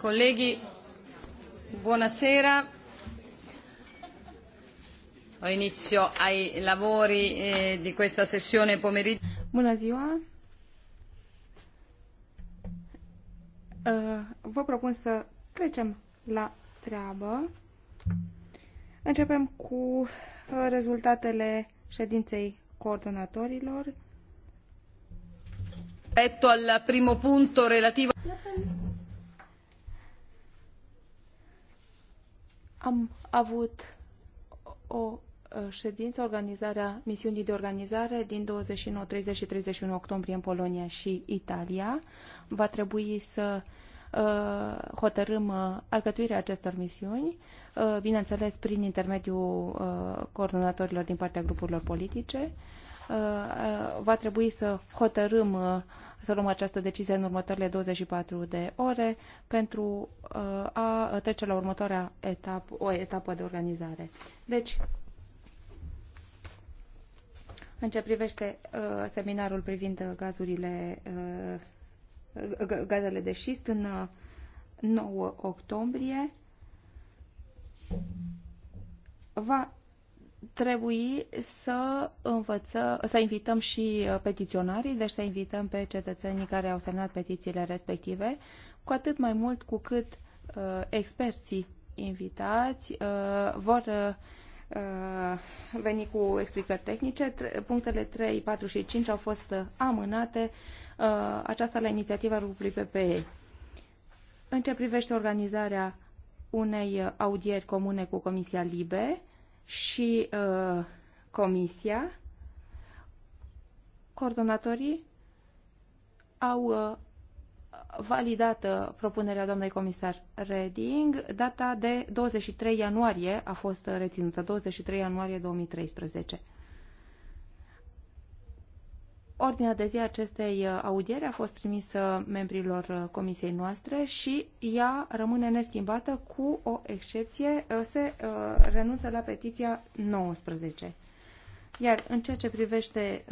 Colleghi, buonasera. Ho inizio ai lavori eh, di questa sessione pomeriggio. Bună ziua. Eh, vă propun să trecem la treabă. Începem cu eh, rezultatele ședinței coordonatorilor. Rispetto al primo punto relativo am avut o ședință, organizarea misiunii de organizare din 29, 30 și 31 octombrie în Polonia și Italia. Va trebui să uh, hotărâm uh, alcătuirea acestor misiuni. Uh, Uh, bineînțeles prin intermediul uh, coordonatorilor din partea grupurilor politice. Uh, va trebui să hotărâm să luăm această decizie în următoarele 24 de ore pentru a trece la următoarea etapă, o etapă de organizare. Deci, în ce privește seminarul privind gazurile, gazele de șist, în 9 octombrie va trebui să învățăm, să invităm și uh, petiționarii, deci să invităm pe cetățenii care au semnat petițiile respective, cu atât mai mult cu cât uh, experții invitați uh, vor uh, uh veni cu explicări tehnice. Punctele 3, 4 și 5 au fost uh, amânate, aceasta la inițiativa grupului PPE. În ce privește organizarea unei audieri comune cu Comisia Libe și uh, Comisia, coordonatorii au uh, validat uh, propunerea doamnei comisar Reding. Data de 23 ianuarie a fost uh, reținută, 23 ianuarie 2013. Ordinea de zi a acestei uh, audieri a fost trimisă membrilor uh, comisiei noastre și ea rămâne neschimbată cu o excepție, uh, se renunță la petiția 19. Iar în ceea ce privește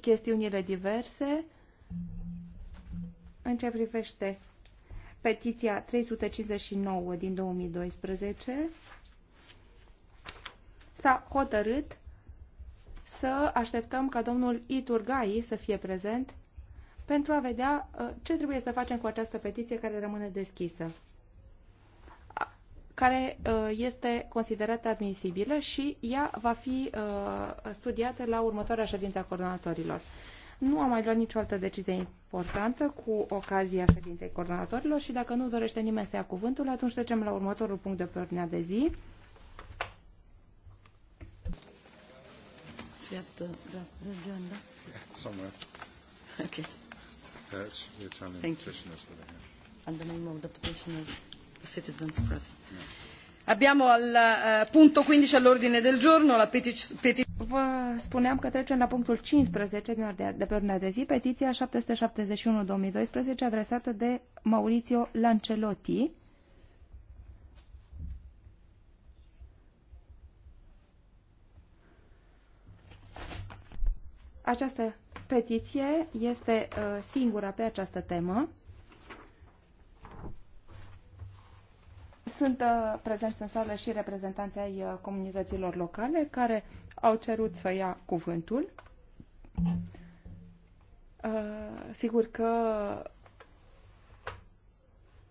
chestiunile diverse, în ce privește petiția 359 din 2012, s-a hotărât să așteptăm ca domnul Iturgai să fie prezent pentru a vedea uh, ce trebuie să facem cu această petiție care rămâne deschisă, care uh, este considerată admisibilă și ea va fi uh, studiată la următoarea ședință a coordonatorilor. Nu am mai luat nicio altă decizie importantă cu ocazia ședinței coordonatorilor și dacă nu dorește nimeni să ia cuvântul, atunci trecem la următorul punct de pe ordinea de zi. you have the draft the agenda? Yeah, somewhere. Okay. That's uh, the Italian Thank petitioners you. that are here. And the name of the petitioners, the citizens present. Yeah. Abbiamo al uh, punto 15 all'ordine del giorno la petizione. Vă spuneam că trecem la punctul 15 din ordinea de pe ordinea de zi, petiția 771-2012 adresată de Maurizio Lancelotti Această petiție este uh, singura pe această temă. Sunt uh, prezenți în sală și reprezentanții ai uh, comunităților locale care au cerut să ia cuvântul. Sigur că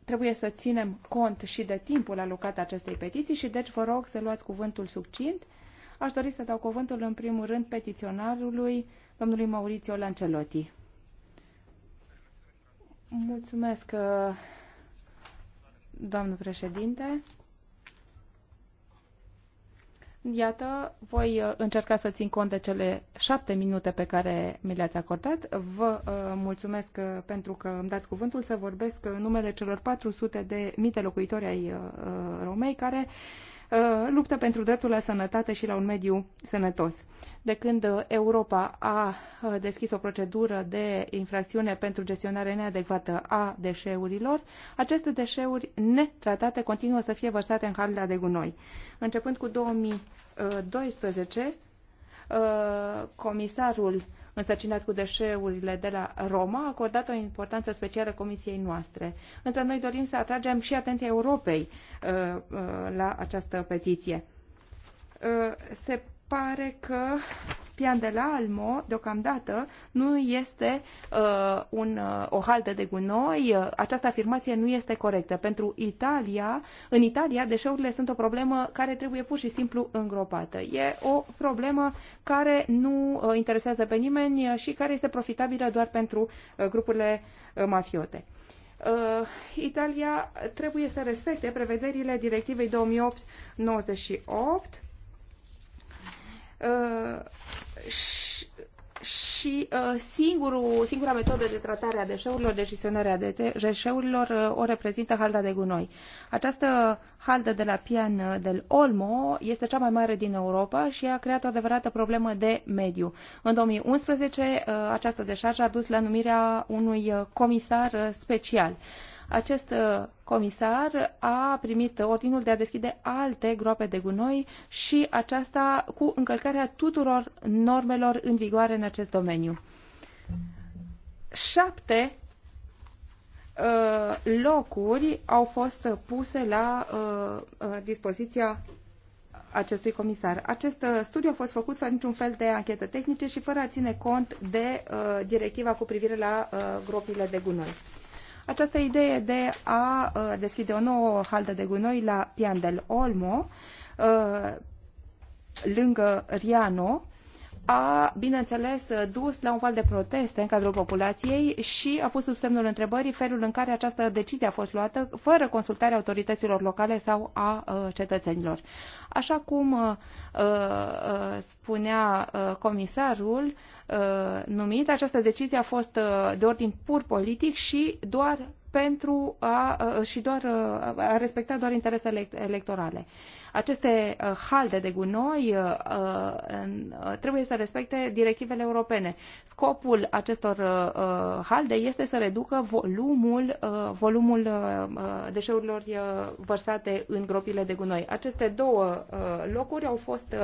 trebuie să ținem cont și de timpul alocat acestei petiții și deci vă rog să luați cuvântul succint Aș dori să dau cuvântul în primul rând petiționarului, domnului Maurizio Lancelotti. Mulțumesc, uh, doamnă președinte. Iată, voi uh, încerca să țin cont de cele șapte minute pe care mi le-ați acordat. Vă uh, mulțumesc uh, pentru că îmi dați cuvântul să vorbesc în numele celor 400 de mii de locuitori ai uh, Romei care uh, Uh, luptă pentru dreptul la sănătate și la un mediu sănătos. De când uh, Europa a uh, deschis o procedură de infracțiune pentru gestionare neadecvată a deșeurilor, aceste deșeuri netratate continuă să fie vărsate în halile de gunoi. Începând cu 2012, comisarul însărcinat cu deșeurile de la Roma, a acordat o importanță specială comisiei noastre. Între noi dorim să atragem și atenția Europei uh, uh, la această petiție. Uh, se pare că Pian de la Almo, deocamdată, nu este uh, un, uh, o haltă de gunoi. Această afirmație nu este corectă. Pentru Italia, în Italia, deșeurile sunt o problemă care trebuie pur și simplu îngropată. E o problemă care nu uh, interesează pe nimeni și care este profitabilă doar pentru uh, grupurile uh, mafiote. Uh, Italia trebuie să respecte prevederile directivei 2008-98 Uh, și, uh, singurul, singura metodă de tratare a deșeurilor, de gestionare a deșeurilor, uh, o reprezintă halda de gunoi. Această haldă de la Pian del Olmo este cea mai mare din Europa și a creat o adevărată problemă de mediu. În 2011, această deșarjă a dus la numirea unui comisar special acest uh, comisar a primit ordinul de a deschide alte groape de gunoi și aceasta cu încălcarea tuturor normelor în vigoare în acest domeniu. Șapte uh, locuri au fost puse la uh, dispoziția acestui comisar. Acest studiu a fost făcut fără niciun fel de anchetă tehnice și fără a ține cont de directiva cu privire la gropile de gunoi această idee de a uh, deschide o nouă haldă de gunoi la Pian del Olmo, uh, lângă Riano, a, bineînțeles, dus la un val de proteste în cadrul populației și a pus sub semnul întrebării felul în care această decizie a fost luată fără consultarea autorităților locale sau a cetățenilor. Așa cum spunea comisarul numit, această decizie a fost de ordin pur politic și doar pentru a, și doar a respecta doar interesele electorale. Aceste uh, halde de gunoi uh, uh, trebuie să respecte directivele europene. Scopul acestor halde este să reducă volumul, volumul deșeurilor vărsate în gropile de gunoi. Aceste două locuri au fost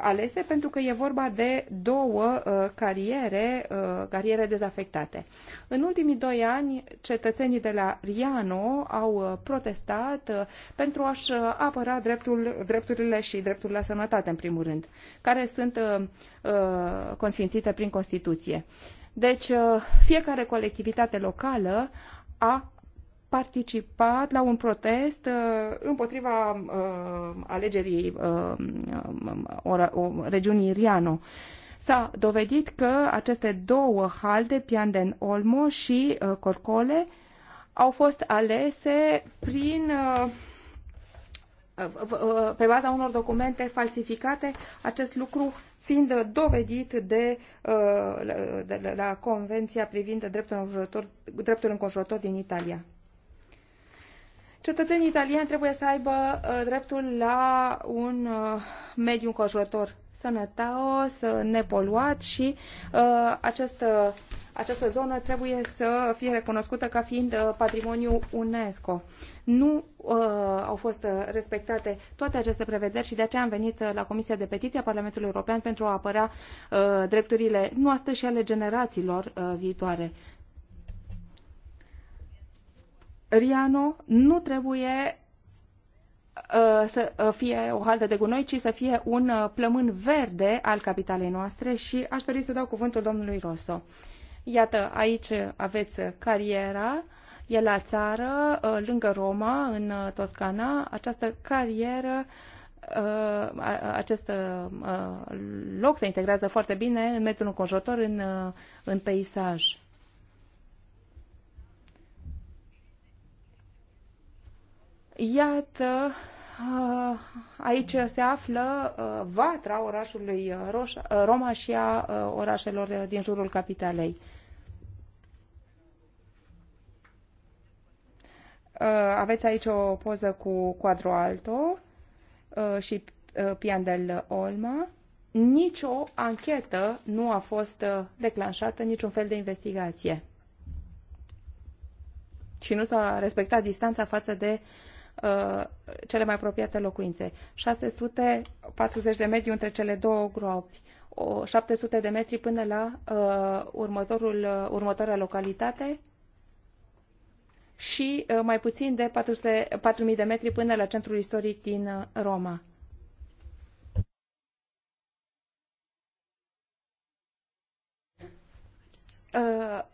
alese pentru că e vorba de două cariere, cariere dezafectate. În ultimii doi ani, cetățenii de la Riano au protestat pentru a-și apăra drept dreptul, drepturile și dreptul la sănătate, în primul rând, care sunt uh, uh, consfințite prin Constituție. Deci, uh, fiecare colectivitate locală a participat la un protest uh, împotriva uh, alegerii uh, um, ora, o, regiunii Riano. S-a dovedit că aceste două halde, Pian den Olmo și uh, Corcole, au fost alese prin uh, pe baza unor documente falsificate, acest lucru fiind dovedit de, uh, de la Convenția privind dreptul înconjurător, dreptul înconjurător din Italia. Cetățenii italieni trebuie să aibă uh, dreptul la un uh, mediu înconjurător sănătos, nepoluat și uh, această, această zonă trebuie să fie recunoscută ca fiind uh, patrimoniu UNESCO. Nu uh, au fost respectate toate aceste prevederi și de aceea am venit uh, la Comisia de Petiție a Parlamentului European pentru a apăra uh, drepturile noastre și ale generațiilor uh, viitoare. Riano nu trebuie Uh, să uh, fie o haltă de gunoi, ci să fie un uh, plămân verde al capitalei noastre și aș dori să dau cuvântul domnului Rosso. Iată, aici aveți cariera, e la țară, lângă Roma, în Toscana. Această carieră, acest loc se integrează foarte bine în metrul înconjurător, în, în peisaj. Iată, uh, aici se află uh, vatra orașului uh, Roma și a orașelor din jurul capitalei. Aveți aici o poză cu Quadro Alto și Pian del Olma. Nici o anchetă nu a fost declanșată, niciun fel de investigație. Și nu s-a respectat distanța față de uh, Uh, cele mai apropiate locuințe. 640 de metri între cele două gropi, 700 de metri până la uh, următorul, uh, următoarea localitate și mai puțin de 400, 4.000 de metri până la centrul istoric din Roma. Uh,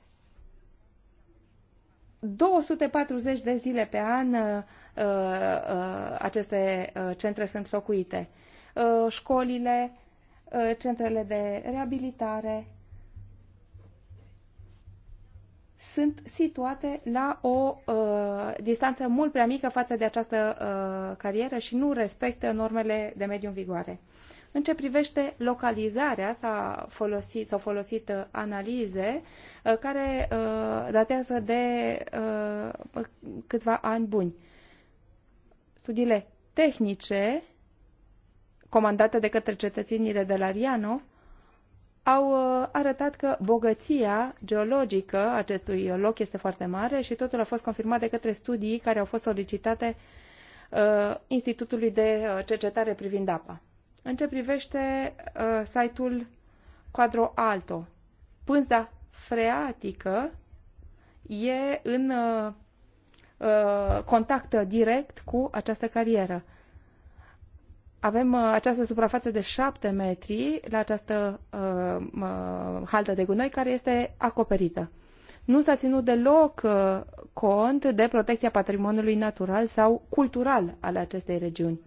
240 de zile pe an Uh, uh, aceste uh, centre sunt locuite. Școlile, centrele de reabilitare sunt situate la o distanță mult prea mică față de această carieră și nu respectă normele de mediu în vigoare. În ce privește localizarea, s-au folosit, s a folosit analize care datează de câțiva ani buni studiile tehnice comandate de către cetățenii de la Riano au uh, arătat că bogăția geologică acestui loc este foarte mare și totul a fost confirmat de către studii care au fost solicitate uh, Institutului de uh, Cercetare privind apa. În ce privește uh, site-ul Quadro Alto, pânza freatică e în uh, Uh, contact direct cu această carieră. Avem uh, această suprafață de 7 metri la această uh, haltă de gunoi care este acoperită nu s-a ținut deloc cont de protecția patrimoniului natural sau cultural al acestei regiuni.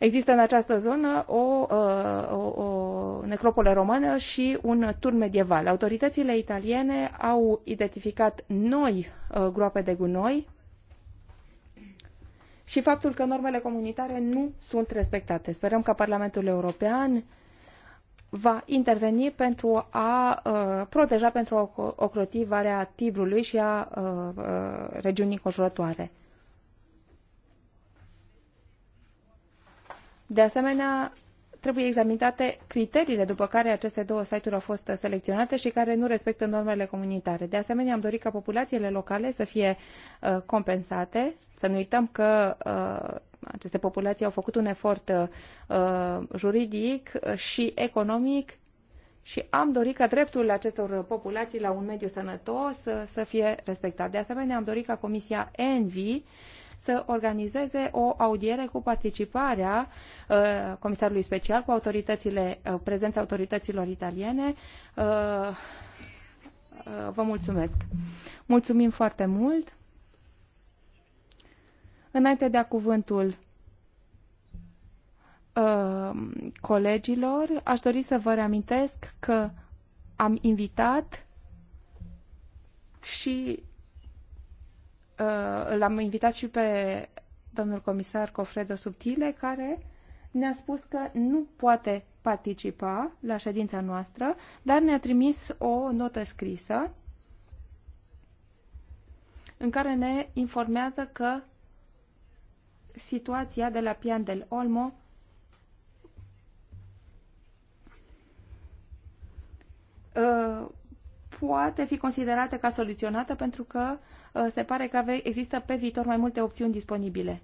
Există în această zonă o, uh, o, o necropolă romană și un turn medieval. Autoritățile italiene au identificat noi uh, groape de gunoi și faptul că normele comunitare nu sunt respectate. Sperăm că Parlamentul European va interveni pentru a uh, proteja, pentru a ocroti varea Tibrului și a uh, uh, regiunii conjurătoare. De asemenea, trebuie examinate criteriile după care aceste două site-uri au fost selecționate și care nu respectă normele comunitare. De asemenea, am dorit ca populațiile locale să fie uh, compensate. Să nu uităm că uh, aceste populații au făcut un efort uh, juridic și economic și am dorit ca dreptul acestor populații la un mediu sănătos uh, să fie respectat. De asemenea, am dorit ca Comisia ENVI să organizeze o audiere cu participarea uh, comisarului special, cu autoritățile, uh, prezența autorităților italiene. Uh, vă mulțumesc. Mulțumim foarte mult. Înainte de a cuvântul colegilor, aș dori să vă reamintesc că am invitat și Uh, l-am invitat și pe domnul comisar Cofredo Subtile, care ne-a spus că nu poate participa la ședința noastră, dar ne-a trimis o notă scrisă în care ne informează că situația de la Pian del Olmo uh, poate fi considerată ca soluționată pentru că Uh, se pare că există pe viitor mai multe opțiuni disponibile.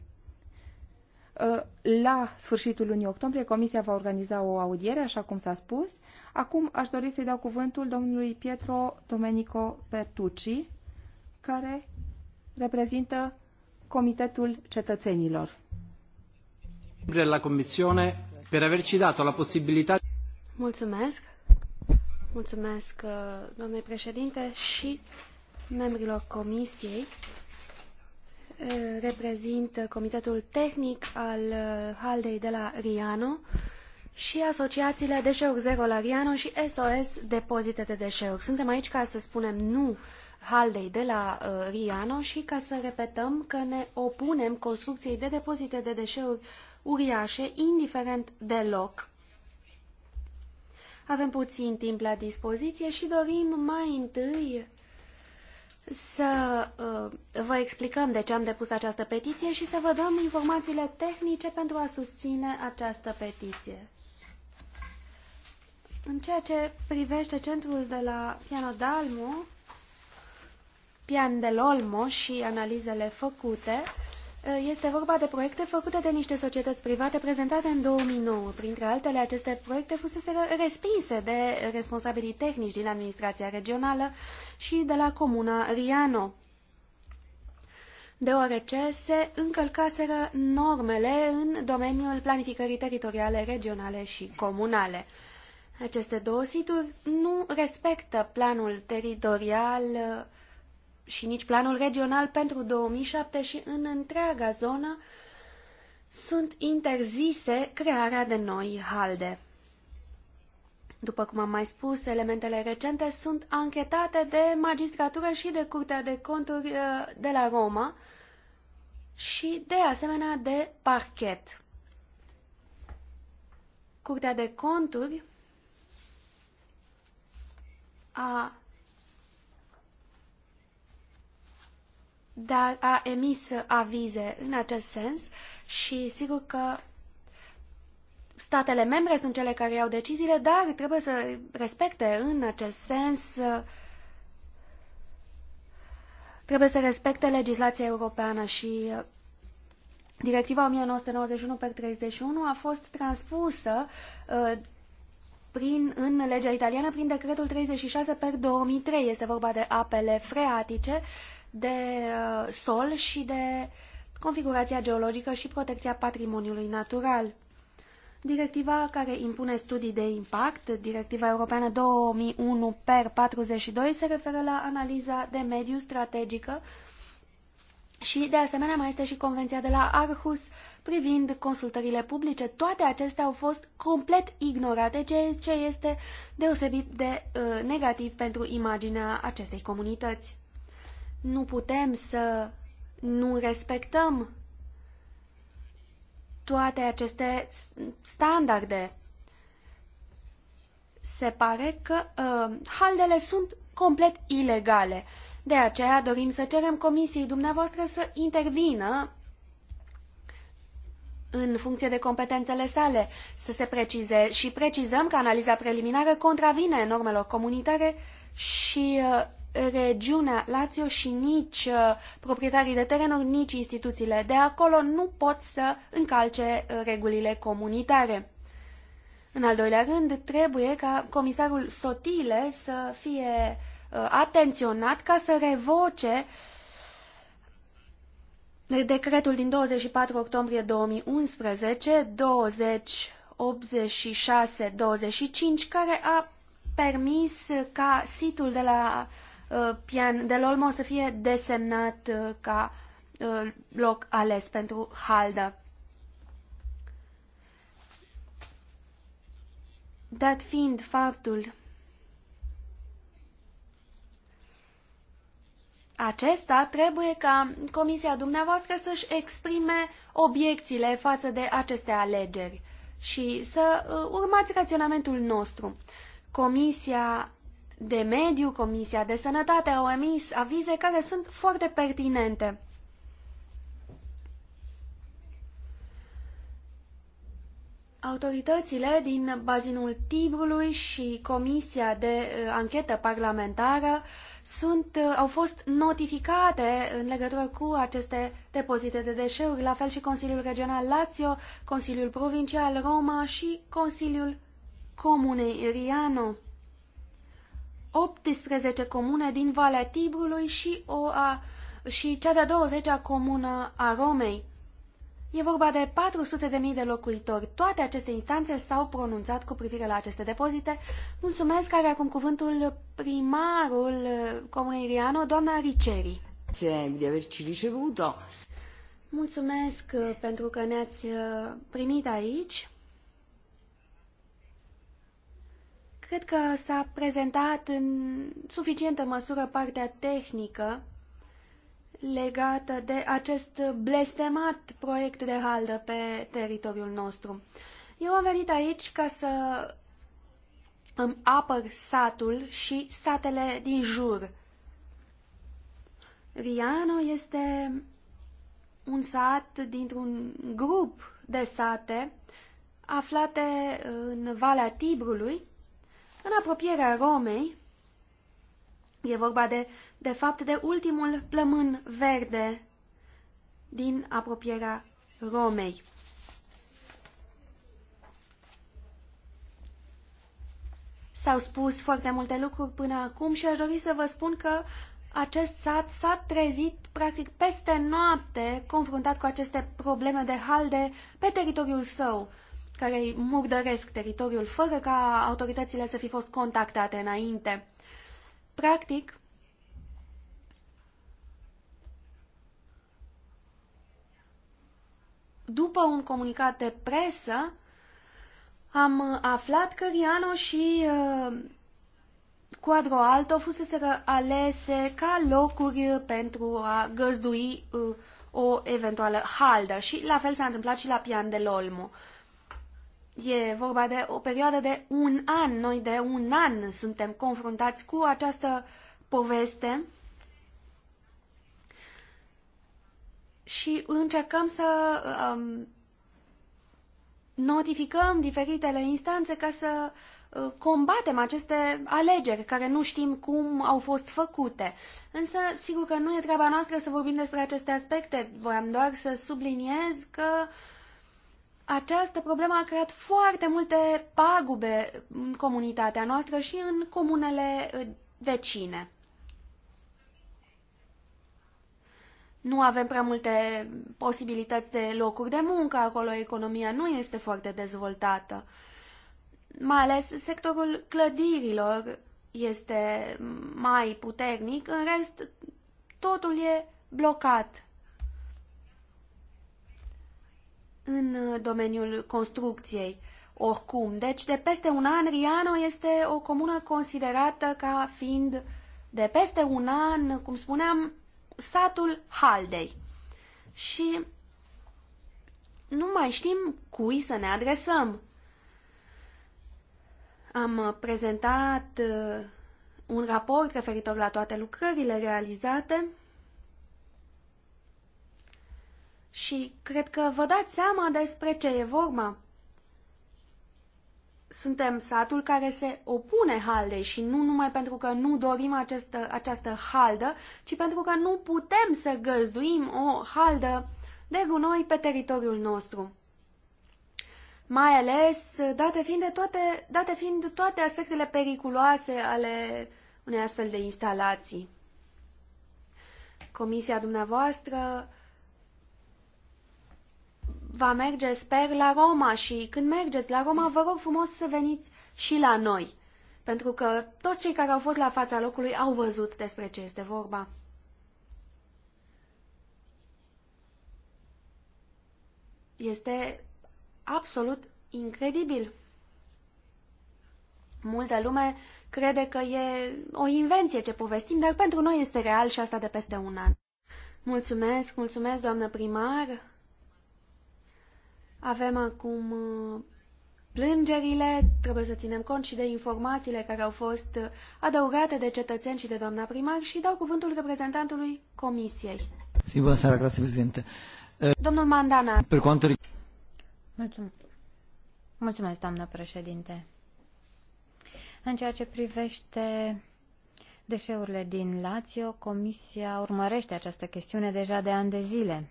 Uh, la sfârșitul lunii octombrie, Comisia va organiza o audiere, așa cum s-a spus. Acum aș dori să-i dau cuvântul domnului Pietro Domenico Pertucci, care reprezintă Comitetul Cetățenilor. la Comisiune, per averci dato la posibilità... Mulțumesc! Mulțumesc, uh, domnule președinte, și membrilor comisiei. Eh, reprezint Comitetul Tehnic al eh, Haldei de la Riano și asociațiile Deșeuri Zero la Riano și SOS Depozite de Deșeuri. Suntem aici ca să spunem nu Haldei de la eh, Riano și ca să repetăm că ne opunem construcției de depozite de deșeuri uriașe, indiferent de loc avem puțin timp la dispoziție și dorim mai întâi să uh, vă explicăm de ce am depus această petiție și să vă dăm informațiile tehnice pentru a susține această petiție. În ceea ce privește centrul de la Piano Dalmo, Pian de Lolmo și analizele făcute, Eh, este vorba de proiecte făcute de niște societăți private prezentate în 2009. Printre altele, aceste proiecte fusese respinse de responsabilii tehnici din administrația regională și de la comuna Riano, deoarece se încălcaseră normele în domeniul planificării teritoriale, regionale și comunale. Aceste două situri nu respectă planul teritorial uh, și nici planul regional pentru 2007 și în întreaga zonă sunt interzise crearea de noi halde. După cum am mai spus, elementele recente sunt anchetate de magistratură și de Curtea de Conturi uh, de la Roma și, de asemenea, de parchet. Curtea de Conturi a dar a emis avize în acest sens și sigur că statele membre sunt cele care iau deciziile, dar trebuie să respecte în acest sens trebuie să respecte legislația europeană și uh, directiva 1991 31 a fost transpusă uh, prin, în legea italiană prin decretul 36 per 2003. Este vorba de apele freatice de uh, sol și de configurația geologică și protecția patrimoniului natural. Directiva care impune studii de impact, Directiva Europeană 2001 per 42, se referă la analiza de mediu strategică și, de asemenea, mai este și Convenția de la Arhus privind consultările publice. Toate acestea au fost complet ignorate, ceea ce este deosebit de uh, negativ pentru imaginea acestei comunități. Nu putem să nu respectăm toate aceste standarde. Se pare că uh, haldele sunt complet ilegale. De aceea dorim să cerem comisiei dumneavoastră să intervină în funcție de competențele sale, să se precize și precizăm că analiza preliminară contravine normelor comunitare și uh, regiunea Lazio și nici uh, proprietarii de terenuri, nici instituțiile de acolo nu pot să încalce uh, regulile comunitare. În al doilea rând, trebuie ca comisarul Sotile să fie uh, atenționat ca să revoce decretul din 24 octombrie 2011, 20 86-25, care a permis ca situl de la Uh, pian Del Olmo să fie desemnat uh, ca uh, loc ales pentru Halda. Dat fiind faptul acesta, trebuie ca comisia dumneavoastră să-și exprime obiecțiile față de aceste alegeri și să urmați raționamentul nostru. Comisia de Mediu, Comisia de Sănătate au emis avize care sunt foarte pertinente. Autoritățile din bazinul Tibrului și Comisia de uh, Anchetă Parlamentară sunt, uh, au fost notificate în legătură cu aceste depozite de deșeuri, la fel și Consiliul Regional Lazio, Consiliul Provincial Roma și Consiliul Comunei Riano. 18 comune din Valea Tibrului și, o a, și cea de-a 20-a comună a Romei. E vorba de 400.000 de locuitori. Toate aceste instanțe s-au pronunțat cu privire la aceste depozite. Mulțumesc, care acum cuvântul primarul uh, comunei Riano, doamna Riceri. de Mulțumesc uh, pentru că ne-ați uh, primit aici. Cred că s-a prezentat în suficientă măsură partea tehnică legată de acest blestemat proiect de haldă pe teritoriul nostru. Eu am venit aici ca să îmi apăr satul și satele din jur. Riano este un sat dintr-un grup de sate aflate în Valea Tibrului, în apropierea Romei, e vorba de, de fapt de ultimul plămân verde din apropierea Romei. S-au spus foarte multe lucruri până acum și aș dori să vă spun că acest sat s-a trezit practic peste noapte confruntat cu aceste probleme de halde pe teritoriul său care îi murdăresc teritoriul fără ca autoritățile să fi fost contactate înainte. Practic, după un comunicat de presă, am aflat că Riano și uh, Quadro Alto fusese alese ca locuri pentru a găzdui uh, o eventuală haldă și la fel s-a întâmplat și la Pian de Olmo. Uh, E vorba de o perioadă de un an. Noi de un an suntem confruntați cu această poveste și încercăm să um, notificăm diferitele instanțe ca să uh, combatem aceste alegeri care nu știm cum au fost făcute. Însă, sigur că nu e treaba noastră să vorbim despre aceste aspecte. Voiam doar să subliniez că uh, această problemă a creat foarte multe pagube în comunitatea noastră și în comunele uh, vecine. Nu avem prea multe posibilități de locuri de muncă, acolo economia nu este foarte dezvoltată. Mai ales sectorul clădirilor este mai puternic, în rest totul e blocat în uh, domeniul construcției. Oricum, deci de peste un an, Riano este o comună considerată ca fiind de peste un an, cum spuneam, satul Haldei. Și nu mai știm cui să ne adresăm. Am uh, prezentat uh, un raport referitor la toate lucrările realizate Și cred că vă dați seama despre ce e vorba. Suntem satul care se opune haldei și nu numai pentru că nu dorim această, această haldă, ci pentru că nu putem să găzduim o haldă de gunoi pe teritoriul nostru. Mai ales date fiind, toate, date fiind toate aspectele periculoase ale unei astfel de instalații. Comisia dumneavoastră va merge, sper, la Roma și când mergeți la Roma, vă rog frumos să veniți și la noi, pentru că toți cei care au fost la fața locului au văzut despre ce este vorba. Este absolut incredibil. Multă lume crede că e o invenție ce povestim, dar pentru noi este real și asta de peste un an. Mulțumesc, mulțumesc, doamnă primar. Avem acum uh, plângerile, trebuie să ținem cont și de informațiile care au fost uh, adăugate de cetățeni și de doamna primar și dau cuvântul reprezentantului Comisiei. Sim, bună seara, grație președinte. Uh, Domnul Mandana. Per quanto... Mulțumesc. Mulțumesc, doamnă președinte. În ceea ce privește deșeurile din Lazio, Comisia urmărește această chestiune deja de ani de zile.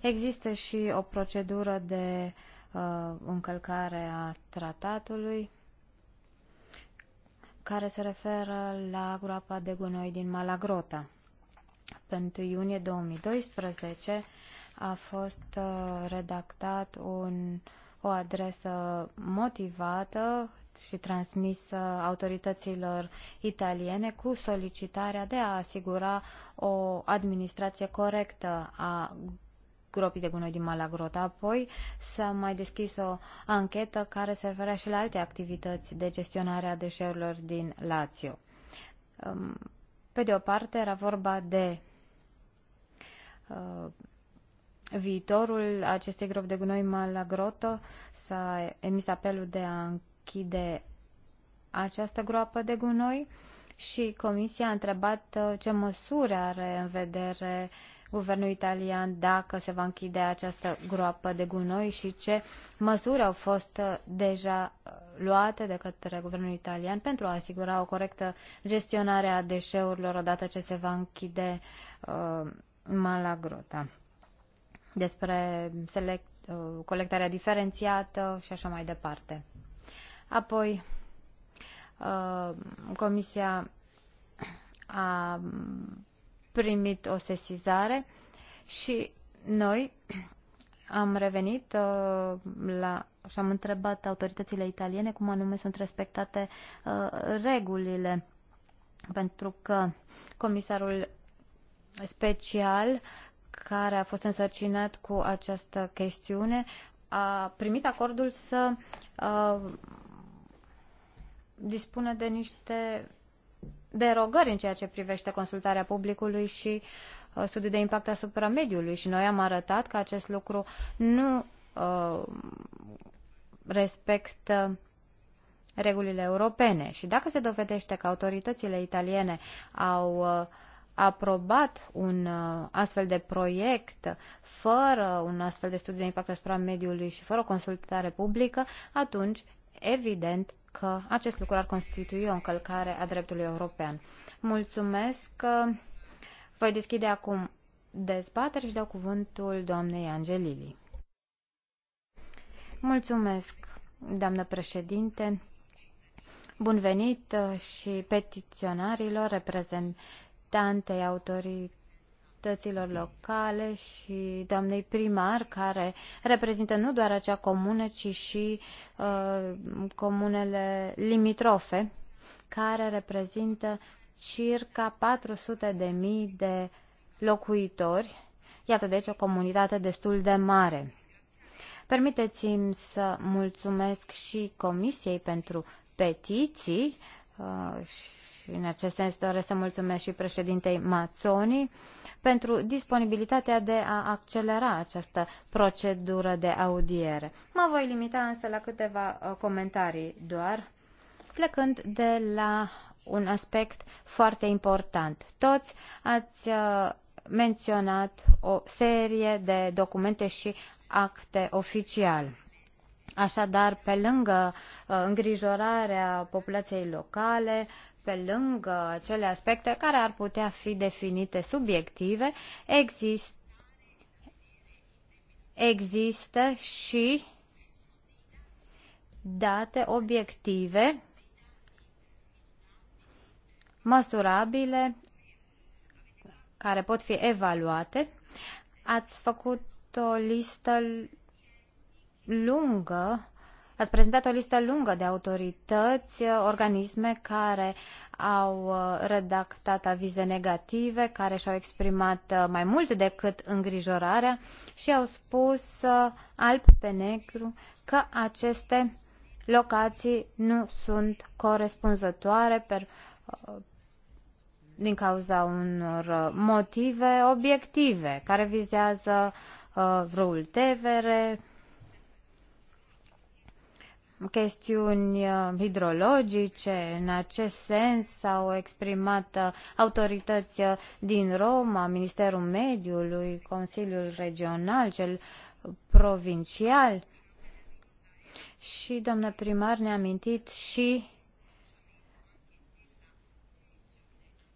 Există și o procedură de uh, încălcare a tratatului care se referă la groapa de gunoi din Malagrota. Pentru iunie 2012 a fost uh, redactat un, o adresă motivată și transmisă autorităților italiene cu solicitarea de a asigura o administrație corectă a gropii de gunoi din Malagrota. Apoi s-a mai deschis o anchetă care se referea și la alte activități de gestionare a deșeurilor din Lazio. Um, pe de o parte era vorba de uh, viitorul acestei gropi de gunoi Malagroto. S-a emis apelul de a închide această groapă de gunoi și Comisia a întrebat uh, ce măsuri are în vedere uh, guvernul italian dacă se va închide această groapă de gunoi și ce măsuri au fost uh, deja uh, luate de către guvernul italian pentru a asigura o corectă gestionare a deșeurilor odată ce se va închide uh, Malagrota. Despre select, uh, colectarea diferențiată și așa mai departe. Apoi, uh, Comisia a primit o sesizare și noi am revenit uh, la și am întrebat autoritățile italiene cum anume sunt respectate uh, regulile pentru că comisarul special care a fost însărcinat cu această chestiune a primit acordul să uh, dispună de niște derogări în ceea ce privește consultarea publicului și uh, studiul de impact asupra mediului și noi am arătat că acest lucru nu uh, respectă regulile europene și dacă se dovedește că autoritățile italiene au uh, aprobat un uh, astfel de proiect fără un astfel de studiu de impact asupra mediului și fără o consultare publică, atunci, evident, că acest lucru ar constitui o încălcare a dreptului european. Mulțumesc. Voi deschide acum dezbateri și dau cuvântul doamnei Angelili. Mulțumesc, doamnă președinte. Bun venit și petiționarilor, reprezentantei autorității autorităților locale și doamnei primar, care reprezintă nu doar acea comună, ci și uh, comunele limitrofe, care reprezintă circa 400 de mii de locuitori. Iată deci o comunitate destul de mare. Permiteți-mi să mulțumesc și Comisiei pentru petiții uh, și în acest sens doresc să mulțumesc și președintei Mazzoni pentru disponibilitatea de a accelera această procedură de audiere. Mă voi limita însă la câteva uh, comentarii doar, plecând de la un aspect foarte important. Toți ați uh, menționat o serie de documente și acte oficiale. Așadar, pe lângă uh, îngrijorarea populației locale, pe lângă acele aspecte care ar putea fi definite subiective, exist, există și date obiective măsurabile care pot fi evaluate. Ați făcut o listă lungă Ați prezentat o listă lungă de autorități, organisme care au uh, redactat avize negative, care și-au exprimat uh, mai mult decât îngrijorarea și au spus uh, alb pe negru că aceste locații nu sunt corespunzătoare per, din cauza unor motive obiective care vizează râul Tevere, chestiuni uh, hidrologice în acest sens s-au exprimat uh, autorități uh, din Roma, Ministerul Mediului, Consiliul Regional, cel provincial și, domnul primar, ne-a amintit și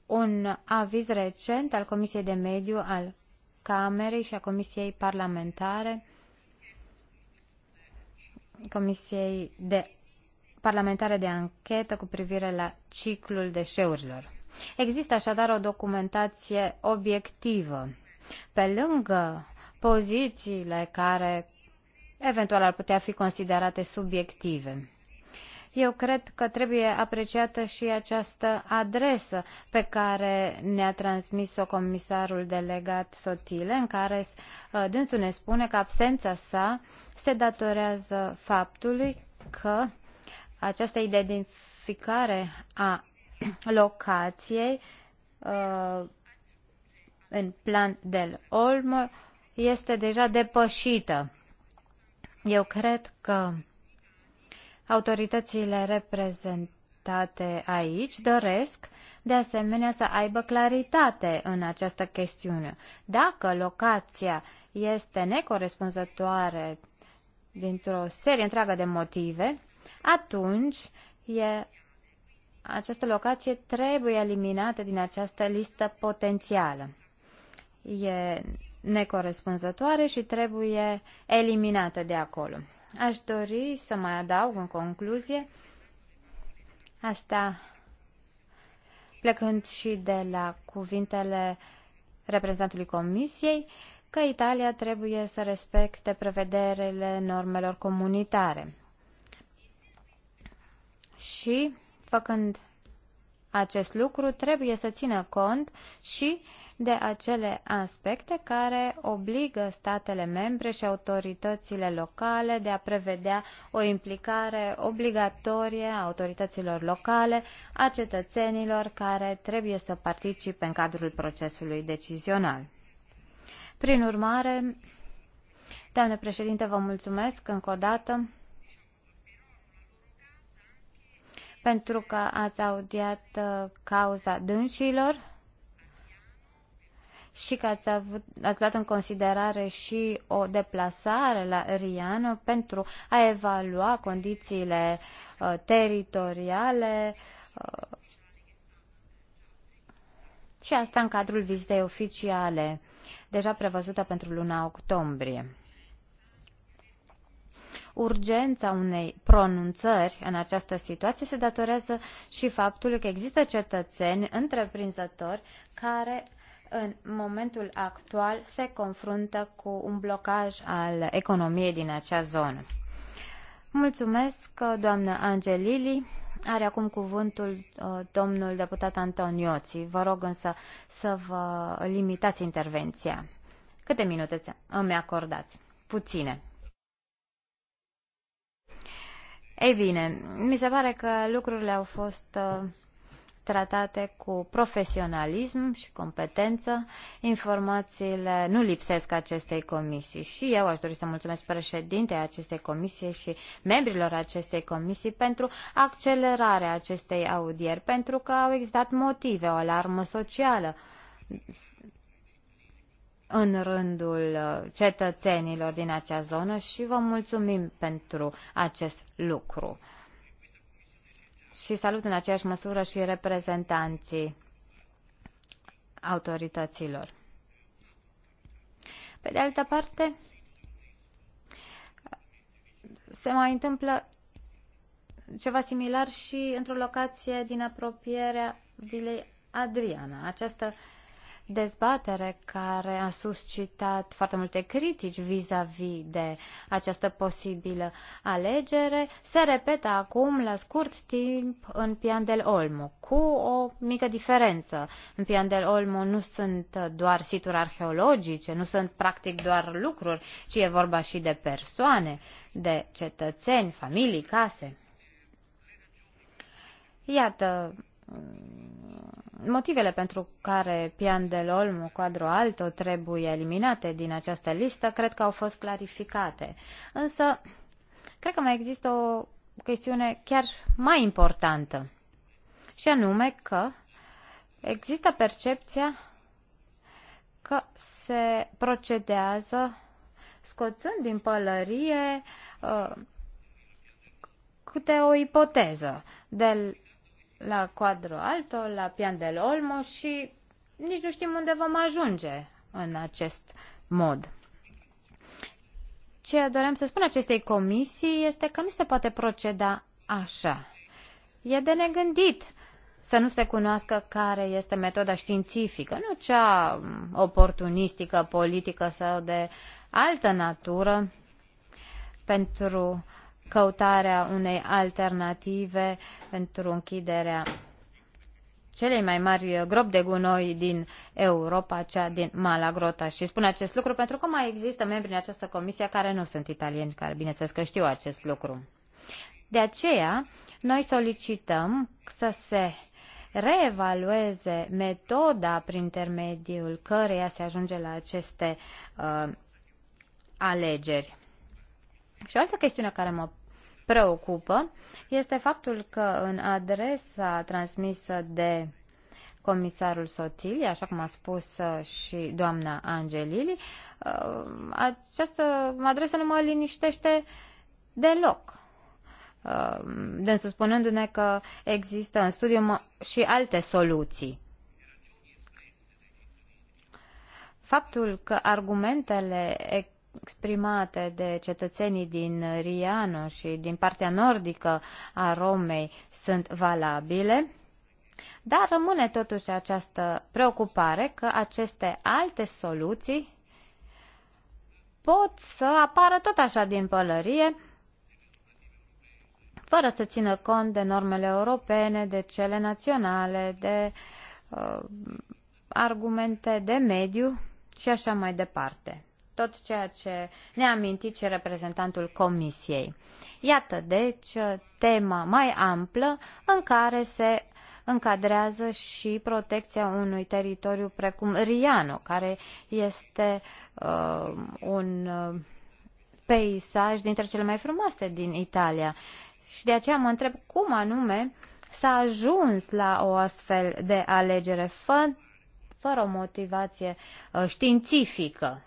un aviz recent al Comisiei de Mediu, al Camerei și a Comisiei Parlamentare Comisiei de Parlamentare de Anchetă cu privire la ciclul deșeurilor. Există așadar o documentație obiectivă. Pe lângă pozițiile care eventual ar putea fi considerate subiective. Eu cred că trebuie apreciată și această adresă pe care ne-a transmis-o comisarul delegat Sotile, în care uh, dânsul ne spune că absența sa se datorează faptului că această identificare a locației uh, în plan del Olmo este deja depășită. Eu cred că Autoritățile reprezentate aici doresc de asemenea să aibă claritate în această chestiune. Dacă locația este necorespunzătoare dintr-o serie întreagă de motive, atunci e, această locație trebuie eliminată din această listă potențială. E necorespunzătoare și trebuie eliminată de acolo. Aș dori să mai adaug în concluzie asta plecând și de la cuvintele reprezentantului Comisiei, că Italia trebuie să respecte prevederile normelor comunitare. Și, făcând acest lucru, trebuie să țină cont și uh, de acele aspecte care obligă statele membre și autoritățile locale de a prevedea o implicare obligatorie a autorităților locale a cetățenilor care trebuie să participe în cadrul procesului decizional. Prin urmare, doamne președinte, vă mulțumesc încă o dată pentru că ați audiat uh, cauza dânșilor și că ați, avut, ați luat în considerare și o deplasare la Riano pentru a evalua condițiile uh, teritoriale uh, și asta în cadrul vizitei oficiale, deja prevăzută pentru luna octombrie. Urgența unei pronunțări în această situație se datorează și faptului că există cetățeni întreprinzători care în momentul actual se confruntă cu un blocaj al economiei din acea zonă. Mulțumesc, doamnă Angelili. Are acum cuvântul uh, domnul deputat Antonioții. Vă rog însă să vă limitați intervenția. Câte minute îmi acordați? Puține. Ei bine, mi se pare că lucrurile au fost uh, tratate cu profesionalism și competență. Informațiile nu lipsesc acestei comisii și eu aș dori să mulțumesc președintei acestei comisii și membrilor acestei comisii pentru accelerarea acestei audieri, pentru că au existat motive, o alarmă socială în rândul uh, cetățenilor din acea zonă și vă mulțumim pentru acest lucru și salut în aceeași măsură și reprezentanții autorităților. Pe de altă parte, se mai întâmplă ceva similar și într-o locație din apropierea vilei Adriana. Această uh, dezbatere care a suscitat foarte multe critici vis-a-vis -vis de această posibilă alegere se repetă acum la scurt timp în Pian del Olmo, cu o mică diferență. În Pian del Olmo nu sunt doar situri arheologice, nu sunt practic doar lucruri, ci e vorba și de persoane, de cetățeni, familii, case. Iată, Mm, motivele pentru care Pian de Olmo, Quadro Alto trebuie eliminate din această listă, cred că au fost clarificate. Însă, cred că mai există o chestiune chiar mai importantă, și anume că există percepția că se procedează scoțând din pălărie uh, câte o ipoteză de la Quadro Alto, la Pian del Olmo și nici nu știm unde vom ajunge în acest mod. Ce doream să spun acestei comisii este că nu se poate proceda așa. E de negândit să nu se cunoască care este metoda științifică, nu cea oportunistică, politică sau de altă natură pentru căutarea unei alternative pentru închiderea celei mai mari eh, gropi de gunoi din Europa, cea din Malagrota. Și spun acest lucru pentru că mai există membri în această comisie care nu sunt italieni, care bineînțeles că știu acest lucru. De aceea, noi solicităm să se reevalueze metoda prin intermediul căreia se ajunge la aceste uh, alegeri. Și o altă chestiune care mă preocupă este faptul că în adresa transmisă de comisarul Sotili, așa cum a spus uh, și doamna Angelili, uh, această adresă nu mă liniștește deloc. Uh, dânsul spunându-ne că există în studiu și alte soluții. Faptul că argumentele exprimate de cetățenii din Riano și din partea nordică a Romei sunt valabile, dar rămâne totuși această preocupare că aceste alte soluții pot să apară tot așa din pălărie, fără să țină cont de normele europene, de cele naționale, de uh, argumente de mediu și așa mai departe tot ceea ce ne-a amintit și reprezentantul Comisiei. Iată, deci, tema mai amplă în care se încadrează și protecția unui teritoriu precum Riano, care este uh, un uh, peisaj dintre cele mai frumoase din Italia. Și de aceea mă întreb cum anume s-a ajuns la o astfel de alegere fă, fără o motivație uh, științifică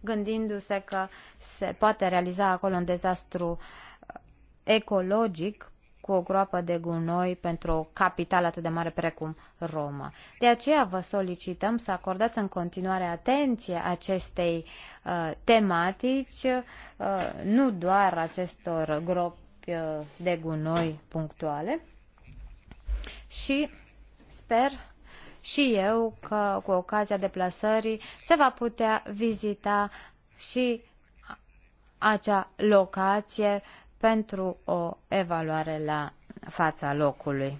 gândindu-se că se poate realiza acolo un dezastru uh, ecologic cu o groapă de gunoi pentru o capitală atât de mare precum Roma. De aceea vă solicităm să acordați în continuare atenție acestei uh, tematici, uh, nu doar acestor gropi uh, de gunoi punctuale și sper și eu că cu ocazia deplasării se va putea vizita și acea locație pentru o evaluare la fața locului.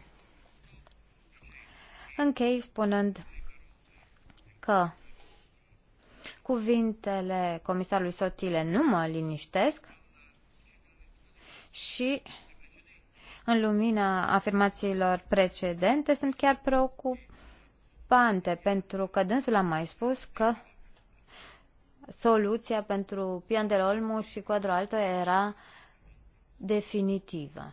Închei spunând că cuvintele comisarului Sotile nu mă liniștesc și în lumina afirmațiilor precedente sunt chiar preocupat preocupante, pentru că dânsul a mai spus că soluția pentru Pian de la Olmu și Cuadro Alto era definitivă.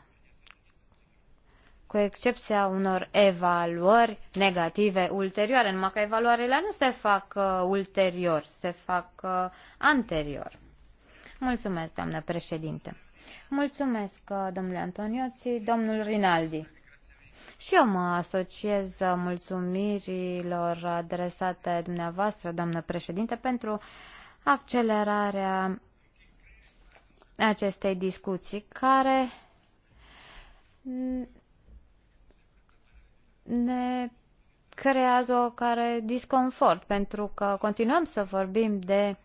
Cu excepția unor evaluări negative ulterioare, numai că evaluările nu se fac uh, ulterior, se fac uh, anterior. Mulțumesc, doamnă președinte. Mulțumesc, uh, domnule Antonioți, domnul Rinaldi. Și eu mă asociez mulțumirilor adresate dumneavoastră, doamnă președinte, pentru accelerarea acestei discuții, care ne creează o care disconfort, pentru că continuăm să vorbim de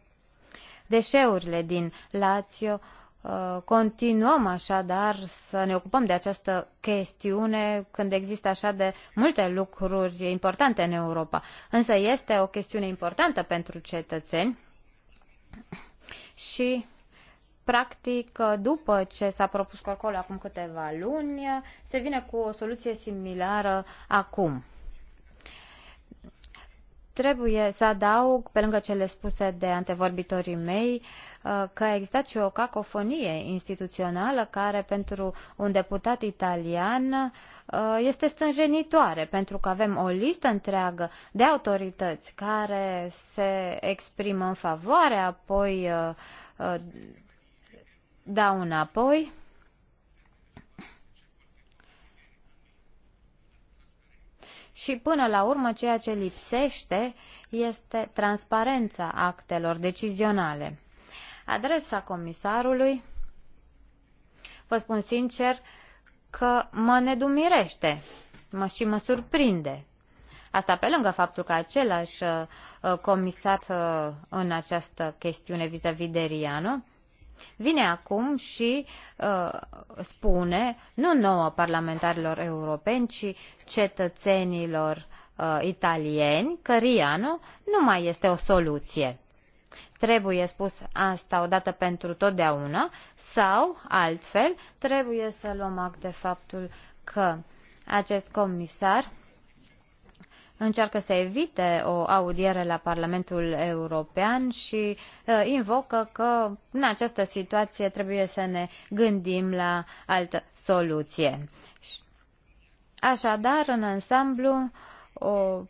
deșeurile din Lazio, Uh, continuăm așadar să ne ocupăm de această chestiune când există așa de multe lucruri importante în Europa. Însă este o chestiune importantă pentru cetățeni și practic, după ce s-a propus acolo acum câteva luni, se vine cu o soluție similară acum. Trebuie să adaug, pe lângă cele spuse de antevorbitorii mei, uh, Uh, că a existat și o cacofonie instituțională care pentru un deputat italian uh, este stânjenitoare, pentru că avem o listă întreagă de autorități care se exprimă în favoare, apoi uh, dau înapoi. Și până la urmă, ceea ce lipsește este transparența actelor decizionale adresa comisarului, vă spun sincer că mă nedumirește mă și mă surprinde. Asta pe lângă faptul că același uh, comisat uh, în această chestiune vis-a-vis -vis de Rianu vine acum și uh, spune, nu nouă parlamentarilor europeni, ci cetățenilor uh, italieni, că Rianu nu mai este o soluție. Trebuie spus asta odată pentru totdeauna sau, altfel, trebuie să luăm act de faptul că acest comisar încearcă să evite o audiere la Parlamentul European și uh, invocă că în această situație trebuie să ne gândim la altă soluție. Așadar, în ansamblu, o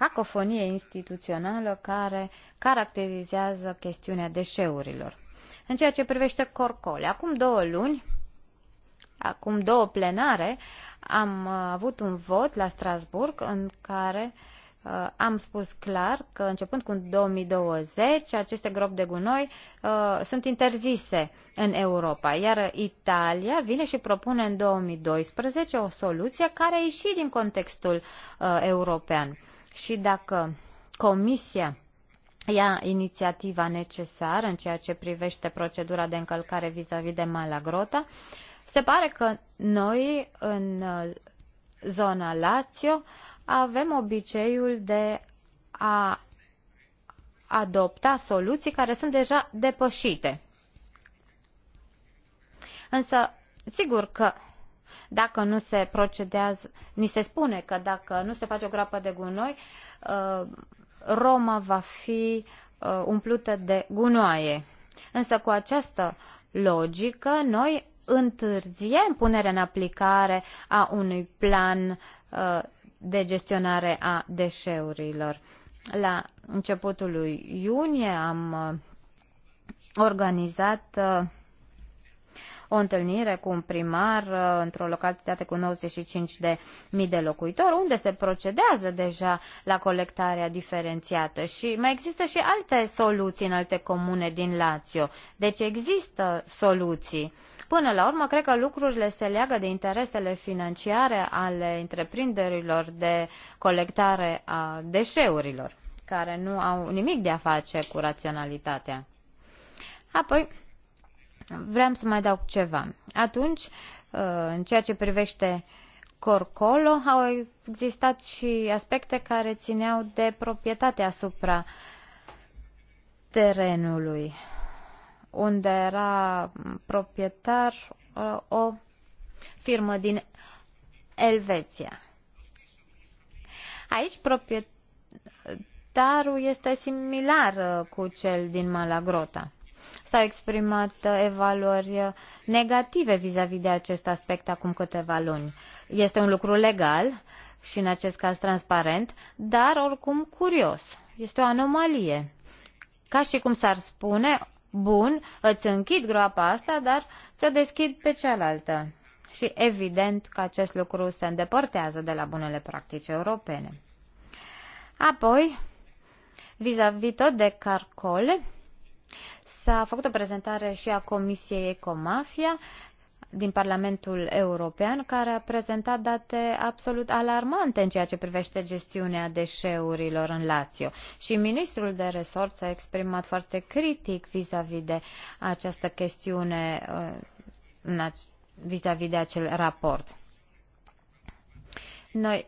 cacofonie instituțională care caracterizează chestiunea deșeurilor. În ceea ce privește corcole, acum două luni, acum două plenare, am uh, avut un vot la Strasburg în care uh, am spus clar că începând cu 2020 aceste gropi de gunoi uh, sunt interzise în Europa, iar Italia vine și propune în 2012 o soluție care a ieșit din contextul uh, european și dacă Comisia ia inițiativa necesară în ceea ce privește procedura de încălcare vis-a-vis -vis de Malagrota, se pare că noi în uh, zona Lazio avem obiceiul de a adopta soluții care sunt deja depășite. Însă, sigur că dacă nu se procedează, ni se spune că dacă nu se face o groapă de gunoi, uh, Roma va fi uh, umplută de gunoaie. Însă cu această logică, noi întârziem punerea în aplicare a unui plan uh, de gestionare a deșeurilor. La începutul lui iunie am organizat o întâlnire cu un primar uh, într-o localitate cu 95.000 de de locuitori, unde se procedează deja la colectarea diferențiată și mai există și alte soluții în alte comune din Lazio. Deci există soluții. Până la urmă, cred că lucrurile se leagă de interesele financiare ale întreprinderilor de colectare a deșeurilor, care nu au nimic de a face cu raționalitatea. Apoi, Vreau să mai dau ceva. Atunci, uh, în ceea ce privește Corcolo, au existat și aspecte care țineau de proprietate asupra terenului, unde era proprietar uh, o firmă din Elveția. Aici proprietarul este similar uh, cu cel din Malagrota. S-au exprimat uh, evaluări uh, negative vis-a-vis -vis de acest aspect acum câteva luni. Este un lucru legal și în acest caz transparent, dar oricum curios. Este o anomalie. Ca și cum s-ar spune, bun, îți închid groapa asta, dar ți-o deschid pe cealaltă. Și evident că acest lucru se îndepărtează de la bunele practici europene. Apoi, vis-a-vis -vis tot de carcole, S-a făcut o prezentare și a Comisiei Ecomafia din Parlamentul European, care a prezentat date absolut alarmante în ceea ce privește gestiunea deșeurilor în Lazio. Și ministrul de resort s-a exprimat foarte critic vis-a-vis -vis de această chestiune, uh, vis-a-vis -vis de acel raport. Noi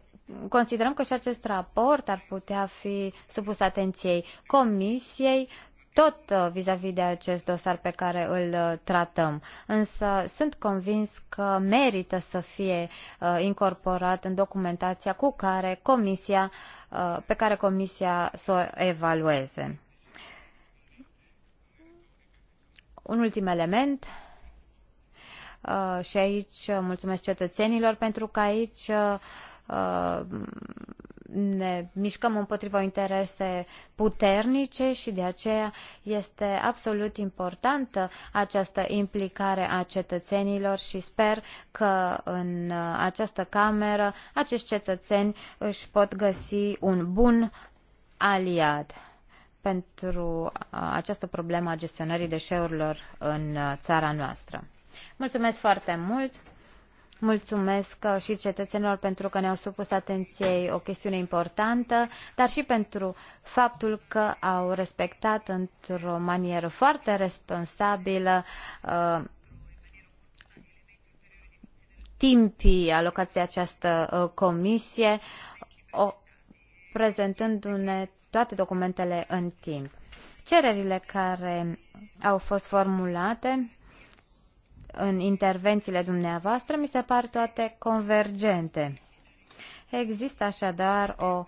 considerăm că și acest raport ar putea fi supus atenției Comisiei tot uh, vis-a-vis -vis de acest dosar pe care îl uh, tratăm. Însă sunt convins că merită să fie uh, incorporat în documentația cu care comisia, pe care comisia să o evalueze. Un ultim element și aici mulțumesc cetățenilor pentru că aici ne mișcăm împotriva interese puternice și de aceea este absolut importantă această implicare a cetățenilor și sper că în această cameră acești cetățeni își pot găsi un bun aliat pentru această problemă a gestionării deșeurilor în țara noastră. Mulțumesc foarte mult! Mulțumesc uh, și cetățenilor pentru că ne-au supus atenției o chestiune importantă, dar și pentru faptul că au respectat într-o manieră foarte responsabilă uh, timpii alocați de această uh, comisie, o, prezentându-ne toate documentele în timp. Cererile care au fost formulate în intervențiile dumneavoastră mi se par toate convergente. Există așadar o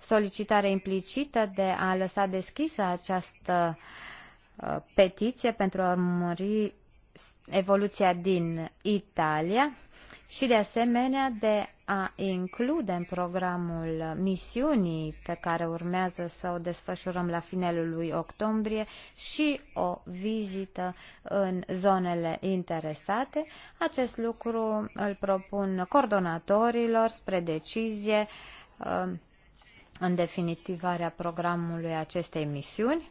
solicitare implicită de a lăsa deschisă această uh, petiție pentru a urmări evoluția din Italia și de asemenea de a include în programul misiunii pe care urmează să o desfășurăm la finalul lui octombrie și o vizită în zonele interesate. Acest lucru îl propun coordonatorilor spre decizie uh, în definitivarea programului acestei misiuni.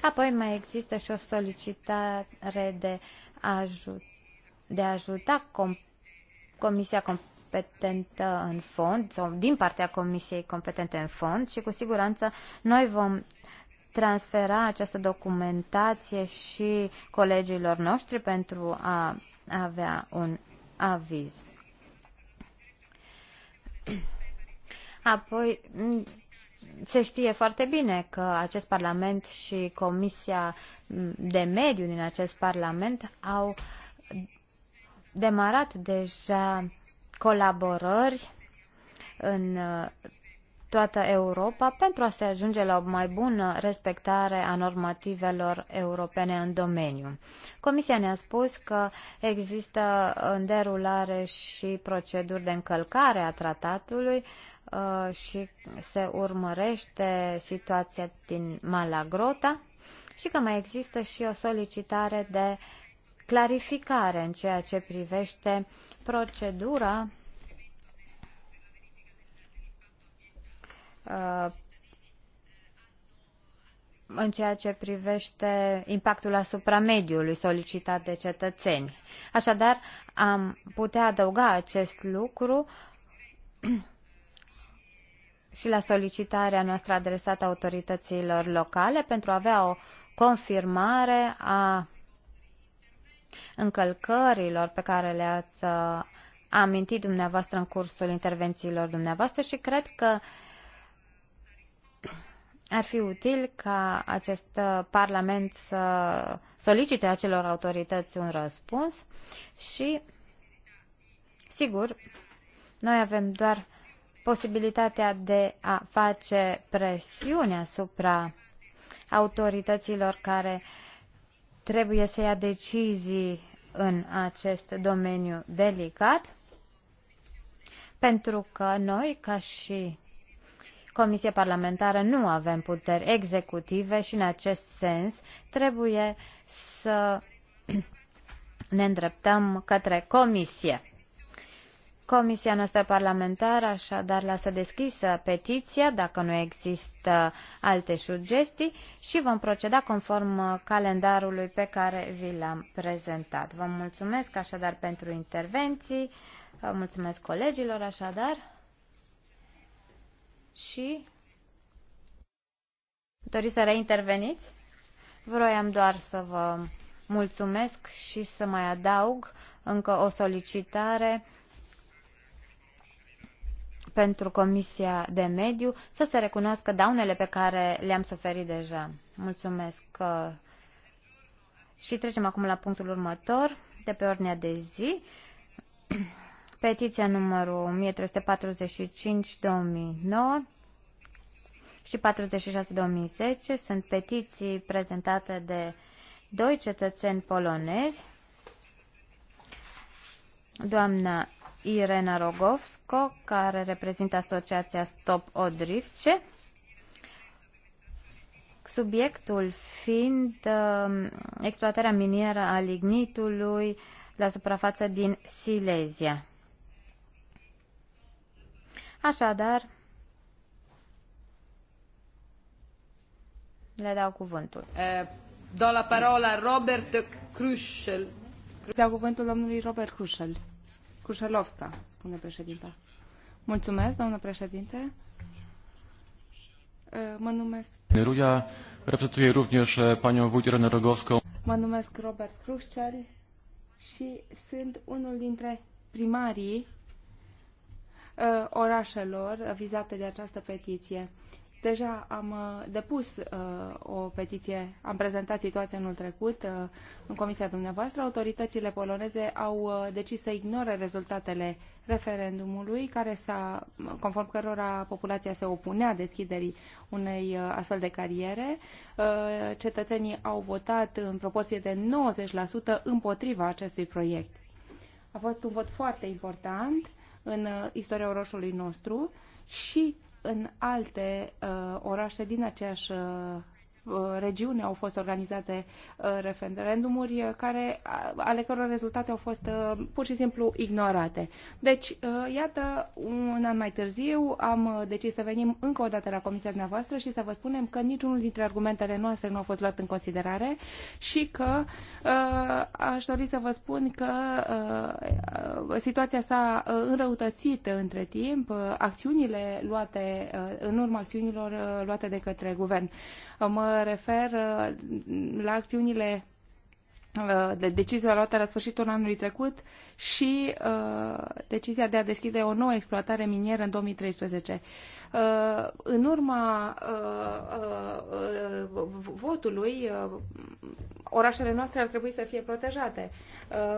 Apoi mai există și o solicitare de, ajut, de a ajuta comp- comisia competentă în fond sau din partea comisiei competente în fond și cu siguranță noi vom transfera această documentație și colegilor noștri pentru a avea un aviz. Apoi, se știe foarte bine că acest Parlament și Comisia de Mediu din acest Parlament au demarat deja colaborări în uh, toată Europa pentru a se ajunge la o mai bună respectare a normativelor europene în domeniu. Comisia ne-a spus că există în derulare și proceduri de încălcare a tratatului uh, și se urmărește situația din Malagrota și că mai există și o solicitare de clarificare în ceea ce privește procedura uh, în ceea ce privește impactul asupra mediului solicitat de cetățeni. Așadar, am putea adăuga acest lucru și la solicitarea noastră adresată autorităților locale pentru a avea o confirmare a încălcărilor pe care le-ați uh, amintit dumneavoastră în cursul intervențiilor dumneavoastră și cred că ar fi util ca acest uh, Parlament să solicite acelor autorități un răspuns și, sigur, noi avem doar posibilitatea de a face presiune asupra autorităților care uh, trebuie să ia decizii în acest domeniu delicat, pentru că noi, ca și Comisie Parlamentară, nu avem puteri executive și, în acest sens, trebuie să ne îndreptăm către Comisie. Comisia noastră parlamentară așadar lasă deschisă petiția dacă nu există alte sugestii și vom proceda conform calendarului pe care vi l-am prezentat. Vă mulțumesc așadar pentru intervenții, vă mulțumesc colegilor așadar și doriți să reinterveniți? Vroiam doar să vă mulțumesc și să mai adaug încă o solicitare pentru Comisia de Mediu să se recunoască daunele pe care le-am suferit deja. Mulțumesc. Uh, și trecem acum la punctul următor de pe ordinea de zi. Petiția numărul 1345-2009 și 46-2010 sunt petiții prezentate de doi cetățeni polonezi, doamna Irena Rogovsko, care reprezintă asociația Stop Odrifce, subiectul fiind uh, exploatarea minieră a lignitului la suprafață din Silesia. Așadar, le dau cuvântul. Uh, eh, dau la parola Robert Crușel. Dau cuvântul domnului Robert Crușel. Scușelovska, spune președinta. Mulțumesc, doamnă președinte. Mă numesc... Ruja reprezentuje również panią Wójtę Nerogowską. Mă numesc Robert Crușcel și sunt unul dintre primarii orașelor vizate de această petiție. Deja am uh, depus uh, o petiție, am prezentat situația anul trecut uh, în comisia dumneavoastră. Autoritățile poloneze au uh, decis să ignore rezultatele referendumului, care s-a, conform cărora populația se opunea deschiderii unei uh, astfel de cariere. Uh, cetățenii au votat în proporție de 90% împotriva acestui proiect. A fost un vot foarte important în uh, istoria orașului nostru și în alte uh, orașe din aceeași uh, Uh, regiune au fost organizate uh, referendumuri uh, care, ale căror rezultate au fost pur și simplu ignorate. Deci, iată, un an mai târziu am decis să venim încă o dată la comisia dumneavoastră și să vă spunem că niciunul dintre argumentele noastre nu a fost luat în considerare și că aș dori să vă spun că situația s-a înrăutățit între timp, acțiunile luate în urma acțiunilor luate de către guvern. Mă refer uh, la acțiunile Uh, de decizia luată la sfârșitul anului trecut și uh, decizia de a deschide o nouă exploatare minieră în 2013. Uh, în urma uh, uh, uh votului, orașele noastre ar trebui să fie protejate.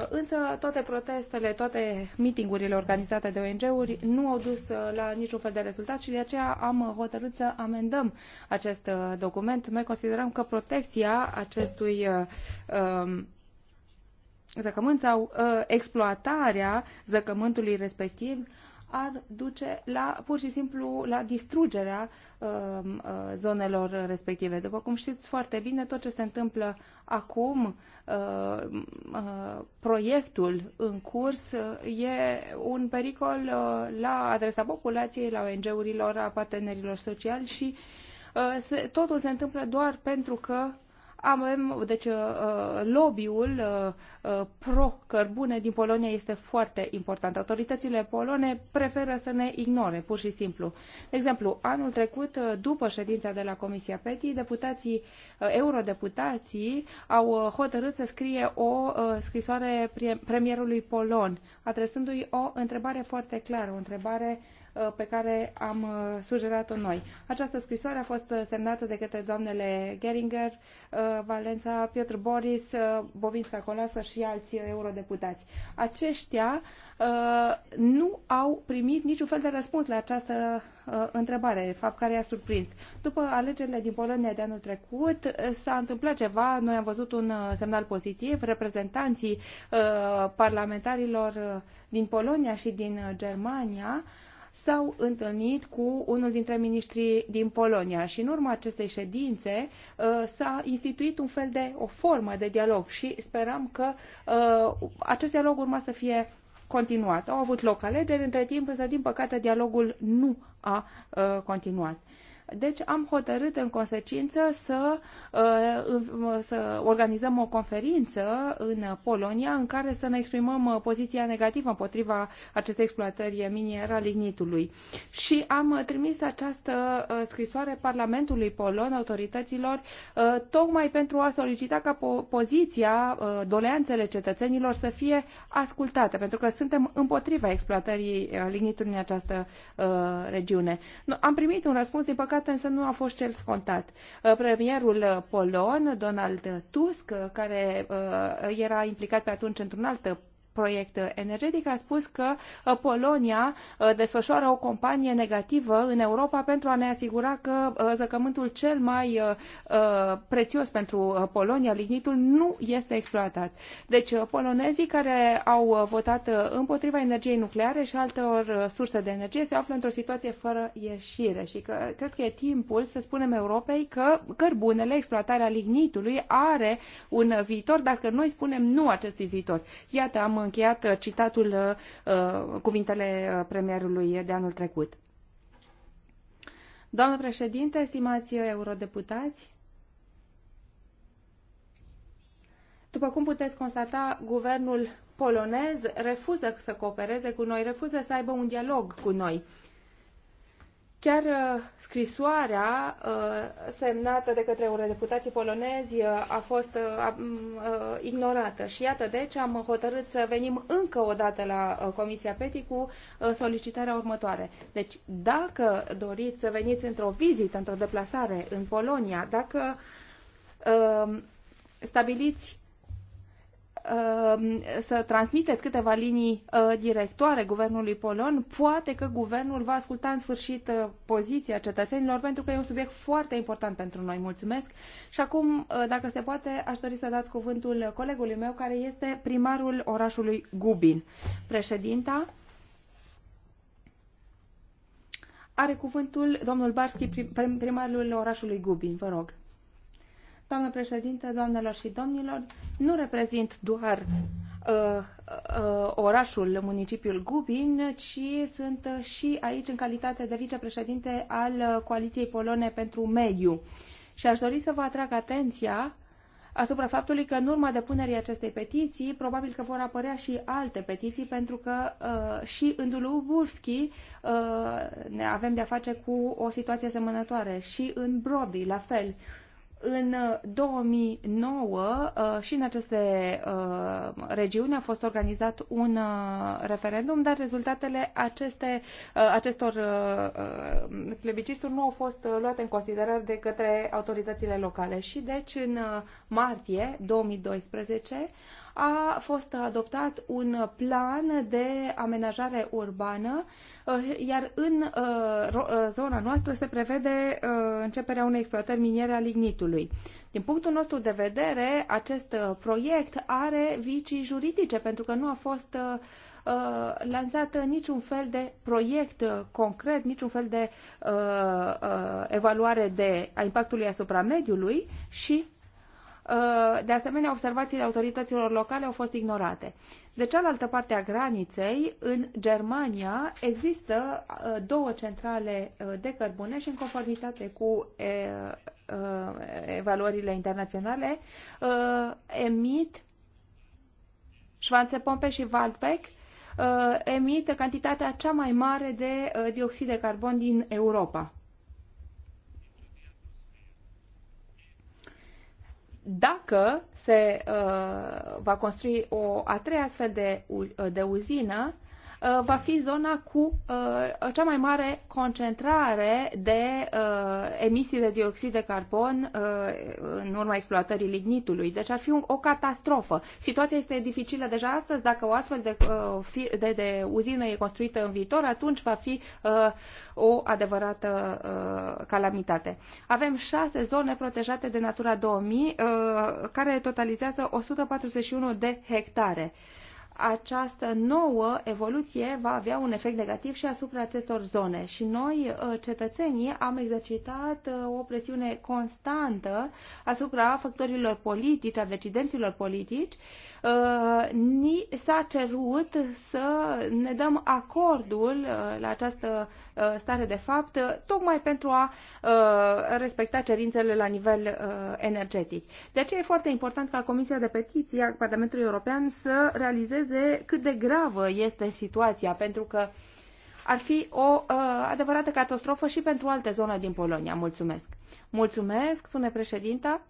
Însă toate protestele, toate mitingurile organizate de ONG-uri nu au dus la niciun fel de rezultat și de aceea am hotărât să amendăm acest document. Noi considerăm că protecția acestui um, zăcământ sau uh, exploatarea zăcământului respectiv ar duce la pur și simplu la distrugerea uh, uh, zonelor respective. După cum știți foarte bine, tot ce se întâmplă acum, uh, uh, proiectul în curs uh, e un pericol uh, la adresa populației, la ONG-urilor, a partenerilor sociali și uh, se, totul se întâmplă doar pentru că avem, deci, uh, lobby-ul uh, uh, pro-cărbune din Polonia este foarte important. Autoritățile polone preferă să ne ignore, pur și simplu. De exemplu, anul trecut, după ședința de la Comisia PETI, deputații, eurodeputații au hotărât să scrie o scrisoare premierului polon, adresându-i o întrebare foarte clară, o întrebare Uh, pe care am uh, sugerat-o noi. Această scrisoare a fost uh, semnată de către doamnele Geringer, Valența, Piotr Boris, Bobinska Colasă și alți eurodeputați. Aceștia nu au primit niciun fel de răspuns la această întrebare, fapt care i-a surprins. După alegerile din Polonia de anul trecut, s-a întâmplat ceva, noi am văzut un semnal pozitiv, reprezentanții parlamentarilor din Polonia și din Germania s-au întâlnit cu unul dintre ministrii din Polonia și în urma acestei ședințe uh, s-a instituit un fel de o formă de dialog și sperăm că uh, acest dialog urma să fie continuat. Au avut loc alegeri între timp, însă din păcate dialogul nu a uh, continuat. Deci am hotărât în consecință să, uh, să organizăm o conferință în Polonia în care să ne exprimăm uh, poziția negativă împotriva acestei exploatări miniere a lignitului. Și am uh, trimis această scrisoare Parlamentului Polon, autorităților, tocmai pentru a solicita ca poziția, doleanțele cetățenilor să fie ascultate, pentru că suntem împotriva exploatării lignitului în această regiune. Am primit un răspuns, din păcate, scontat, însă nu a fost cel scontat. Uh, premierul uh, polon, Donald Tusk, uh, care era implicat pe atunci într-un alt proiect energetic, a spus că uh, Polonia uh, desfășoară o companie negativă în Europa pentru a ne asigura că uh, zăcământul cel mai prețios pentru Polonia, lignitul, nu este exploatat. Deci polonezii care au votat împotriva energiei nucleare și altor surse de energie se află într-o situație fără ieșire și că cred că e timpul să spunem Europei că cărbunele, exploatarea lignitului are un viitor, dacă noi spunem nu acestui viitor. Iată, am încheiat citatul, uh, cuvintele premierului de anul trecut. Doamnă președinte, estimați eurodeputați, după cum puteți constata, guvernul polonez refuză să coopereze cu noi, refuză să aibă un dialog cu noi Chiar uh, scrisoarea uh, semnată de către eurodeputații polonezi uh, a fost ignorată și iată deci am hotărât să venim încă o dată la Comisia PETI cu solicitarea următoare. Deci dacă doriți să veniți într-o vizită, într-o deplasare în Polonia, dacă stabiliți Um, să transmiteți câteva linii uh, directoare guvernului polon, poate că guvernul va asculta în sfârșit uh, poziția cetățenilor, pentru că e un subiect foarte important pentru noi. Mulțumesc! Și acum, uh, dacă se poate, aș dori să dați cuvântul colegului meu, care este primarul orașului Gubin. Președinta are cuvântul domnul Barski, primarul orașului Gubin. Vă rog. Doamnă președinte, doamnelor și domnilor, nu reprezint doar uh, uh, uh, orașul, municipiul Gubin, ci sunt și aici în calitate de vicepreședinte al Coaliției Polone pentru Mediu. Și aș dori să vă atrag atenția asupra faptului că în urma depunerii acestei petiții, probabil că vor apărea și alte petiții, pentru că uh, și în Duluburski uh, ne avem de-a face cu o situație asemănătoare și în Brody, la fel. Uh, în 2009 uh, uh, și în aceste uh, regiuni a fost organizat un referendum, dar rezultatele aceste, acestor plebicisturi nu au fost luate în considerare de către autoritățile locale. Și deci în martie 2012 a fost adoptat un plan de amenajare urbană, eh, iar în eh, eh, zona noastră se prevede începerea unei exploatări miniere a lignitului. Din punctul nostru de vedere, acest proiect are vicii juridice, pentru că nu a fost lansat niciun fel de proiect concret, niciun fel de uh, uh, evaluare de, a impactului asupra mediului și Uh, de asemenea, observațiile autorităților locale au fost ignorate. De cealaltă parte a graniței, în Germania, există uh, două centrale uh, de cărbune și în conformitate cu evaluările internaționale, emit Schwanzepompe și Waldbeck emit cantitatea cea mai mare de dioxid de carbon din Europa. dacă se uh, va construi o a treia astfel de, de uzină, Uh, va fi zona cu uh, cea mai mare concentrare de uh, emisii de dioxid de carbon în urma exploatării lignitului. Deci ar fi o catastrofă. Situația este dificilă deja astăzi. Dacă o astfel de, de, de uzină e construită în viitor, atunci va fi o adevărată calamitate. Avem șase zone protejate de Natura 2000 care totalizează 141 de hectare această nouă evoluție va avea un efect negativ și asupra acestor zone. Și noi, uh, cetățenii, am exercitat uh, o presiune constantă asupra factorilor politici, a decidenților politici, Uh, ni s-a cerut să ne dăm acordul uh, la această uh, stare de fapt, tocmai pentru a respecta cerințele la nivel energetic. De aceea e foarte important ca Comisia de Petiții a Parlamentului European să realizeze cât de gravă este situația, pentru că ar fi o adevărată catastrofă și pentru alte zone din Polonia. Mulțumesc. Mulțumesc, spune președinta.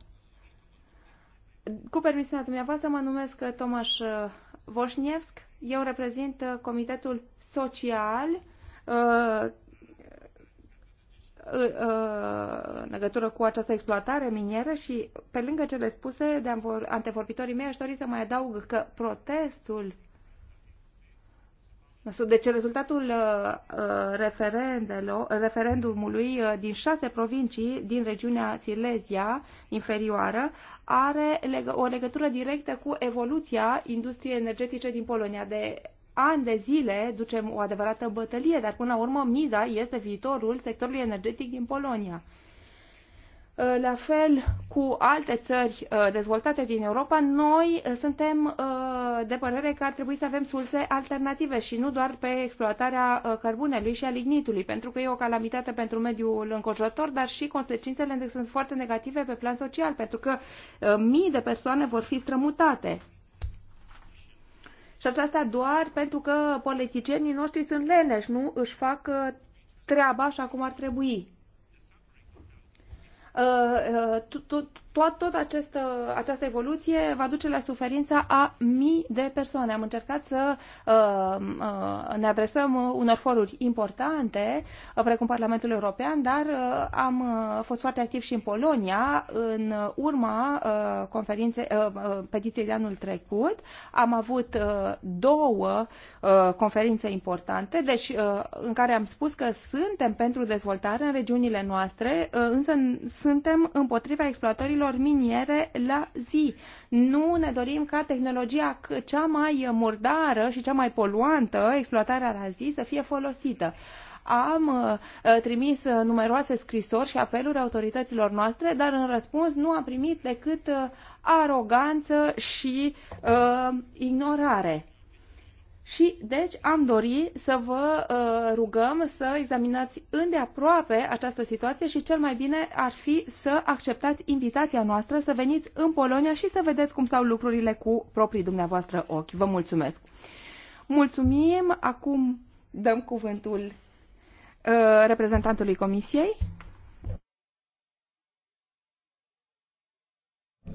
Cu permisiunea dumneavoastră, mă numesc Tomaș uh, Voșnievsk. Eu reprezint uh, Comitetul Social uh, în legătură cu această exploatare minieră și pe lângă cele spuse de antevorbitorii mei aș dori să mai adaug că protestul deci rezultatul uh, uh, referendumului uh, din șase provincii din regiunea Silezia inferioară are o legătură directă cu evoluția industriei energetice din Polonia. De ani de zile ducem o adevărată bătălie, dar până la urmă miza este viitorul sectorului energetic din Polonia. Uh, la fel cu alte țări uh, dezvoltate din Europa, noi uh, suntem de părere că ar trebui să avem surse alternative și nu doar pe exploatarea cărbunelui și a lignitului, pentru că e o calamitate pentru mediul înconjurător, dar și consecințele sunt foarte negative pe plan social, pentru că mii de persoane vor fi strămutate. Și aceasta doar pentru că politicienii noștri sunt leneși, nu își fac treaba așa cum ar trebui uh, uh, tot, tot, tot, tot acest, uh, această evoluție va duce la suferința a mii de persoane. Am încercat să uh, uh, ne adresăm unor foruri importante, uh, precum Parlamentul European, dar uh, am uh, fost foarte activ și în Polonia, în urma uh, conferinței, uh, uh, petiției de anul trecut. Am avut uh, două uh, conferințe importante, deci uh, în care am spus că suntem pentru dezvoltare în regiunile noastre, uh, însă suntem împotriva exploatărilor deșeurilor miniere la zi. Nu ne dorim ca tehnologia cea mai murdară și cea mai poluantă, exploatarea la zi, să fie folosită am uh, trimis uh, numeroase scrisori și apeluri autorităților noastre, dar în răspuns nu am primit decât uh, aroganță și uh, ignorare. Și deci am dori să vă uh, rugăm să examinați îndeaproape această situație și cel mai bine ar fi să acceptați invitația noastră să veniți în Polonia și să vedeți cum stau lucrurile cu proprii dumneavoastră ochi. Vă mulțumesc! Mulțumim! Acum dăm cuvântul uh, reprezentantului Comisiei.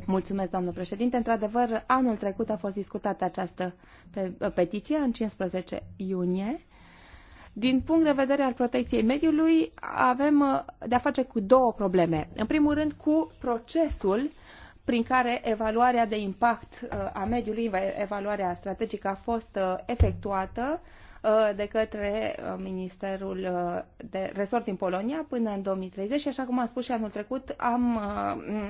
Mulțumesc, doamnă președinte. Într-adevăr, anul trecut a fost discutată această petiție, în 15 iunie. Din punct de vedere al protecției mediului, avem uh, de-a face cu două probleme. În primul rând, cu procesul prin care evaluarea de impact uh, a mediului, evaluarea strategică a fost uh, efectuată Uh, de către uh, Ministerul uh, de Resort din Polonia până în 2030 și așa cum am spus și anul trecut, am,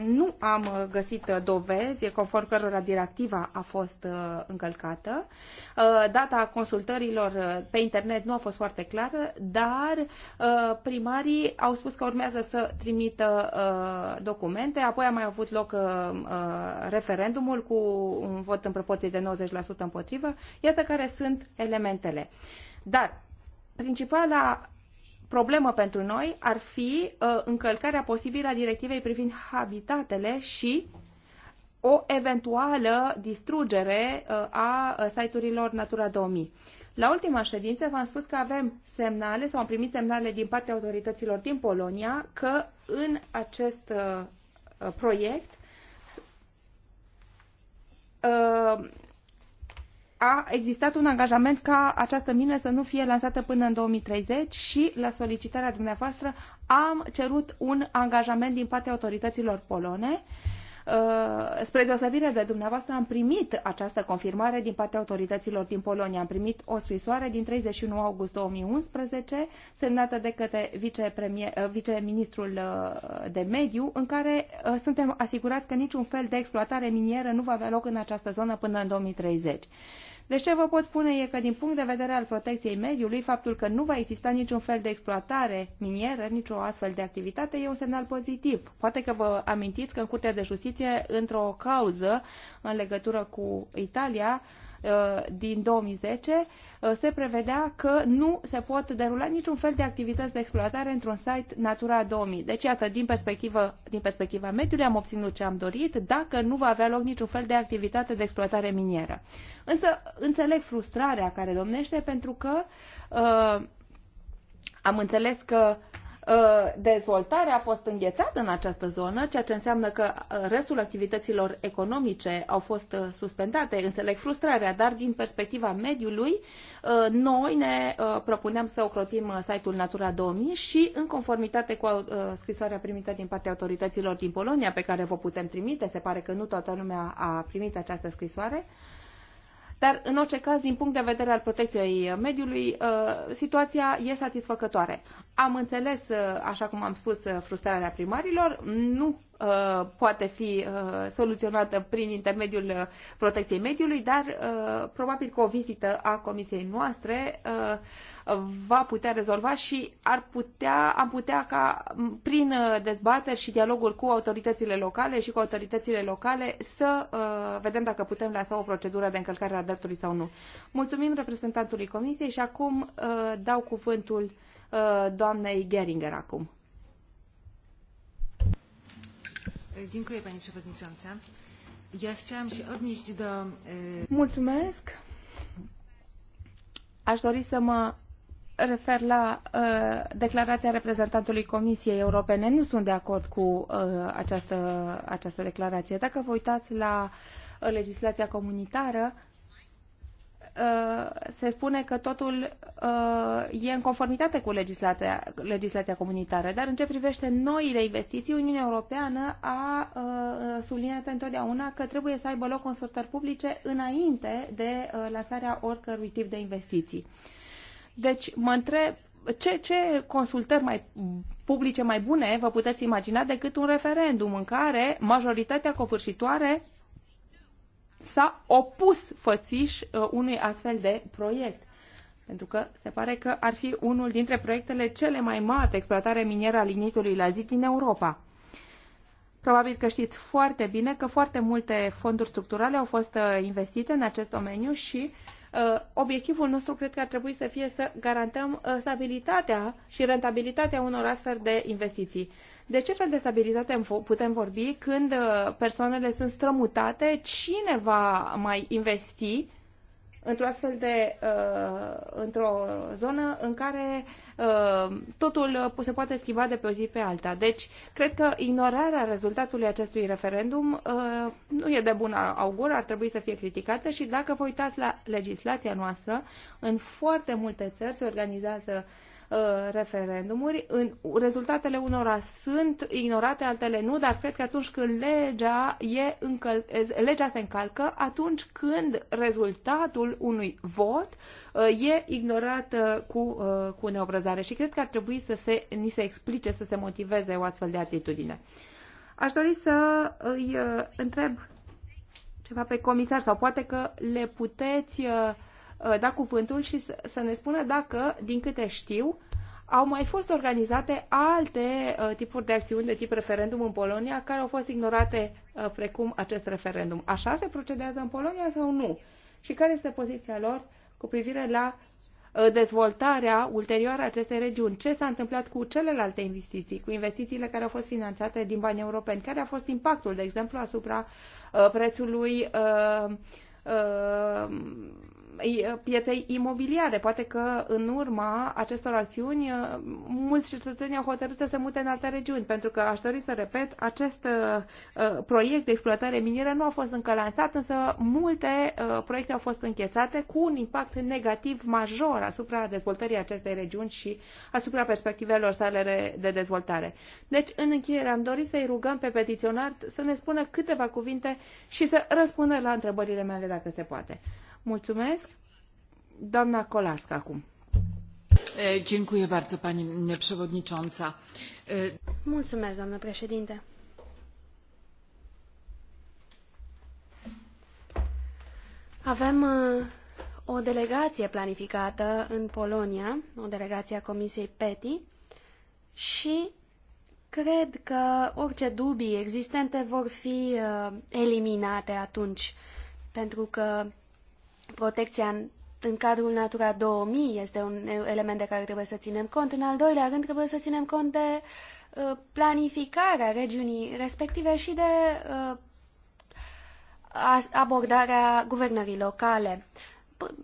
nu am găsit dovezi conform cărora directiva a fost încălcată. Data consultărilor pe internet nu a fost foarte clară, dar primarii au spus că urmează să trimită documente, apoi a mai avut loc referendumul cu un vot în proporție de 90% împotrivă. Iată care sunt elementele. Dar principala problemă pentru noi ar fi uh, încălcarea posibilă a directivei privind habitatele și o eventuală distrugere uh, a site-urilor Natura 2000. La ultima ședință v-am spus că avem semnale sau am primit semnale din partea autorităților din Polonia că în acest uh, proiect uh, a existat un angajament ca această mină să nu fie lansată până în 2030 și, la solicitarea dumneavoastră, am cerut un angajament din partea autorităților polone uh, Uh, spre deosebire de dumneavoastră, am primit această confirmare din partea autorităților din Polonia. Am primit o scrisoare din 31 august 2011, semnată de către uh, viceministrul uh, de mediu, în care suntem asigurați că niciun fel de exploatare minieră nu va avea loc în această zonă până în 2030. Deci ce vă pot spune e că din punct de vedere al protecției mediului, faptul că nu va exista niciun fel de exploatare minieră, nicio astfel de activitate, e un semnal pozitiv. Poate că vă amintiți că în Curtea de Justiție, într-o cauză în legătură cu Italia, Uh, din 2010 uh, se prevedea că nu se pot derula niciun fel de activități de exploatare într-un site Natura 2000. Deci, iată, din, perspectiva din perspectiva mediului am obținut ce am dorit dacă nu va avea loc niciun fel de activitate de exploatare minieră. Însă, înțeleg frustrarea care domnește pentru că uh, am înțeles că Uh, dezvoltarea a fost înghețată în această zonă, ceea ce înseamnă că uh, restul activităților economice au fost uh, suspendate. Înțeleg frustrarea, dar din perspectiva mediului, noi ne propuneam să ocrotim site-ul Natura 2000 și în conformitate cu scrisoarea primită din partea autorităților din Polonia, pe care vă putem trimite, se pare că nu toată lumea a primit această scrisoare, dar, în orice caz, din punct de vedere al protecției mediului, situația e satisfăcătoare. Am înțeles, uh, așa cum am spus, uh, frustrarea primarilor. Nu uh, poate fi uh, soluționată prin intermediul uh, protecției mediului, dar uh, probabil că o vizită a comisiei noastre va putea rezolva și ar putea, am putea ca prin dezbateri și dialoguri cu autoritățile locale și cu autoritățile locale să vedem dacă putem lansa o procedură de încălcare a dreptului sau nu. Mulțumim reprezentantului comisiei și acum dau cuvântul Uh, doamnei Geringer acum. Dziękuję Pani Przewodnicząca. Ja chciałam się odnieść do... Mulțumesc. Aș dori să mă refer la uh, declarația reprezentantului Comisiei Europene. Nu sunt de acord cu uh, această, această declarație. Dacă vă uitați la legislația comunitară, Uh, se spune că totul uh, e în conformitate cu legislația, legislația comunitară, dar în ce privește noile investiții, Uniunea Europeană a uh, subliniat întotdeauna că trebuie să aibă loc consultări publice înainte de lansarea oricărui tip de investiții. Deci mă întreb ce, ce consultări mai publice mai bune vă puteți imagina decât un referendum în care majoritatea covârșitoare s-a opus fățiș uh, unui astfel de proiect. Pentru că se pare că ar fi unul dintre proiectele cele mai mari de exploatare minieră a lignitului la zi din Europa. Probabil că știți foarte bine că foarte multe fonduri structurale au fost uh, investite în acest domeniu și uh, obiectivul nostru cred că ar trebui să fie să garantăm uh, stabilitatea și rentabilitatea unor astfel de investiții. De ce fel de stabilitate putem vorbi când uh, persoanele sunt strămutate? Cine va mai investi într-o astfel de, uh, într-o zonă în care uh, totul se poate schimba de pe o zi pe alta. Deci, cred că ignorarea rezultatului acestui referendum nu e de bun augur, ar trebui să fie criticată și dacă vă uitați la legislația noastră, în foarte multe țări se organizează uh, Uh, referendumuri. În, rezultatele unora sunt ignorate, altele nu, dar cred că atunci când legea, e încăl, legea se încalcă, atunci când rezultatul unui vot uh, e ignorat uh, cu, cu neobrăzare. Și cred că ar trebui să se, ni se explice, să se motiveze o astfel de atitudine. Aș dori să îi întreb ceva pe comisar sau poate că le puteți Uh, da cuvântul și să ne spună dacă, din câte știu, au mai fost organizate alte uh, tipuri de acțiuni de tip referendum în Polonia care au fost ignorate uh, precum acest referendum. Așa se procedează în Polonia sau nu? Și care este poziția lor cu privire la dezvoltarea ulterioară a acestei regiuni. Ce s-a întâmplat cu celelalte investiții, cu investițiile care au fost finanțate din bani europeni? Care a fost impactul, de exemplu, asupra uh, prețului uh, uh, pieței imobiliare. Poate că în urma acestor acțiuni uh, mulți cetățeni au hotărât să se mute în alte regiuni, pentru că aș dori să repet, acest uh, uh, proiect de exploatare minieră nu a fost încă lansat, însă multe uh, proiecte au fost închețate cu un impact negativ major asupra dezvoltării acestei regiuni și asupra perspectivelor sale de dezvoltare. Deci, în încheiere, am dorit să-i rugăm pe petiționar să ne spună câteva cuvinte și să răspundă la întrebările mele dacă se poate. Mulțumesc. Doamna Kolarska acum. Dziękuję bardzo, pani przewodnicząca. Mulțumesc, doamnă președinte. Avem o delegație planificată în Polonia, o delegație a Comisiei PETI și cred că orice dubii existente vor fi eliminate atunci, pentru că protecția în, în cadrul Natura 2000 este un element de care trebuie să ținem cont. În al doilea rând, trebuie să ținem cont de uh, planificarea regiunii respective și de uh, abordarea guvernării locale.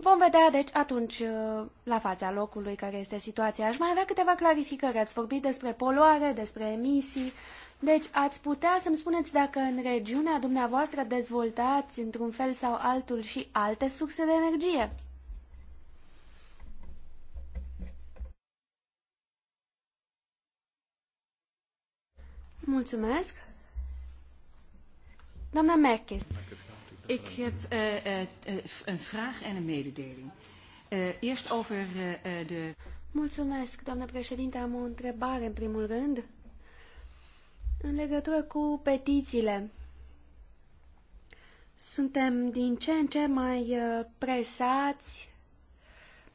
Vom vedea, deci, atunci, uh, la fața locului care este situația. Aș mai avea câteva clarificări. Ați vorbit despre poluare, despre emisii. Uh, deci, ați putea să-mi spuneți dacă în regiunea dumneavoastră dezvoltați într-un fel sau altul și alte surse de energie? Mulțumesc. Doamna Merkis. Ik heb uh, uh, een vraag en een mededeling. Uh, eerst over uh, de... Mulțumesc, doamna președinte. Am o întrebare în primul rând. În legătură cu petițiile, suntem din ce în ce mai uh, presați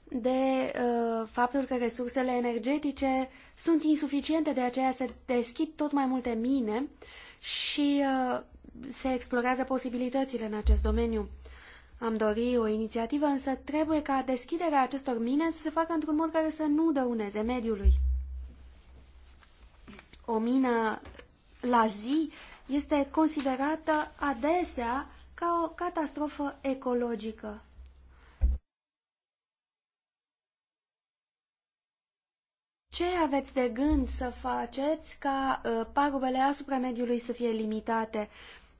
de uh, faptul că resursele energetice sunt insuficiente, de aceea se deschid tot mai multe mine și uh, se explorează posibilitățile în acest domeniu. Am dori o inițiativă, însă trebuie ca deschiderea acestor mine să se facă într-un mod care să nu dăuneze mediului. O mină la zi este considerată adesea ca o catastrofă ecologică. Ce aveți de gând să faceți ca ă, pagubele asupra mediului să fie limitate?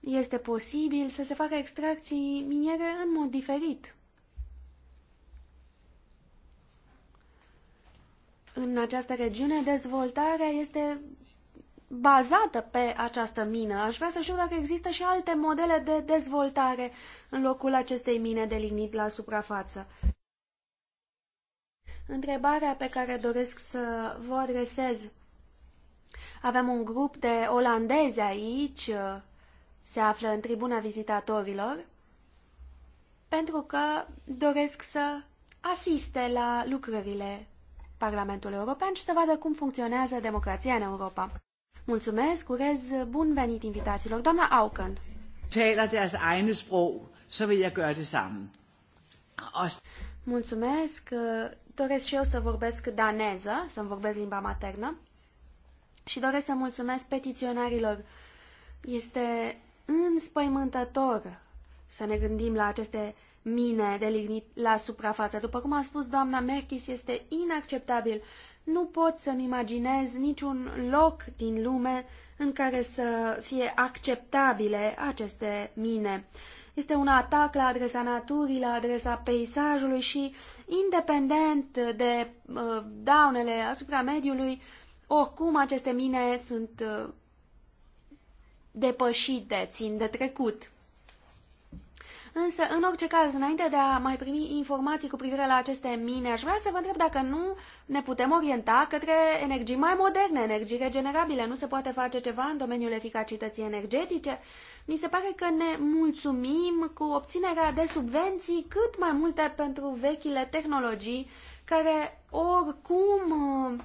Este posibil să se facă extracții miniere în mod diferit. În această regiune, dezvoltarea este bazată pe această mină. Aș vrea să știu dacă există și alte modele de dezvoltare în locul acestei mine de lignit la suprafață. Întrebarea pe care doresc să vă adresez. Avem un grup de olandezi aici, se află în tribuna vizitatorilor, pentru că doresc să asiste la lucrările Parlamentul European și să vadă cum funcționează democrația în Europa. Mulțumesc, urez bun venit invitațiilor. Doamna Auken. Taler deres egne sprog, så vil jeg gøre det samme. Mulțumesc, doresc și eu să vorbesc daneză, să-mi vorbesc limba maternă și doresc să mulțumesc petiționarilor. Este înspăimântător să ne gândim la aceste mine de lignit la suprafață. După cum a spus doamna Merkis, este inacceptabil nu pot să-mi imaginez niciun loc din lume în care să fie acceptabile aceste mine. Este un atac la adresa naturii, la adresa peisajului și, independent de uh, daunele asupra mediului, oricum aceste mine sunt uh, depășite, țin de trecut. Însă, în orice caz, înainte de a mai primi informații cu privire la aceste mine, aș vrea să vă întreb dacă nu ne putem orienta către energii mai moderne, energii regenerabile. Nu se poate face ceva în domeniul eficacității energetice? Mi se pare că ne mulțumim cu obținerea de subvenții cât mai multe pentru vechile tehnologii care oricum uh,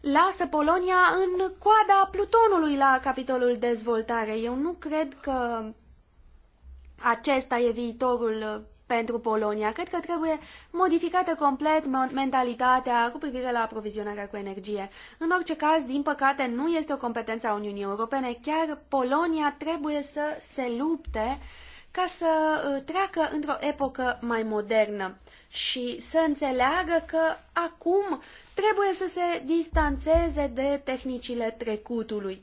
lasă Polonia în coada Plutonului la capitolul dezvoltare. Eu nu cred că acesta e viitorul uh, pentru Polonia. Cred că trebuie modificată complet mentalitatea cu privire la aprovizionarea cu energie. În orice caz, din păcate, nu este o competență a Uniunii Europene. Chiar Polonia trebuie să se lupte ca să uh, treacă într-o epocă mai modernă și să înțeleagă că acum trebuie să se distanțeze de tehnicile trecutului.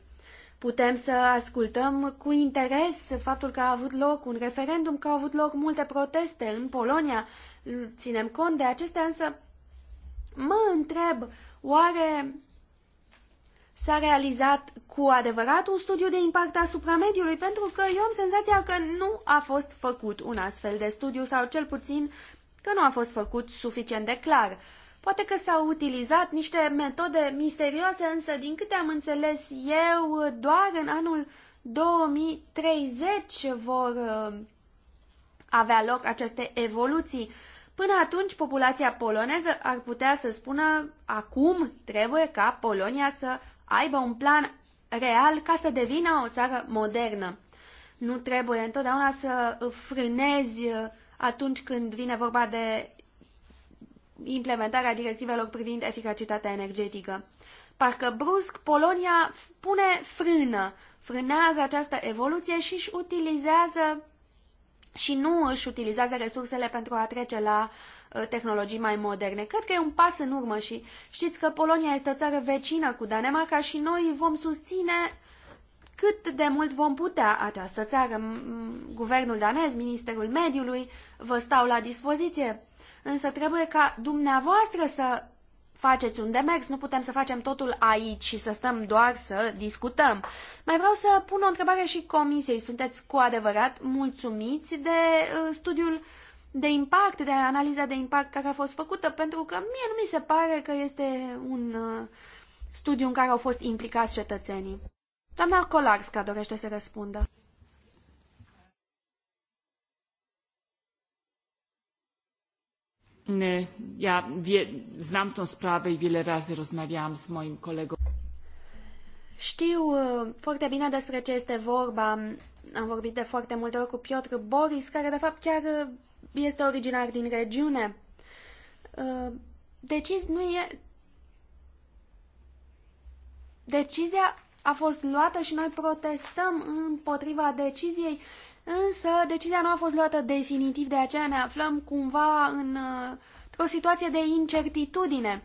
Putem să ascultăm cu interes faptul că a avut loc un referendum, că au avut loc multe proteste în Polonia. Ținem cont de acestea, însă mă întreb, oare s-a realizat cu adevărat un studiu de impact asupra mediului, pentru că eu am senzația că nu a fost făcut un astfel de studiu sau cel puțin că nu a fost făcut suficient de clar. Poate că s-au utilizat niște metode misterioase, însă din câte am înțeles eu, doar în anul 2030 vor uh, avea loc aceste evoluții. Până atunci, populația poloneză ar putea să spună acum trebuie ca Polonia să aibă un plan real ca să devină o țară modernă. Nu trebuie întotdeauna să frânezi uh, atunci când vine vorba de implementarea directivelor privind eficacitatea energetică. Parcă brusc Polonia pune frână, frânează această evoluție și își utilizează și nu își utilizează resursele pentru a trece la uh, tehnologii mai moderne. Cred că e un pas în urmă și știți că Polonia este o țară vecină cu Danemarca și noi vom susține cât de mult vom putea această țară. Guvernul danez, Ministerul Mediului vă stau la dispoziție însă trebuie ca dumneavoastră să faceți un demers, nu putem să facem totul aici și să stăm doar să discutăm. Mai vreau să pun o întrebare și comisiei. Sunteți cu adevărat mulțumiți de uh, studiul de impact, de analiza de impact care a fost făcută? Pentru că mie nu mi se pare că este un uh, studiu în care au fost implicați cetățenii. Doamna Colarsca dorește să răspundă. Ja wie, znam tą sprawę i wiele razy rozmawiałam z moim kolegą. Știu foarte bine despre ce este vorba. Am vorbit de foarte multe ori cu Piotr Boris, care de fapt chiar este originar din regiune. nu e... Decizia a fost luată și noi protestăm împotriva deciziei Însă, decizia nu a fost luată definitiv, de aceea ne aflăm cumva în uh, o situație de incertitudine.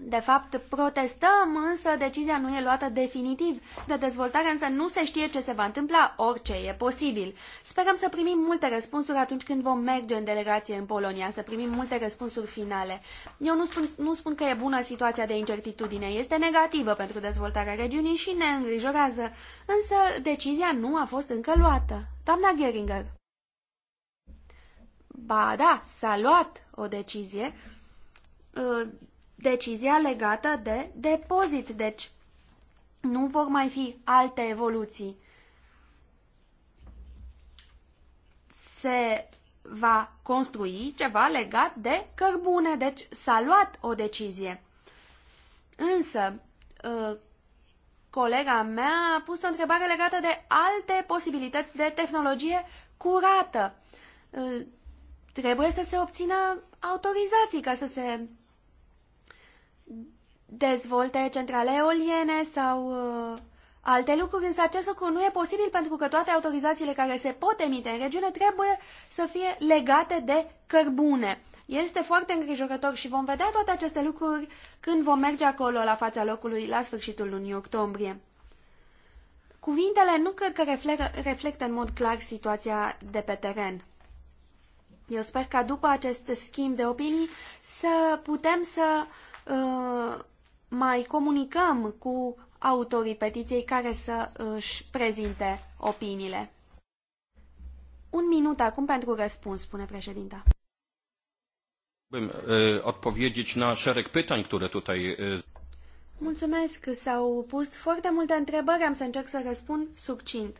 De fapt, protestăm, însă decizia nu e luată definitiv. De dezvoltare însă nu se știe ce se va întâmpla, orice e posibil. Sperăm să primim multe răspunsuri atunci când vom merge în delegație în Polonia, să primim multe răspunsuri finale. Eu nu spun, nu spun că e bună situația de incertitudine, este negativă pentru dezvoltarea regiunii și ne îngrijorează, însă decizia nu a fost încă luată. Doamna Geringer. Ba da, s-a luat o decizie decizia legată de depozit. Deci nu vor mai fi alte evoluții. Se va construi ceva legat de cărbune, deci s-a luat o decizie. Însă, ă, colega mea a pus o întrebare legată de alte posibilități de tehnologie curată. Ă, trebuie să se obțină autorizații ca să se dezvolte centrale eoliene sau uh, alte lucruri, însă acest lucru nu e posibil pentru că toate autorizațiile care se pot emite în regiune trebuie să fie legate de cărbune. Este foarte îngrijorător și vom vedea toate aceste lucruri când vom merge acolo la fața locului la sfârșitul lunii octombrie. Cuvintele nu cred că reflectă, reflectă în mod clar situația de pe teren. Eu sper ca după acest schimb de opinii să putem să uh, Uh, mai comunicăm cu autorii petiției care să își prezinte opiniile. Un minut acum pentru răspuns, spune președinta. Odpowiedzieć na szereg pytań, które tutaj... Mulțumesc, s-au pus foarte multe întrebări, am să încerc să răspund succint.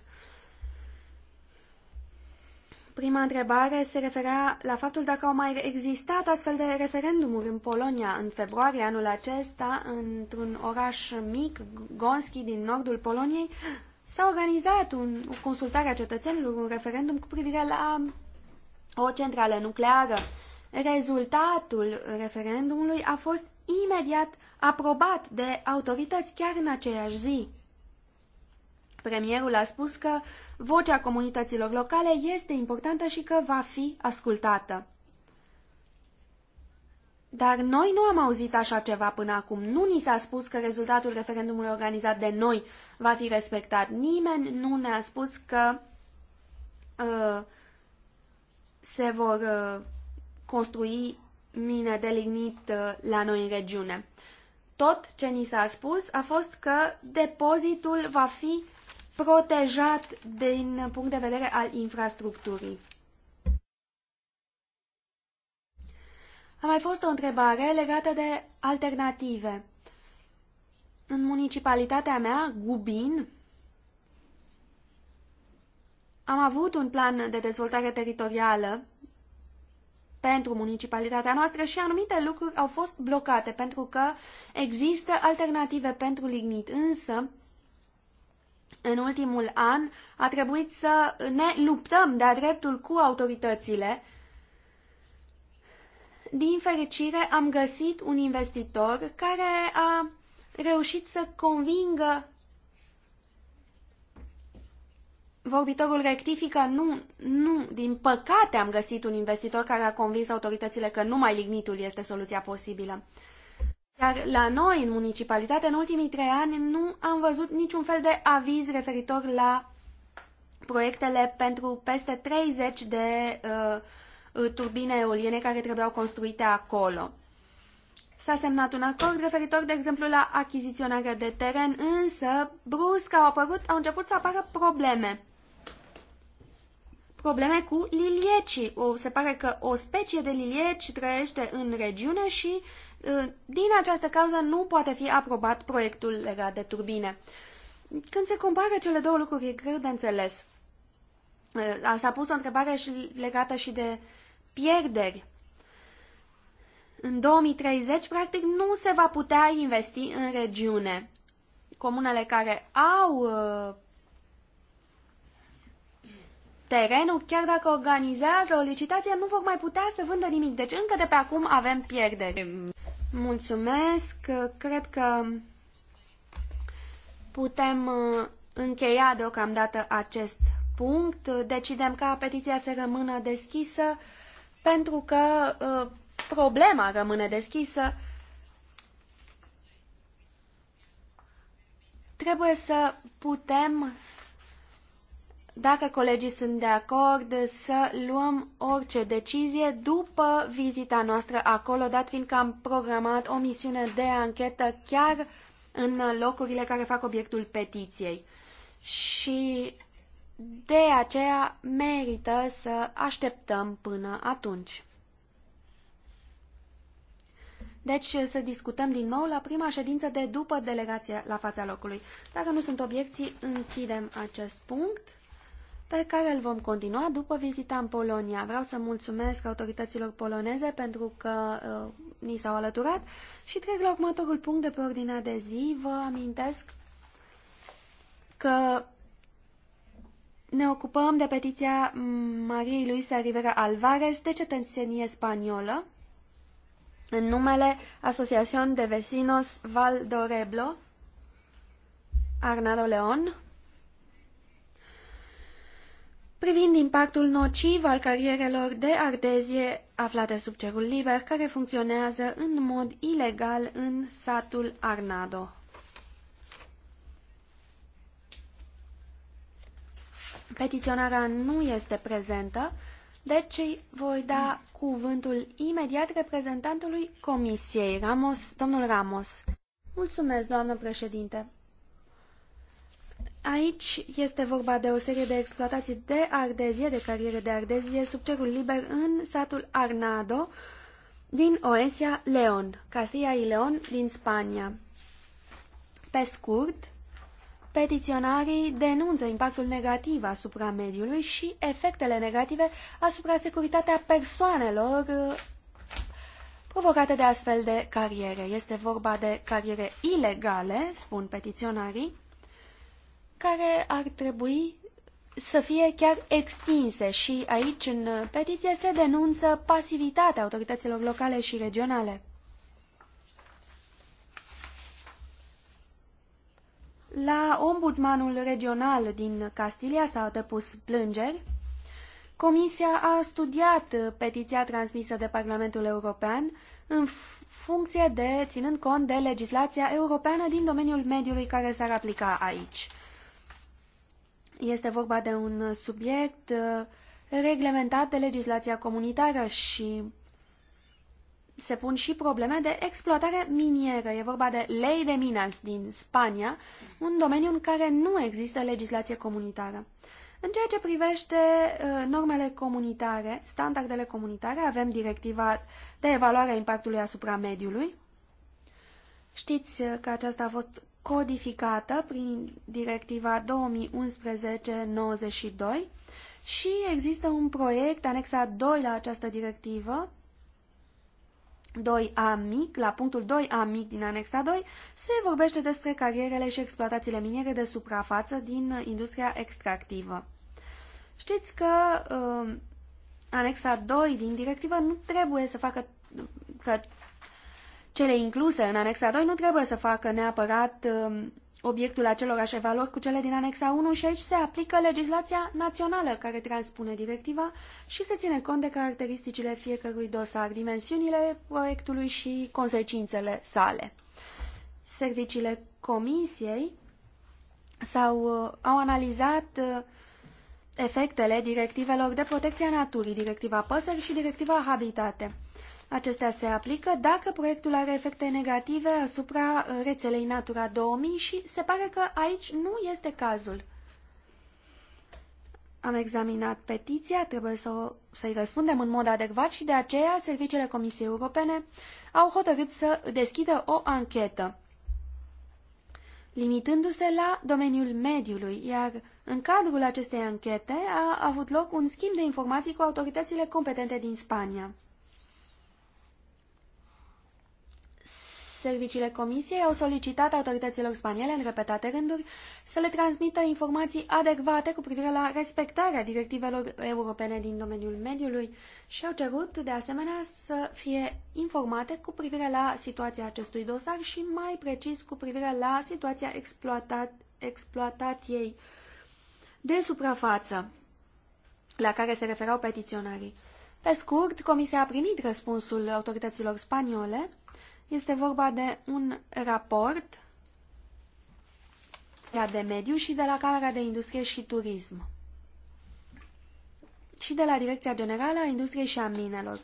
Prima întrebare se referea la faptul dacă au mai existat astfel de referendumuri în Polonia în februarie anul acesta, într-un oraș mic, Gonski, din nordul Poloniei. S-a organizat un, o consultare a cetățenilor, un referendum cu privire la o centrală nucleară. Rezultatul referendumului a fost imediat aprobat de autorități chiar în aceeași zi. Premierul a spus că vocea comunităților locale este importantă și că va fi ascultată. Dar noi nu am auzit așa ceva până acum. Nu ni s-a spus că rezultatul referendumului organizat de noi va fi respectat. Nimeni nu ne-a spus că uh, se vor uh, construi mine de lignit uh, la noi în regiune. Tot ce ni s-a spus a fost că depozitul va fi protejat din punct de vedere al infrastructurii. A mai fost o întrebare legată de alternative. În municipalitatea mea, Gubin, am avut un plan de dezvoltare teritorială pentru municipalitatea noastră și anumite lucruri au fost blocate pentru că există alternative pentru lignit, însă în ultimul an a trebuit să ne luptăm de-a dreptul cu autoritățile. Din fericire am găsit un investitor care a reușit să convingă Vorbitorul rectifică, nu, nu, din păcate am găsit un investitor care a convins autoritățile că numai lignitul este soluția posibilă. Iar la noi, în municipalitate, în ultimii trei ani, nu am văzut niciun fel de aviz referitor la proiectele pentru peste 30 de uh, turbine eoliene care trebuiau construite acolo. S-a semnat un acord referitor, de exemplu, la achiziționarea de teren, însă, brusc, au, apărut, au început să apară probleme. Probleme cu liliecii. O, se pare că o specie de lilieci trăiește în regiune și Uh, din această cauză nu poate fi aprobat proiectul legat de turbine. Când se compară cele două lucruri, e greu de înțeles. Uh, s-a pus o întrebare și legată și de pierderi. În 2030, practic, nu se va putea investi în regiune. Comunele care au uh, terenul, chiar dacă organizează o licitație, nu vor mai putea să vândă nimic. Deci încă de pe acum avem pierderi. Mulțumesc, cred că putem uh, încheia deocamdată acest punct. Decidem ca petiția să rămână deschisă pentru că uh, problema rămâne deschisă. Trebuie să putem dacă colegii sunt de acord, să luăm orice decizie după vizita noastră acolo, dat fiindcă am programat o misiune de anchetă chiar în locurile care fac obiectul petiției. Și de aceea merită să așteptăm până atunci. Deci să discutăm din nou la prima ședință de după delegația la fața locului. Dacă nu sunt obiecții, închidem acest punct pe care îl vom continua după vizita în Polonia. Vreau să mulțumesc autorităților poloneze pentru că uh, ni s-au alăturat și trec la următorul punct de pe ordinea de zi. Vă amintesc că ne ocupăm de petiția Mariei Luisa Rivera Alvarez de cetățenie spaniolă în numele Asociación de Vecinos Val d'Oreblo, Arnado León, privind impactul nociv al carierelor de ardezie aflate sub cerul liber, care funcționează în mod ilegal în satul Arnado. Petiționarea nu este prezentă, deci voi da cuvântul imediat reprezentantului Comisiei, Ramos, domnul Ramos. Mulțumesc, doamnă președinte. Aici este vorba de o serie de exploatații de ardezie, de cariere de ardezie, sub cerul liber în satul Arnado, din Oesia, Leon, Castilla y Leon, din Spania. Pe scurt, petiționarii denunță impactul negativ asupra mediului și efectele negative asupra securitatea persoanelor uh, provocate de astfel de cariere. Este vorba de cariere ilegale, spun petiționarii, care ar trebui să fie chiar extinse și aici, în petiție, se denunță pasivitatea autorităților locale și regionale. La ombudsmanul regional din Castilia s-au depus plângeri. Comisia a studiat petiția transmisă de Parlamentul European în funcție de, ținând cont de legislația europeană din domeniul mediului care s-ar aplica aici. Este vorba de un subiect uh, reglementat de legislația comunitară și se pun și probleme de exploatare minieră. E vorba de lei de minas din Spania, un domeniu în care nu există legislație comunitară. În ceea ce privește uh, normele comunitare, standardele comunitare, avem directiva de evaluare a impactului asupra mediului. Știți uh, că aceasta a fost codificată prin directiva 2011-92 și există un proiect anexat 2 la această directivă 2A mic, la punctul 2A mic din anexa 2, se vorbește despre carierele și exploatațiile miniere de suprafață din industria extractivă. Știți că uh, anexa 2 din directivă nu trebuie să facă că cele incluse în anexa 2 nu trebuie să facă neapărat um, obiectul acelorași evaluări cu cele din anexa 1 și aici se aplică legislația națională care transpune directiva și se ține cont de caracteristicile fiecărui dosar, dimensiunile proiectului și consecințele sale. Serviciile comisiei sau uh, au analizat uh, efectele directivelor de protecție a naturii, directiva păsări și directiva habitate. Acestea se aplică dacă proiectul are efecte negative asupra uh, rețelei Natura 2000 și se pare că aici nu este cazul. Am examinat petiția, trebuie să i să-i răspundem în mod adecvat și de aceea serviciile Comisiei Europene au hotărât să deschidă o anchetă, limitându-se la domeniul mediului, iar în cadrul acestei anchete a avut loc un schimb de informații cu autoritățile competente din Spania. Serviciile Comisiei au solicitat autorităților spaniele, în repetate rânduri, să le transmită informații adecvate cu privire la respectarea directivelor europene din domeniul mediului și au cerut, de asemenea, să fie informate cu privire la situația acestui dosar și, mai precis, cu privire la situația exploatat, exploatației de suprafață la care se referau petiționarii. Pe scurt, Comisia a primit răspunsul autorităților spaniole este vorba de un raport de mediu și de la Camera de Industrie și Turism și de la Direcția Generală a Industriei și a Minelor.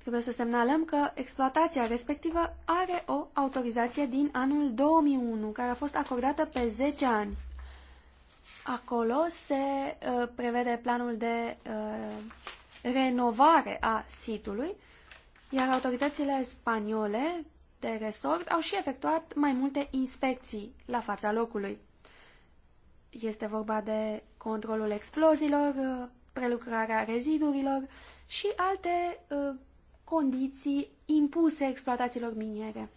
Trebuie să semnalăm că exploatația respectivă are o autorizație din anul 2001, care a fost acordată pe 10 ani. Acolo se uh, prevede planul de uh, renovare a sitului iar autoritățile spaniole de resort au și efectuat mai multe inspecții la fața locului. Este vorba de controlul exploziilor, prelucrarea rezidurilor și alte uh, condiții impuse exploatațiilor miniere.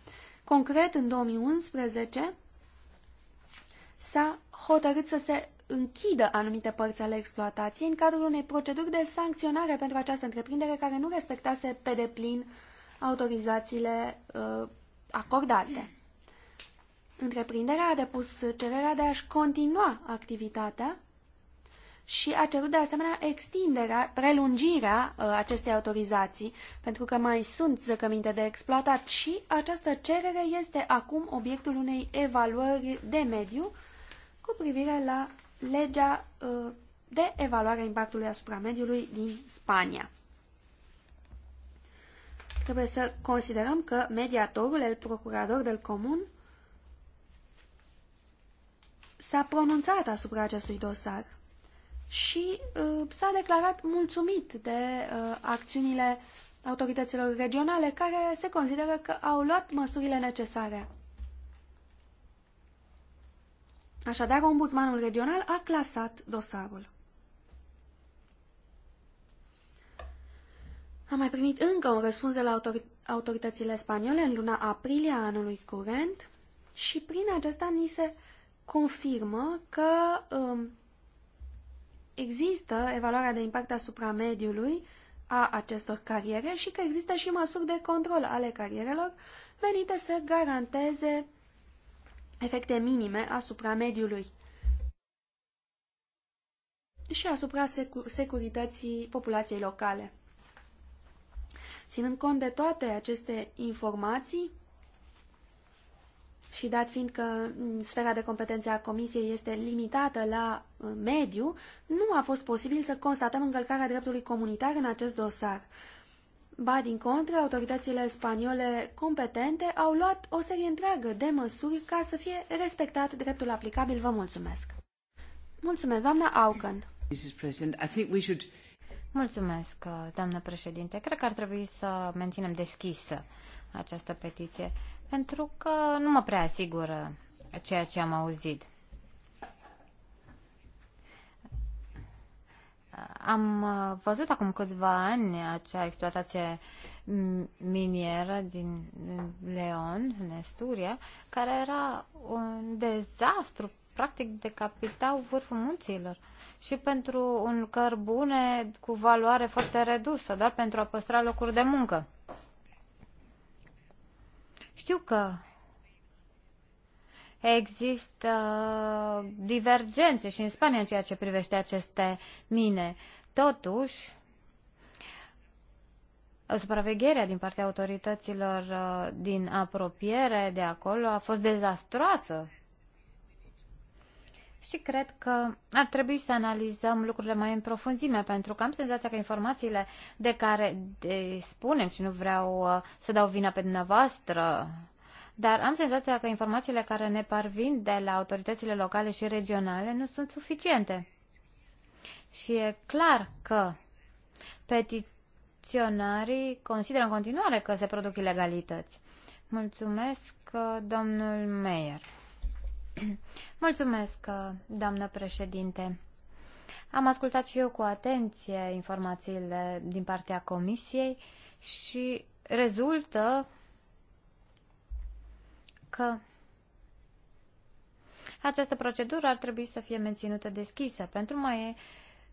Concret, în 2011 s-a hotărât să se închidă anumite părți ale exploatației în cadrul unei proceduri de sancționare pentru această întreprindere care nu respectase pe deplin autorizațiile uh, acordate. Întreprinderea a depus cererea de a-și continua activitatea și a cerut de asemenea extinderea, prelungirea uh, acestei autorizații, pentru că mai sunt zăcăminte de exploatat și această cerere este acum obiectul unei evaluări de mediu cu privire la legea uh, de evaluare a impactului asupra mediului din Spania. Trebuie să considerăm că mediatorul, el procurador del comun, s-a pronunțat asupra acestui dosar și uh, s-a declarat mulțumit de uh, acțiunile autorităților regionale care se consideră că au luat măsurile necesare Așadar, ombudsmanul regional a clasat dosarul. Am mai primit încă un răspuns de la autor autoritățile spaniole în luna aprilie a anului curent și prin acesta ni se confirmă că um, există evaluarea de impact asupra mediului a acestor cariere și că există și măsuri de control ale carierelor menite să garanteze efecte minime asupra mediului și asupra securității populației locale. Ținând cont de toate aceste informații și dat fiind că mm, sfera de competențe a Comisiei este limitată la mm, mediu, nu a fost posibil să constatăm încălcarea dreptului comunitar în acest dosar. Ba din contră, autoritățile spaniole competente au luat o serie întreagă de măsuri ca să fie respectat dreptul aplicabil. Vă mulțumesc! Mulțumesc, doamna Aucan. Mulțumesc, doamnă președinte. Cred că ar trebui să menținem deschisă această petiție, pentru că nu mă prea asigură ceea ce am auzit. am uh, văzut acum câțiva ani acea exploatație minieră din Leon, în Esturia, care era un dezastru, practic decapitau vârful munților și pentru un cărbune cu valoare foarte redusă, doar pentru a păstra locuri de muncă. Știu că există uh, divergențe și în Spania în ceea ce privește aceste mine. Totuși, supravegherea din partea autorităților uh, din apropiere de acolo a fost dezastroasă. Și cred că ar trebui să analizăm lucrurile mai în profunzime, pentru că am senzația că informațiile de care spunem și nu vreau uh, să dau vina pe dumneavoastră, dar am senzația că informațiile care ne parvin de la autoritățile locale și regionale nu sunt suficiente. Și e clar că petiționarii consideră în continuare că se produc ilegalități. Mulțumesc, domnul Meyer. Mulțumesc, doamnă președinte. Am ascultat și eu cu atenție informațiile din partea comisiei și rezultă că această procedură ar trebui să fie menținută deschisă, pentru mai,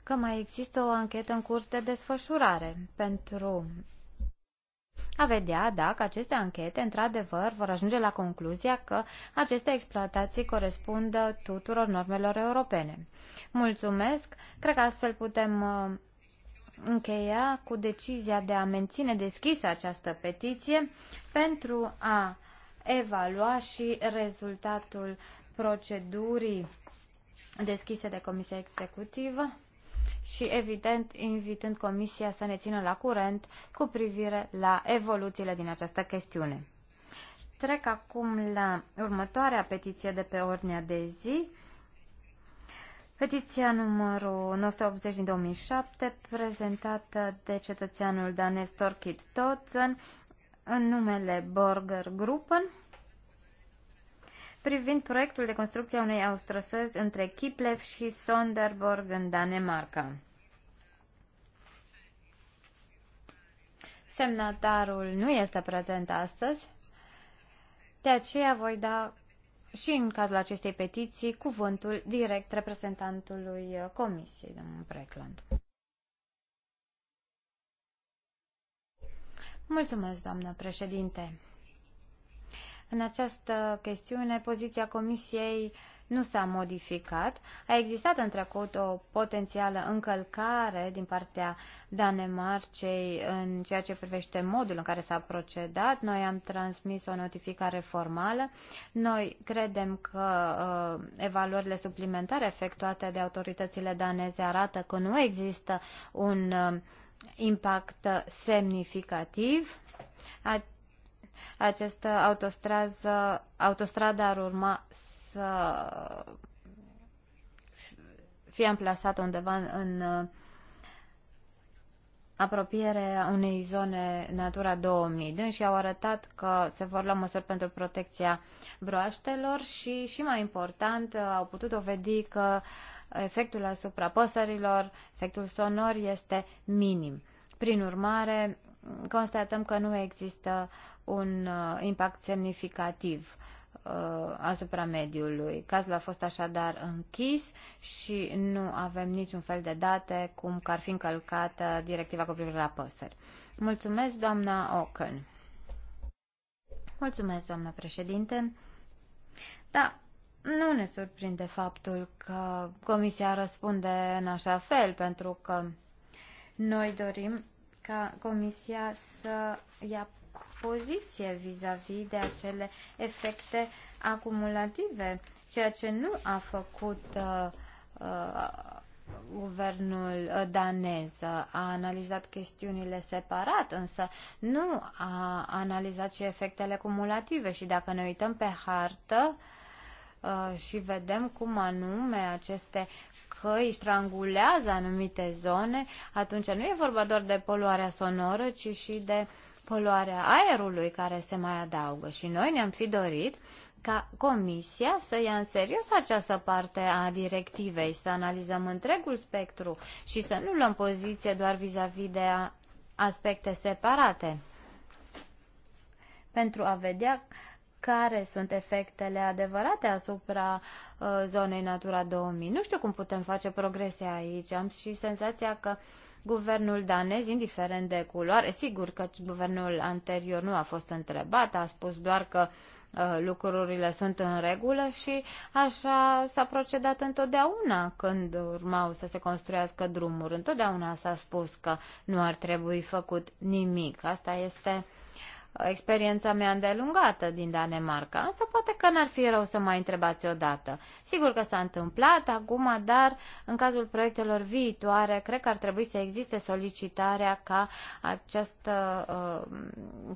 că mai există o anchetă în curs de desfășurare pentru a vedea dacă aceste anchete, într-adevăr, vor ajunge la concluzia că aceste exploatații corespund tuturor normelor europene. Mulțumesc! Cred că astfel putem uh, încheia cu decizia de a menține deschisă această petiție pentru a evalua și rezultatul procedurii deschise de Comisia Executivă și, evident, invitând Comisia să ne țină la curent cu privire la evoluțiile din această chestiune. Trec acum la următoarea petiție de pe ordinea de zi. Petiția numărul 980 din 2007, prezentată de cetățeanul danez Torkit Totzen, în numele Borger Gruppen privind proiectul de construcție a unei autostrăzi între Kiplev și Sonderborg în Danemarca. Semnatarul nu este prezent astăzi, de aceea voi da și în cazul acestei petiții cuvântul direct reprezentantului Comisiei, domnul Precland. Mulțumesc, doamnă președinte. În această chestiune, poziția Comisiei nu s-a modificat. A existat în trecut o potențială încălcare din partea Danemarcei în ceea ce privește modul în care s-a procedat. Noi am transmis o notificare formală. Noi credem că uh, evaluările suplimentare efectuate de autoritățile daneze arată că nu există un uh, impact semnificativ. Această autostradă, autostradă ar urma să fie amplasată undeva în uh, apropierea unei zone Natura 2000. și au arătat că se vor lua măsuri pentru protecția broaștelor și, și mai important, uh, au putut dovedi că uh, efectul asupra păsărilor, efectul sonor este minim. Prin urmare, constatăm că nu există un uh, impact semnificativ uh, asupra mediului. Cazul a fost așadar închis și nu avem niciun fel de date cum că ar fi încălcată directiva cu privire la păsări. Mulțumesc, doamna Ocken. Mulțumesc, doamna președinte. Da, nu ne surprinde faptul că Comisia răspunde în așa fel, pentru că noi dorim ca Comisia să ia poziție vis-a-vis -vis de acele efecte acumulative, ceea ce nu a făcut uh, uh, guvernul danez. A analizat chestiunile separat, însă nu a analizat și efectele cumulative. Și dacă ne uităm pe hartă, uh, Uh, și vedem cum anume aceste căi strangulează anumite zone, atunci nu e vorba doar de poluarea sonoră, ci și de poluarea aerului care se mai adaugă. Și noi ne-am fi dorit ca Comisia să ia în serios această parte a directivei, să analizăm întregul spectru și să nu luăm poziție doar vis-a-vis -vis de aspecte separate pentru a vedea care sunt efectele adevărate asupra uh, zonei Natura 2000. Nu știu cum putem face progrese aici. Am și senzația că guvernul danez, indiferent de culoare, sigur că guvernul anterior nu a fost întrebat, a spus doar că uh, lucrurile sunt în regulă și așa s-a procedat întotdeauna când urmau să se construiască drumuri. Întotdeauna s-a spus că nu ar trebui făcut nimic. Asta este uh, experiența mea îndelungată din Danemarca, însă poate că n-ar fi rău să mai întrebați odată. Sigur că s-a întâmplat acum, dar în cazul proiectelor viitoare, cred că ar trebui să existe solicitarea ca această, uh,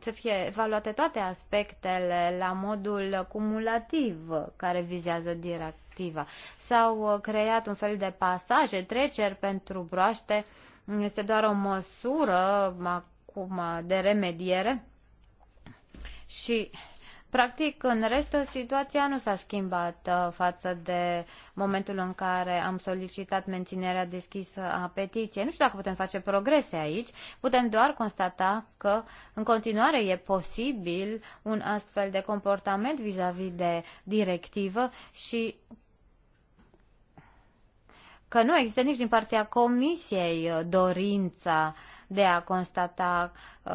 să fie evaluate toate aspectele la modul cumulativ care vizează directiva. S-au uh, creat un fel de pasaje, treceri pentru broaște, este doar o măsură acum de remediere și, practic, în rest, situația nu s-a schimbat uh, față de momentul în care am solicitat menținerea deschisă a petiției. Nu știu dacă putem face progrese aici, putem doar constata că, în continuare, e posibil un astfel de comportament vis-a-vis -vis de directivă și că nu există nici din partea Comisiei uh, dorința uh, de a constata uh,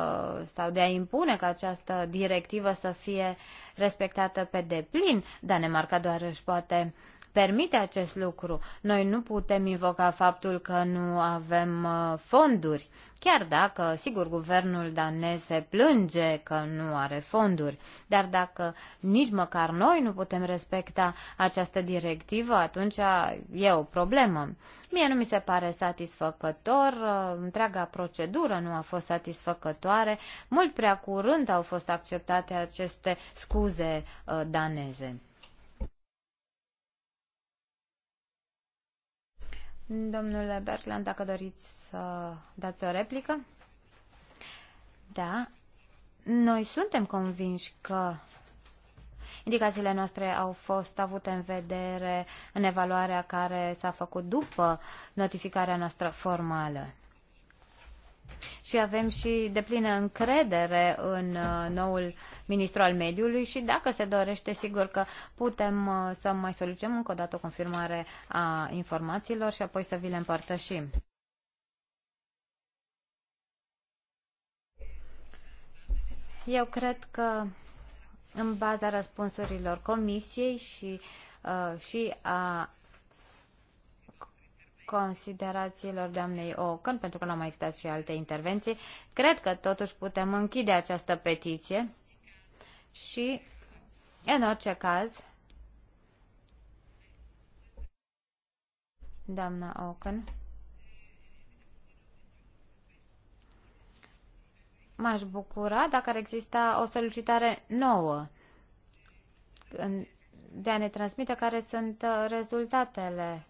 sau de a impune ca această directivă să fie respectată pe deplin. Danemarca doar își poate uh, permite acest lucru. Noi nu putem invoca faptul că nu avem uh, fonduri, chiar dacă, sigur, guvernul danez se plânge că nu are fonduri, dar dacă nici măcar noi nu putem respecta această directivă, atunci uh, e o problemă. Mie nu mi se pare satisfăcător, uh, întreaga procedură nu a fost satisfăcătoare, mult prea curând au fost acceptate aceste scuze daneze. Domnule Berland, dacă doriți să dați o replică? Da. Noi suntem convinși că indicațiile noastre au fost avute în vedere în evaluarea care s-a făcut după notificarea noastră formală și avem și deplină încredere în uh, noul ministru al mediului și dacă se dorește, sigur că putem uh, să mai solicităm încă o dată o confirmare a informațiilor și apoi să vi le împărtășim. Eu cred că în baza răspunsurilor comisiei și, uh, și a considerațiilor doamnei Ocan, pentru că nu au mai existat și alte intervenții. Cred că totuși putem închide această petiție și, în orice caz, doamna Ocan, m-aș bucura dacă ar exista o solicitare nouă de a ne transmite care sunt uh, rezultatele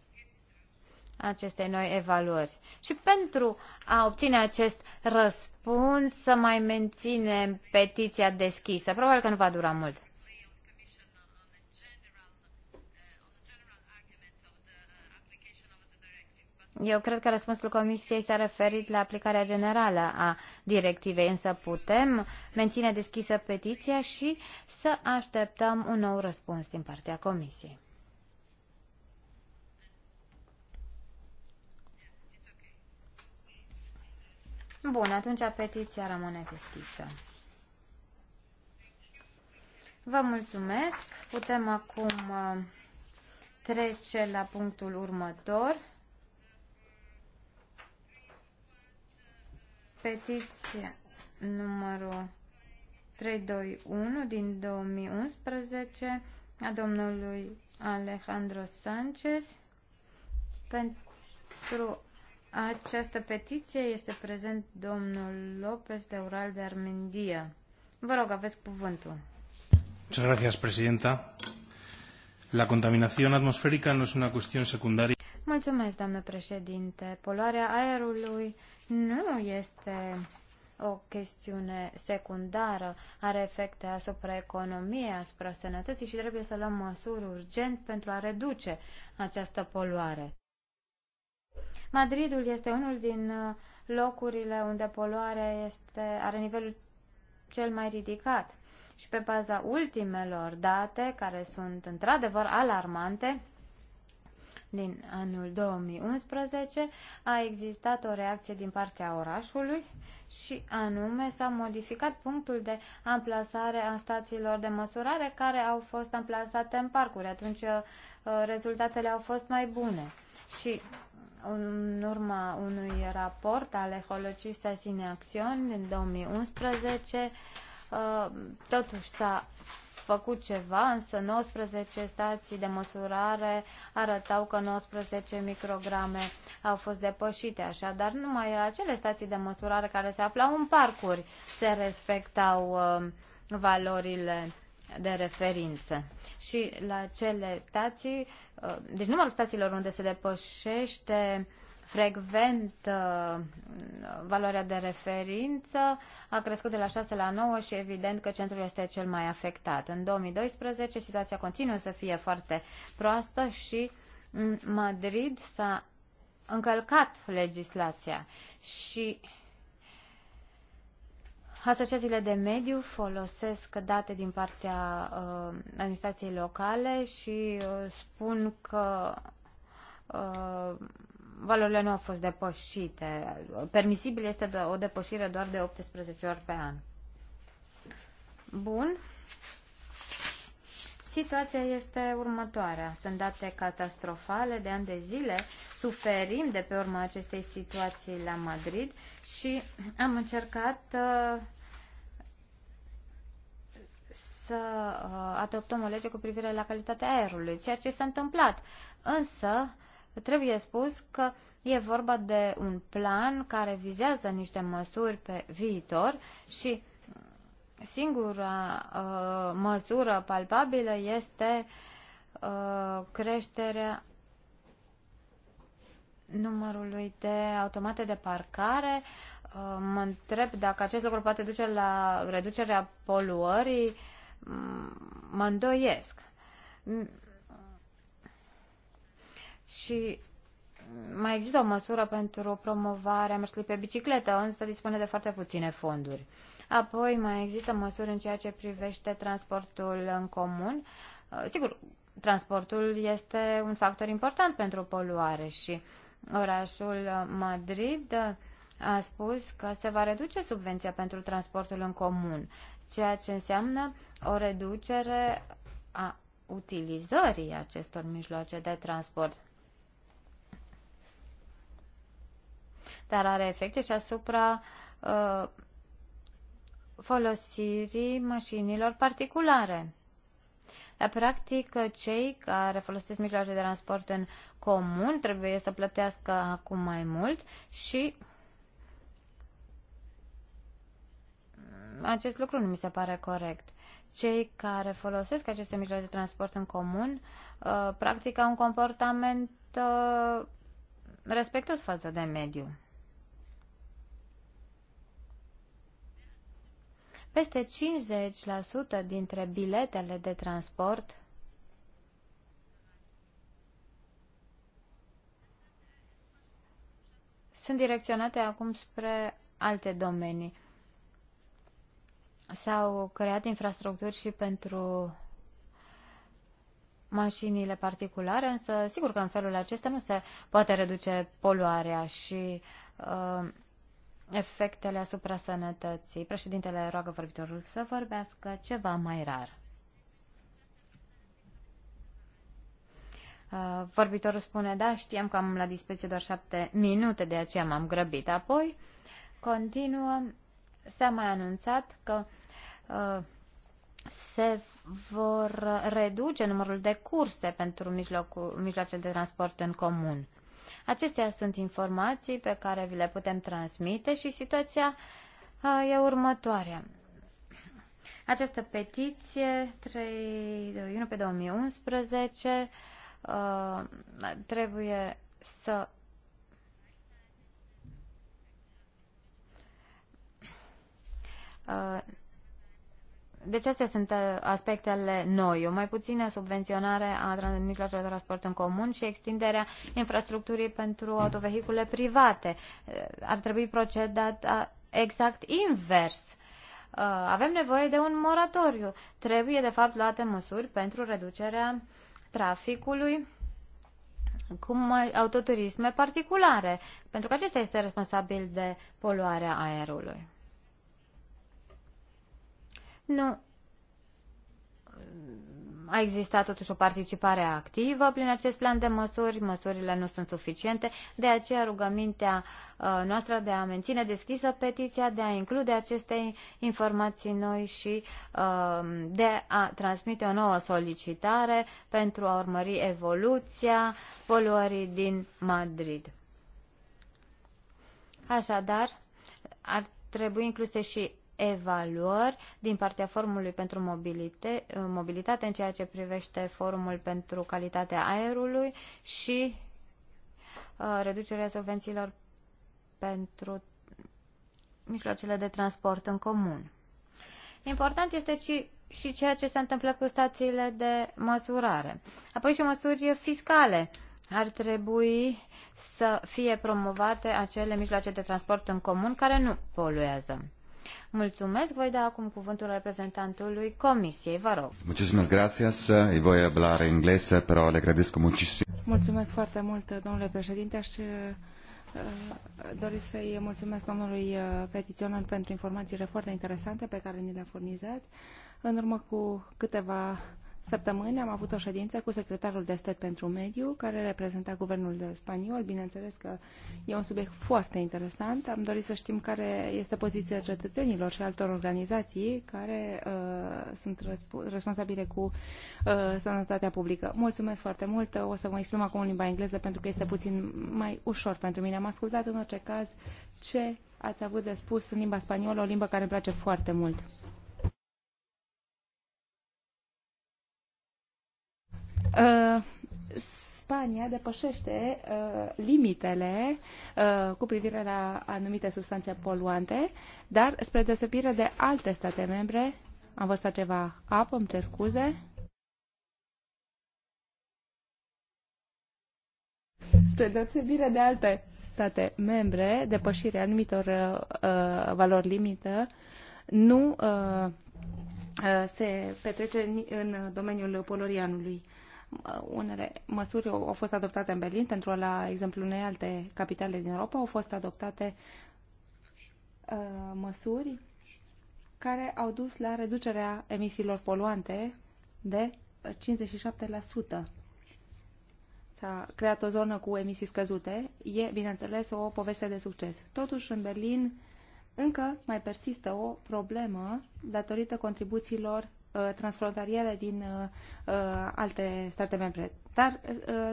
acestei noi evaluări. Și pentru a obține acest răspuns, să mai menținem petiția deschisă. Probabil că nu va dura mult. Eu cred că răspunsul Comisiei s-a referit la aplicarea generală a directivei, însă putem menține deschisă petiția și să așteptăm un nou răspuns din partea Comisiei. Bun, atunci petiția rămâne deschisă. Vă mulțumesc. Putem acum uh, trece la punctul următor. Petiția numărul 321 din 2011 a domnului Alejandro Sanchez pentru această petiție este prezent domnul López de Ural de Armendia. Vă rog, aveți cuvântul. Muchas gracias, presidenta. La contaminación atmosférica no es una cuestión secundaria. Mulțumesc, doamnă președinte. Poluarea aerului nu este o chestiune secundară, are efecte asupra economiei, asupra sănătății și trebuie să luăm măsuri urgent pentru a reduce această poluare. Madridul este unul din uh, locurile unde poluarea este, are nivelul cel mai ridicat. Și pe baza ultimelor date, care sunt într-adevăr alarmante, din anul 2011 a existat o reacție din partea orașului și anume s-a modificat punctul de amplasare a stațiilor de măsurare care au fost amplasate în parcuri. Atunci uh, rezultatele au fost mai bune. Și în urma unui raport al Ecologistas in Action din 2011, uh, totuși s-a făcut ceva, însă 19 stații de măsurare arătau că 19 micrograme au fost depășite, așadar numai acele stații de măsurare care se aflau în parcuri se respectau uh, valorile de referință. Și la cele stații, uh, deci numărul stațiilor unde se depășește frecvent uh, valoarea de referință a crescut de la 6 la 9 și evident că centrul este cel mai afectat. În 2012 situația continuă să fie foarte proastă și în Madrid s-a încălcat legislația și Asociațiile de mediu folosesc date din partea uh, administrației locale și uh, spun că uh, valorile nu au fost depășite. Permisibil este o depășire doar de 18 ori pe an. Bun. Situația este următoarea. Sunt date catastrofale de ani de zile. Suferim de pe urma acestei situații la Madrid și am încercat uh, să uh, adoptăm o lege cu privire la calitatea aerului, ceea ce s-a întâmplat. Însă, trebuie spus că e vorba de un plan care vizează niște măsuri pe viitor și singura uh, măsură palpabilă este uh, creșterea numărului de automate de parcare. Uh, mă întreb dacă acest lucru poate duce la reducerea poluării. Mm, mă îndoiesc. Mm, și mai există o măsură pentru promovarea mersului pe bicicletă, însă dispune de foarte puține fonduri. Apoi mai există măsuri în ceea ce privește transportul în comun. Uh, sigur, transportul este un factor important pentru poluare și uh, orașul Madrid a spus că se va reduce subvenția pentru transportul în comun, ceea ce înseamnă o reducere a utilizării acestor mijloace de transport. Dar are efecte și asupra uh, folosirii mașinilor particulare. Dar, practic, cei care folosesc mijloace de transport în comun trebuie să plătească acum mai mult și acest lucru nu mi se pare corect. Cei care folosesc aceste mijloace de transport în comun uh, practică un comportament respectos uh, respectuos față de mediu. Peste 50% dintre biletele de transport sunt direcționate acum spre alte domenii. S-au creat infrastructuri și pentru mașinile particulare, însă sigur că în felul acesta nu se poate reduce poluarea și uh, efectele asupra sănătății. Președintele roagă vorbitorul să vorbească ceva mai rar. Uh, vorbitorul spune, da, știam că am la dispoziție doar șapte minute, de aceea m-am grăbit. Apoi, continuă, s-a mai anunțat că uh, se vor reduce numărul de curse pentru mijloace de transport în comun. Acestea sunt informații pe care vi le putem transmite și situația uh, e următoarea. Această petiție 31 pe 2011 Uh, trebuie să uh, deci acestea sunt uh, aspectele noi, o mai puțină subvenționare a mijloacelor de transport în comun și extinderea infrastructurii pentru autovehicule private. Ar trebui procedat exact invers. Avem nevoie de un moratoriu. Trebuie, de fapt, luate măsuri pentru reducerea uh, traficului cum autoturisme particulare, pentru că acesta este responsabil de poluarea aerului. Nu a existat totuși o participare activă prin acest plan de măsuri, măsurile nu sunt suficiente, de aceea rugămintea uh, noastră de a menține deschisă petiția, de a include aceste informații noi și uh, de a transmite o nouă solicitare pentru a urmări evoluția poluării din Madrid. Așadar, ar trebui incluse și evaluări din partea Forumului pentru mobilite, eh, Mobilitate în ceea ce privește Forumul pentru Calitatea Aerului și uh, reducerea subvențiilor pentru mijloacele de transport în comun. Important este și, și ceea ce s-a întâmplat cu stațiile de măsurare. Apoi și măsuri fiscale ar trebui să fie promovate acele mijloace de transport în comun care nu poluează. Mulțumesc. Voi da acum cuvântul reprezentantului Comisiei. Vă rog. Mulțumesc, gracias. Y voi a hablar pero le cu muchísimo. Mulțumesc foarte mult, domnule președinte. Aș uh, dori să-i mulțumesc domnului uh, petiționar pentru informațiile foarte interesante pe care ni le-a furnizat. În urmă cu câteva săptămâni am avut o ședință cu secretarul de stat pentru mediu, care reprezenta guvernul spaniol. Bineînțeles că e un subiect foarte interesant. Am dorit să știm care este poziția cetățenilor și altor organizații care uh, sunt responsabile cu uh, sănătatea publică. Mulțumesc foarte mult. O să mă exprim acum în limba engleză pentru că este puțin mai ușor pentru mine. Am ascultat în orice caz ce ați avut de spus în limba spaniolă, o limbă care îmi place foarte mult. Uh, Spania depășește uh, limitele uh, cu privire la anumite substanțe poluante, dar spre deosebire de alte state membre, am vărsat ceva apă, îmi cer scuze. Spre deosebire de alte state membre, depășirea anumitor uh, uh valori limită nu uh, uh se petrece în domeniul polorianului. Uh, unele măsuri au fost adoptate în Berlin, pentru a la exemplu unei alte capitale din Europa au fost adoptate uh, măsuri care au dus la reducerea emisiilor poluante de 57%. S-a creat o zonă cu emisii scăzute. E, bineînțeles, o poveste de succes. Totuși, în Berlin, încă mai persistă o problemă datorită contribuțiilor Uh, transfrontaliere din uh, uh, alte state membre. Dar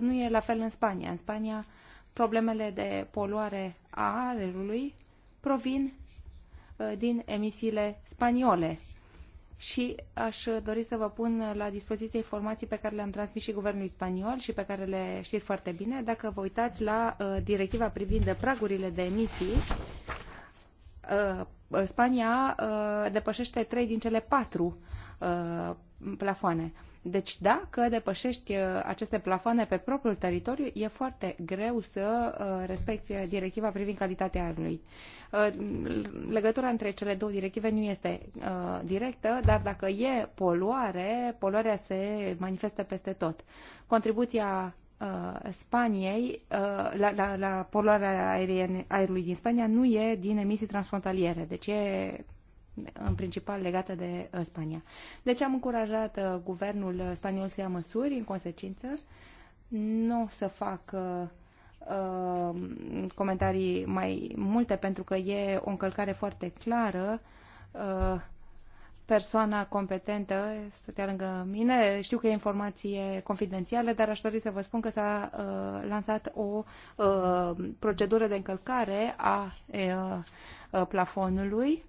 nu e la fel în Spania. În Spania problemele de poluare a aerului provin din emisiile spaniole. Și aș dori să vă pun la dispoziție informații pe care le-am transmis și guvernului spaniol și pe care le știți foarte bine. Dacă vă uitați la uh, directiva privind de pragurile de emisii, uh, Spania uh, depășește trei din cele patru uh, Uh, plafoane. Deci dacă depășești uh, aceste plafoane pe propriul teritoriu, e foarte greu să uh, respecti directiva privind calitatea aerului. Legătura între cele două directive nu este directă, dar dacă e poluare, poluarea se manifestă peste tot. Contribuția Spaniei la, la, la poluarea aerului din Spania nu e din emisii transfrontaliere, deci e în principal legată de uh, Spania. Deci am încurajat uh, guvernul spaniol să ia măsuri în consecință. Nu o să fac uh, uh, comentarii mai multe pentru că e o încălcare foarte clară uh, persoana competentă stătea lângă mine. Știu că e informație confidențială, dar aș dori să vă spun că s-a uh, lansat o uh, procedură de încălcare a uh, plafonului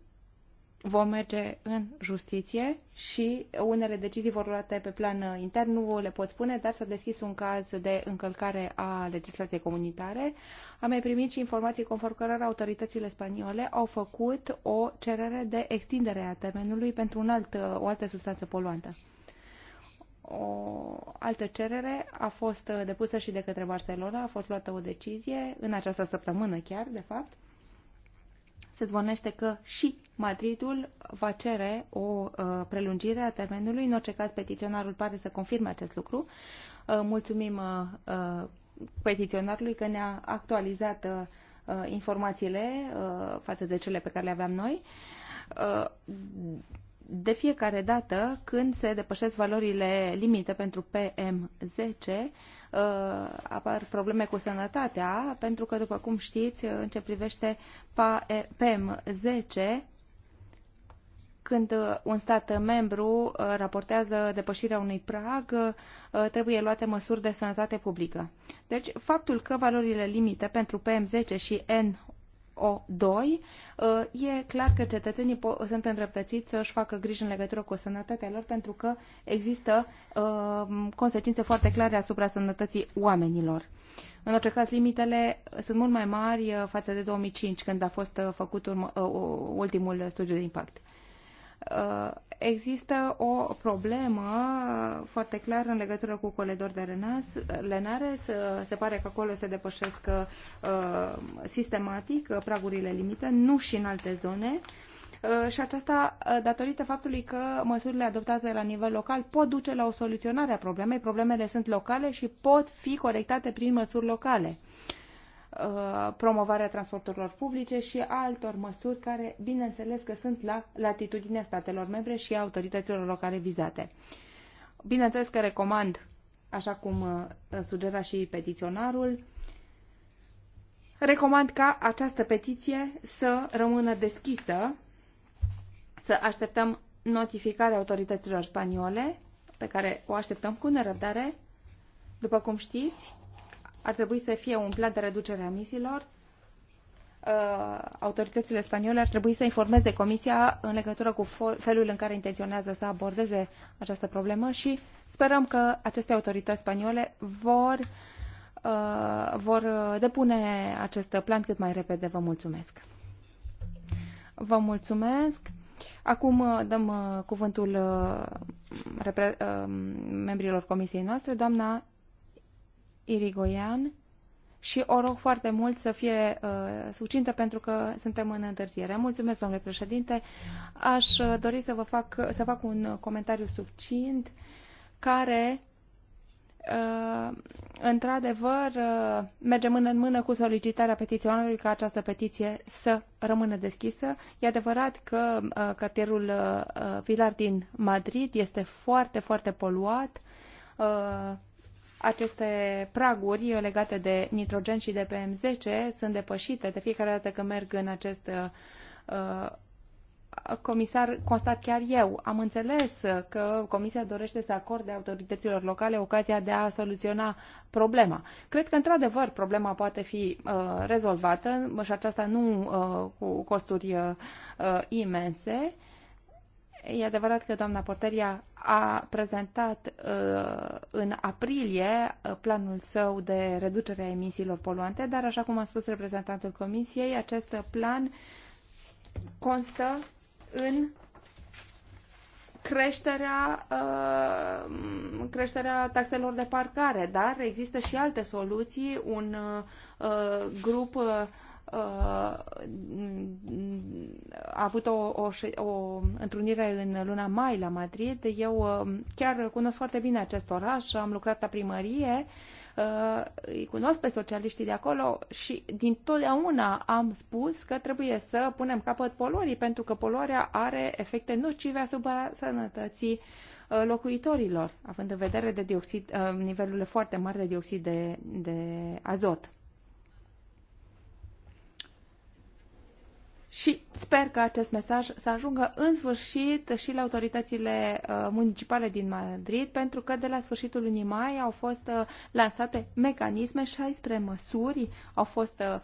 vom merge în justiție și unele decizii vor luate pe plan uh, intern, nu le pot spune, dar s-a deschis un caz de încălcare a legislației comunitare. Am mai primit și informații conform cărora autoritățile spaniole au făcut o cerere de extindere a termenului pentru un alt, uh, o altă substanță poluantă. O altă cerere a fost uh, depusă și de către Barcelona, a fost luată o decizie în această săptămână chiar, de fapt, se zvonește că și Madridul va cere o uh, prelungire a termenului. În orice caz, petiționarul pare să confirme acest lucru. Uh, mulțumim uh, uh petiționarului că ne-a actualizat uh, uh, informațiile față de cele pe care le aveam noi. De fiecare dată când se depășesc valorile limite pentru PM10, Uh, apar probleme cu sănătatea, pentru că, după cum știți, în ce privește PM10, când uh, un stat membru uh, raportează depășirea unui prag, trebuie luate măsuri de sănătate publică. Deci, faptul că valorile limite pentru PM10 și N o2, uh, e clar că cetățenii sunt îndreptățiți să-și facă griji în legătură cu sănătatea lor pentru că există uh, consecințe foarte clare asupra sănătății oamenilor. În orice caz, limitele sunt mult mai mari uh, față de 2005, când a fost făcut ultimul studiu de impact. Uh, există o problemă foarte clară în legătură cu coledor de lenare. Se pare că acolo se depășesc uh, sistematic pragurile limite, nu și în alte zone uh, și aceasta datorită faptului că măsurile adoptate la nivel local pot duce la o soluționare a problemei. Problemele sunt locale și pot fi corectate prin măsuri locale. Uh, promovarea transporturilor publice și altor măsuri care, bineînțeles, că sunt la latitudinea statelor membre și a autorităților locale vizate. Bineînțeles că recomand, așa cum uh, sugera și petiționarul, recomand ca această petiție să rămână deschisă, să așteptăm notificarea autorităților spaniole, pe care o așteptăm cu nerăbdare. După cum știți, ar trebui să fie un plan de reducere a emisiilor. Uh, autoritățile spaniole ar trebui să informeze Comisia în legătură cu felul în care intenționează să abordeze această problemă și sperăm că aceste autorități spaniole vor, uh, vor uh, depune acest plan cât mai repede. Vă mulțumesc! Vă mulțumesc! Acum dăm cuvântul membrilor comisiei noastre, doamna Irigoian și o rog foarte mult să fie uh, sucintă pentru că suntem în întârziere. Mulțumesc, domnule președinte. Aș uh, dori să vă fac, să fac un comentariu succint care uh, într-adevăr uh, merge mână în mână cu solicitarea petiționarului ca această petiție să rămână deschisă. E adevărat că uh, cartierul uh, Vilar din Madrid este foarte, foarte poluat. Uh, aceste praguri legate de nitrogen și de PM10 sunt depășite de fiecare dată când merg în acest uh, comisar, constat chiar eu, am înțeles că Comisia dorește să acorde autorităților locale ocazia de a soluționa problema. Cred că, într-adevăr, problema poate fi uh, rezolvată și aceasta nu uh, cu costuri uh, uh imense. Uh, E adevărat că doamna Porteria a prezentat uh, în aprilie uh, planul său de reducere a emisiilor poluante, dar așa cum a spus reprezentantul Comisiei, acest plan constă în creșterea, uh, creșterea taxelor de parcare, dar există și alte soluții, un uh, grup uh, a avut o, o, o întrunire în luna mai la Madrid. Eu uh, chiar cunosc foarte bine acest oraș, am lucrat la primărie, uh, îi cunosc pe socialiștii de acolo și din totdeauna am spus că trebuie să punem capăt poluării, pentru că poluarea are efecte nocive asupra sănătății uh, locuitorilor, având în vedere de dioxid, nivelurile foarte mari de dioxid de, de azot. și sper că acest mesaj să ajungă în sfârșit și la autoritățile uh, municipale din Madrid, pentru că de la sfârșitul lunii mai au fost uh, lansate mecanisme, 16 măsuri au fost uh,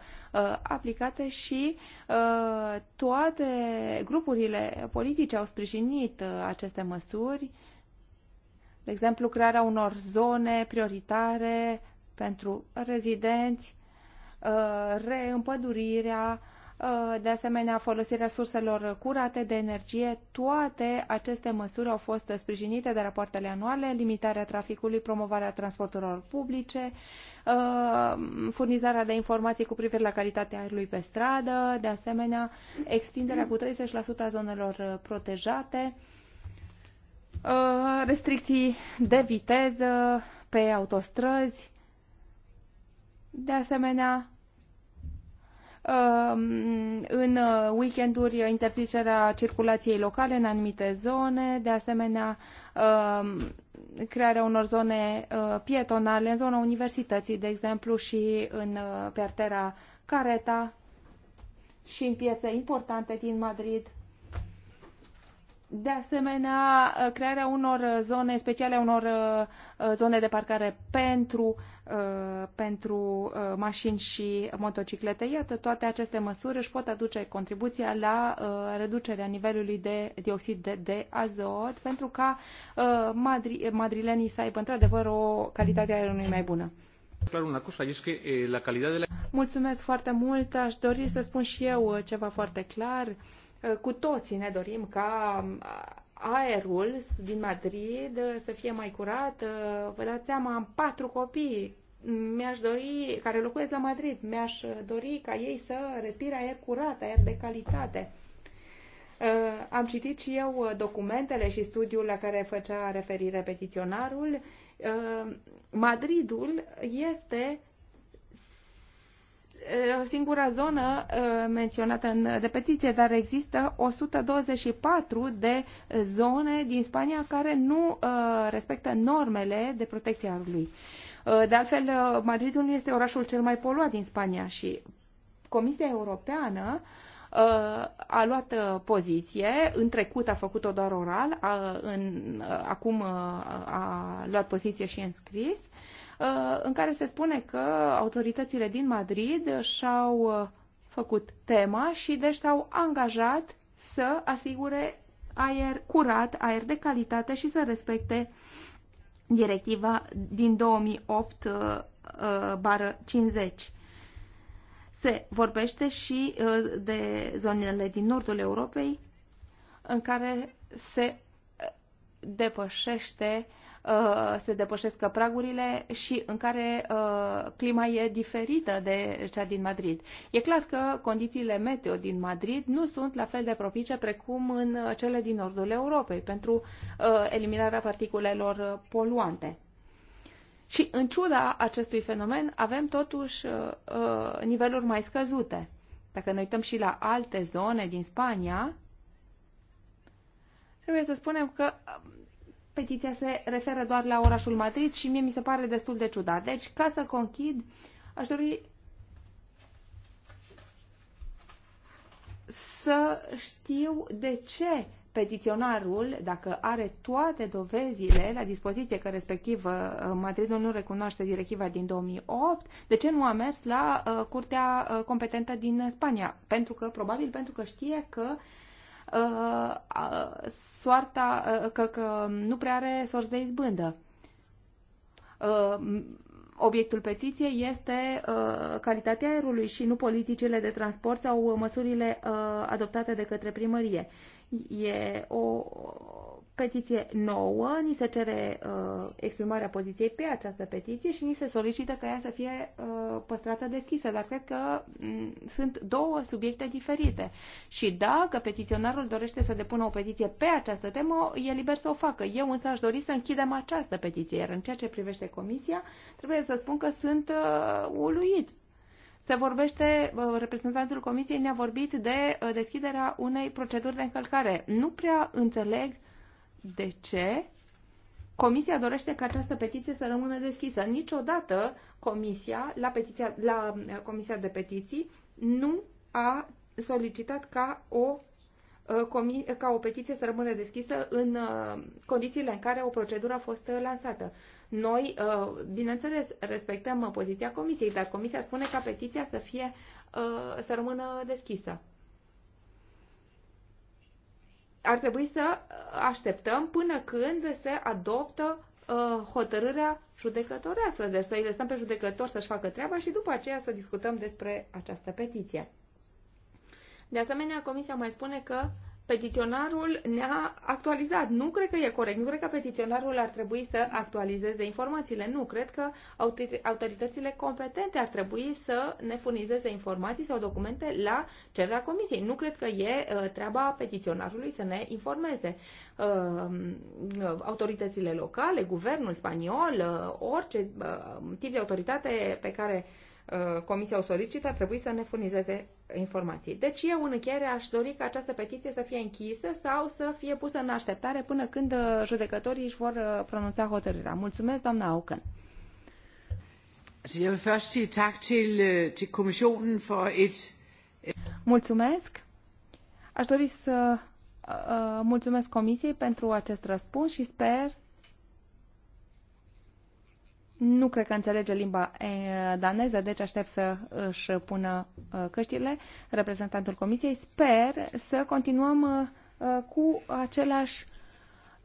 aplicate și toate grupurile politice au sprijinit aceste măsuri, de exemplu crearea unor zone prioritare pentru rezidenți, reîmpădurirea, Uh, de asemenea folosirea surselor curate de energie. Toate aceste măsuri au fost sprijinite de rapoartele anuale, limitarea traficului, promovarea transporturilor publice, uh, furnizarea de informații cu privire la calitatea aerului pe stradă, de asemenea extinderea cu 30% a zonelor protejate, uh, restricții de viteză pe autostrăzi, de asemenea, Um, în uh, weekenduri interzicerea circulației locale în anumite zone, de asemenea um, crearea unor zone uh, pietonale în zona universității, de exemplu, și în uh, pe artera Careta și în piețe importante din Madrid, de asemenea, uh, crearea unor uh, zone speciale, unor uh, zone de parcare pentru, pentru mașini și motociclete. Iată, toate aceste măsuri își pot aduce contribuția la reducerea nivelului de dioxid de, de azot pentru ca madri, madrilenii să aibă într-adevăr o calitate a aerului mai bună. Clar, una eh, la Mulțumesc foarte mult. Aș dori să spun și eu ceva foarte clar cu toții ne dorim ca aerul din Madrid să fie mai curat. Vă dați seama, am patru copii mi-aș dori, care locuiesc la Madrid, mi-aș dori ca ei să respire aer curat, aer de calitate. Uh, am citit și eu documentele și studiul la care făcea referire petiționarul. Uh, Madridul este singura zonă uh, menționată în repetiție, dar există 124 de zone din Spania care nu uh, respectă normele de protecție a lui. Uh, de altfel, Madridul este orașul cel mai poluat din Spania și Comisia Europeană a luat poziție, în trecut a făcut-o doar oral, a, în, acum a luat poziție și în scris Uh, în care se spune că autoritățile din Madrid și-au uh, făcut tema și deci s-au angajat să asigure aer curat, aer de calitate și să respecte directiva din 2008 uh, bară 50. Se vorbește și de zonele din nordul Europei în care se depășește uh, Uh, se depășesc pragurile și în care uh, clima e diferită de cea din Madrid. E clar că condițiile meteo din Madrid nu sunt la fel de propice precum în uh, cele din nordul Europei pentru eliminarea particulelor poluante. Și în ciuda acestui fenomen avem totuși niveluri mai scăzute. Dacă ne uităm și la alte zone din Spania, trebuie să spunem că petiția se referă doar la orașul Madrid și mie mi se pare destul de ciudat. Deci, ca să conchid, aș dori să știu de ce petiționarul, dacă are toate dovezile la dispoziție că respectiv uh, Madridul nu recunoaște directiva din 2008, de ce nu a mers la uh, curtea uh, competentă din Spania? Pentru că, probabil pentru că știe că uh, Uh, soarta, uh, că, că nu prea are sorți de izbândă. Uh, obiectul petiției este calitatea aerului și nu politicile de transport sau măsurile adoptate de către primărie. E o, petiție nouă, ni se cere uh, exprimarea poziției pe această petiție și ni se solicită ca ea să fie uh, păstrată deschisă, dar cred că mm, sunt două subiecte diferite. Și dacă petiționarul dorește să depună o petiție pe această temă, e liber să o facă. Eu însă aș dori să închidem această petiție, iar în ceea ce privește comisia, trebuie să spun că sunt uh, uluit se vorbește, uh, reprezentantul Comisiei ne-a vorbit de uh, deschiderea unei proceduri de încălcare. Nu prea înțeleg de ce Comisia dorește ca această petiție să rămână deschisă. Niciodată Comisia, la, petiția, la uh, Comisia de Petiții, nu a solicitat ca o, uh, ca o petiție să rămână deschisă în uh, condițiile în care o procedură a fost lansată. Noi, bineînțeles, respectăm poziția Comisiei, dar Comisia spune ca petiția să, fie, să rămână deschisă ar trebui să uh, așteptăm până când se adoptă uh, hotărârea judecătorească, deci să îi lăsăm pe judecător să-și facă treaba și după aceea să discutăm despre această petiție. De asemenea, Comisia mai spune că petiționarul ne-a actualizat. Nu cred că e corect. Nu cred că petiționarul ar trebui să actualizeze informațiile. Nu cred că autoritățile competente ar trebui să ne furnizeze informații sau documente la cererea comisiei. Nu cred că e uh, treaba petiționarului să ne informeze. Um, uh, autoritățile locale, guvernul spaniol, uh, orice tip de autoritate pe care uh, Uh, comisia o solicită, ar trebui să ne furnizeze informații. Deci eu, în încheiere, aș dori ca această petiție să fie închisă sau să fie pusă în așteptare până când uh, judecătorii își vor uh, pronunța hotărârea. Mulțumesc, doamna Aucan. Jeg vil først sige tak til, til kommissionen for et... Øh, mulțumesc. Aș dori să uh, mulțumesc comisiei pentru acest răspuns și sper nu cred că înțelege limba daneză, deci aștept să își pună căștile reprezentantul comisiei. Sper să continuăm cu același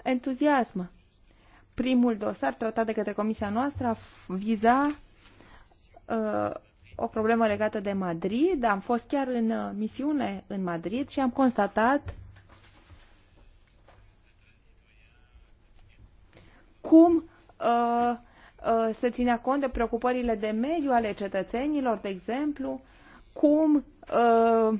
entuziasm. Primul dosar tratat de către comisia noastră viza o problemă legată de Madrid. Am fost chiar în misiune în Madrid și am constatat cum uh, Uh, să ține cont de preocupările de mediu ale cetățenilor, de exemplu, cum uh,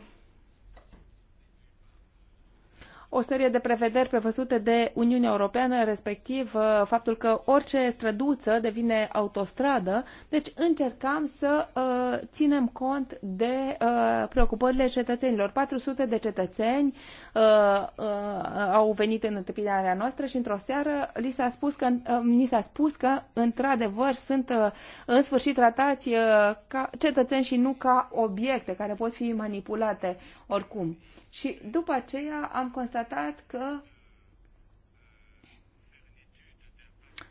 o serie de prevederi prevăzute de Uniunea Europeană, respectiv uh, faptul că orice străduță devine autostradă. Deci încercam să uh, ținem cont de uh, preocupările cetățenilor. 400 de cetățeni uh, uh, au venit în întâmpinarea noastră și într-o seară li s-a spus că, uh, ni s-a spus că într-adevăr sunt uh, în sfârșit tratați uh, ca cetățeni și nu ca obiecte care pot fi manipulate oricum. Și după aceea am constatat că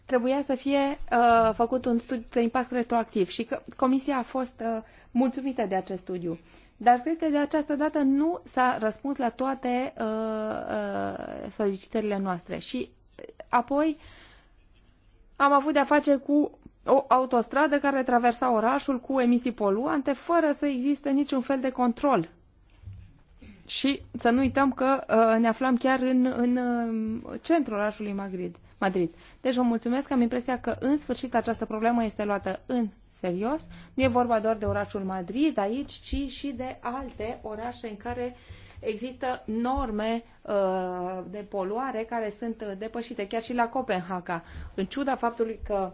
trebuia să fie uh, făcut un studiu de impact retroactiv și că comisia a fost uh, mulțumită de acest studiu. Dar cred că de această dată nu s-a răspuns la toate uh, uh, solicitările noastre. Și uh, apoi am avut de-a face cu o autostradă care traversa orașul cu emisii poluante fără să existe niciun fel de control și să nu uităm că uh, ne aflam chiar în, în uh, centrul orașului Madrid. Madrid. Deci vă mulțumesc, am impresia că în sfârșit această problemă este luată în serios. Nu e vorba doar de orașul Madrid aici, ci și de alte orașe în care există norme uh, de poluare care sunt uh, depășite, chiar și la Copenhaga. În ciuda faptului că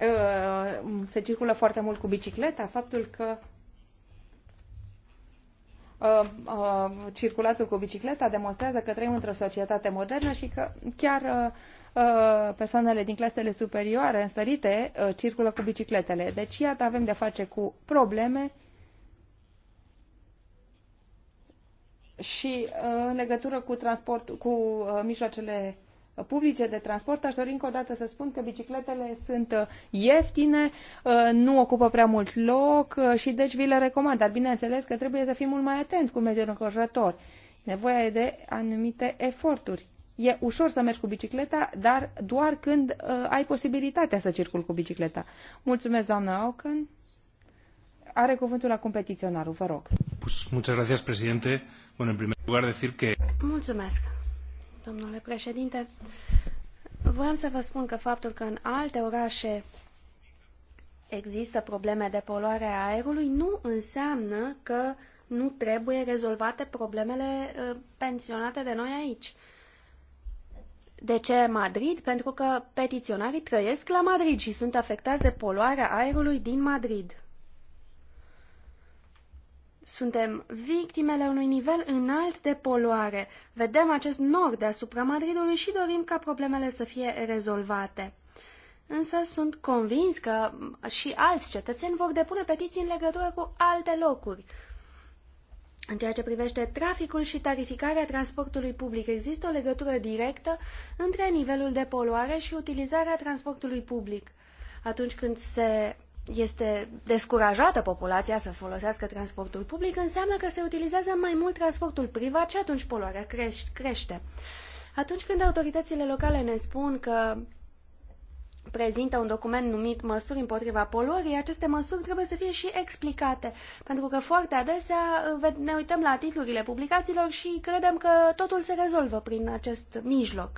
uh, se circulă foarte mult cu bicicleta, faptul că Uh, uh, circulatul cu bicicleta demonstrează că trăim într-o societate modernă și că chiar uh, persoanele din clasele superioare înstărite circulă cu bicicletele. Deci, iată, avem de-a face cu probleme și în legătură cu transport, cu mijloacele publice de transport. Aș dori încă o dată să spun că bicicletele sunt uh, ieftine, uh, nu ocupă prea mult loc uh, și deci vi le recomand. Dar bineînțeles că trebuie să fim mult mai atent cu mediul înconjurător. Nevoia de anumite eforturi. E ușor să mergi cu bicicleta, dar doar când uh, ai posibilitatea să circul cu bicicleta. Mulțumesc, doamnă Auken. Are cuvântul la competiționarul, vă rog. Mulțumesc, președinte. Mulțumesc, domnule președinte. Vreau să vă spun că faptul că în alte orașe există probleme de poluare a aerului nu înseamnă că nu trebuie rezolvate problemele ă, pensionate de noi aici. De ce Madrid? Pentru că petiționarii trăiesc la Madrid și sunt afectați de poluarea aerului din Madrid. Suntem victimele unui nivel înalt de poluare. Vedem acest nor deasupra Madridului și dorim ca problemele să fie rezolvate. Însă sunt convins că și alți cetățeni vor depune petiții în legătură cu alte locuri. În ceea ce privește traficul și tarificarea transportului public, există o legătură directă între nivelul de poluare și utilizarea transportului public. Atunci când se este descurajată populația să folosească transportul public, înseamnă că se utilizează mai mult transportul privat și atunci poluarea crește. Atunci când autoritățile locale ne spun că prezintă un document numit măsuri împotriva poluării, aceste măsuri trebuie să fie și explicate, pentru că foarte adesea uh, ne uităm la titlurile publicațiilor și credem că totul se rezolvă prin acest mijloc.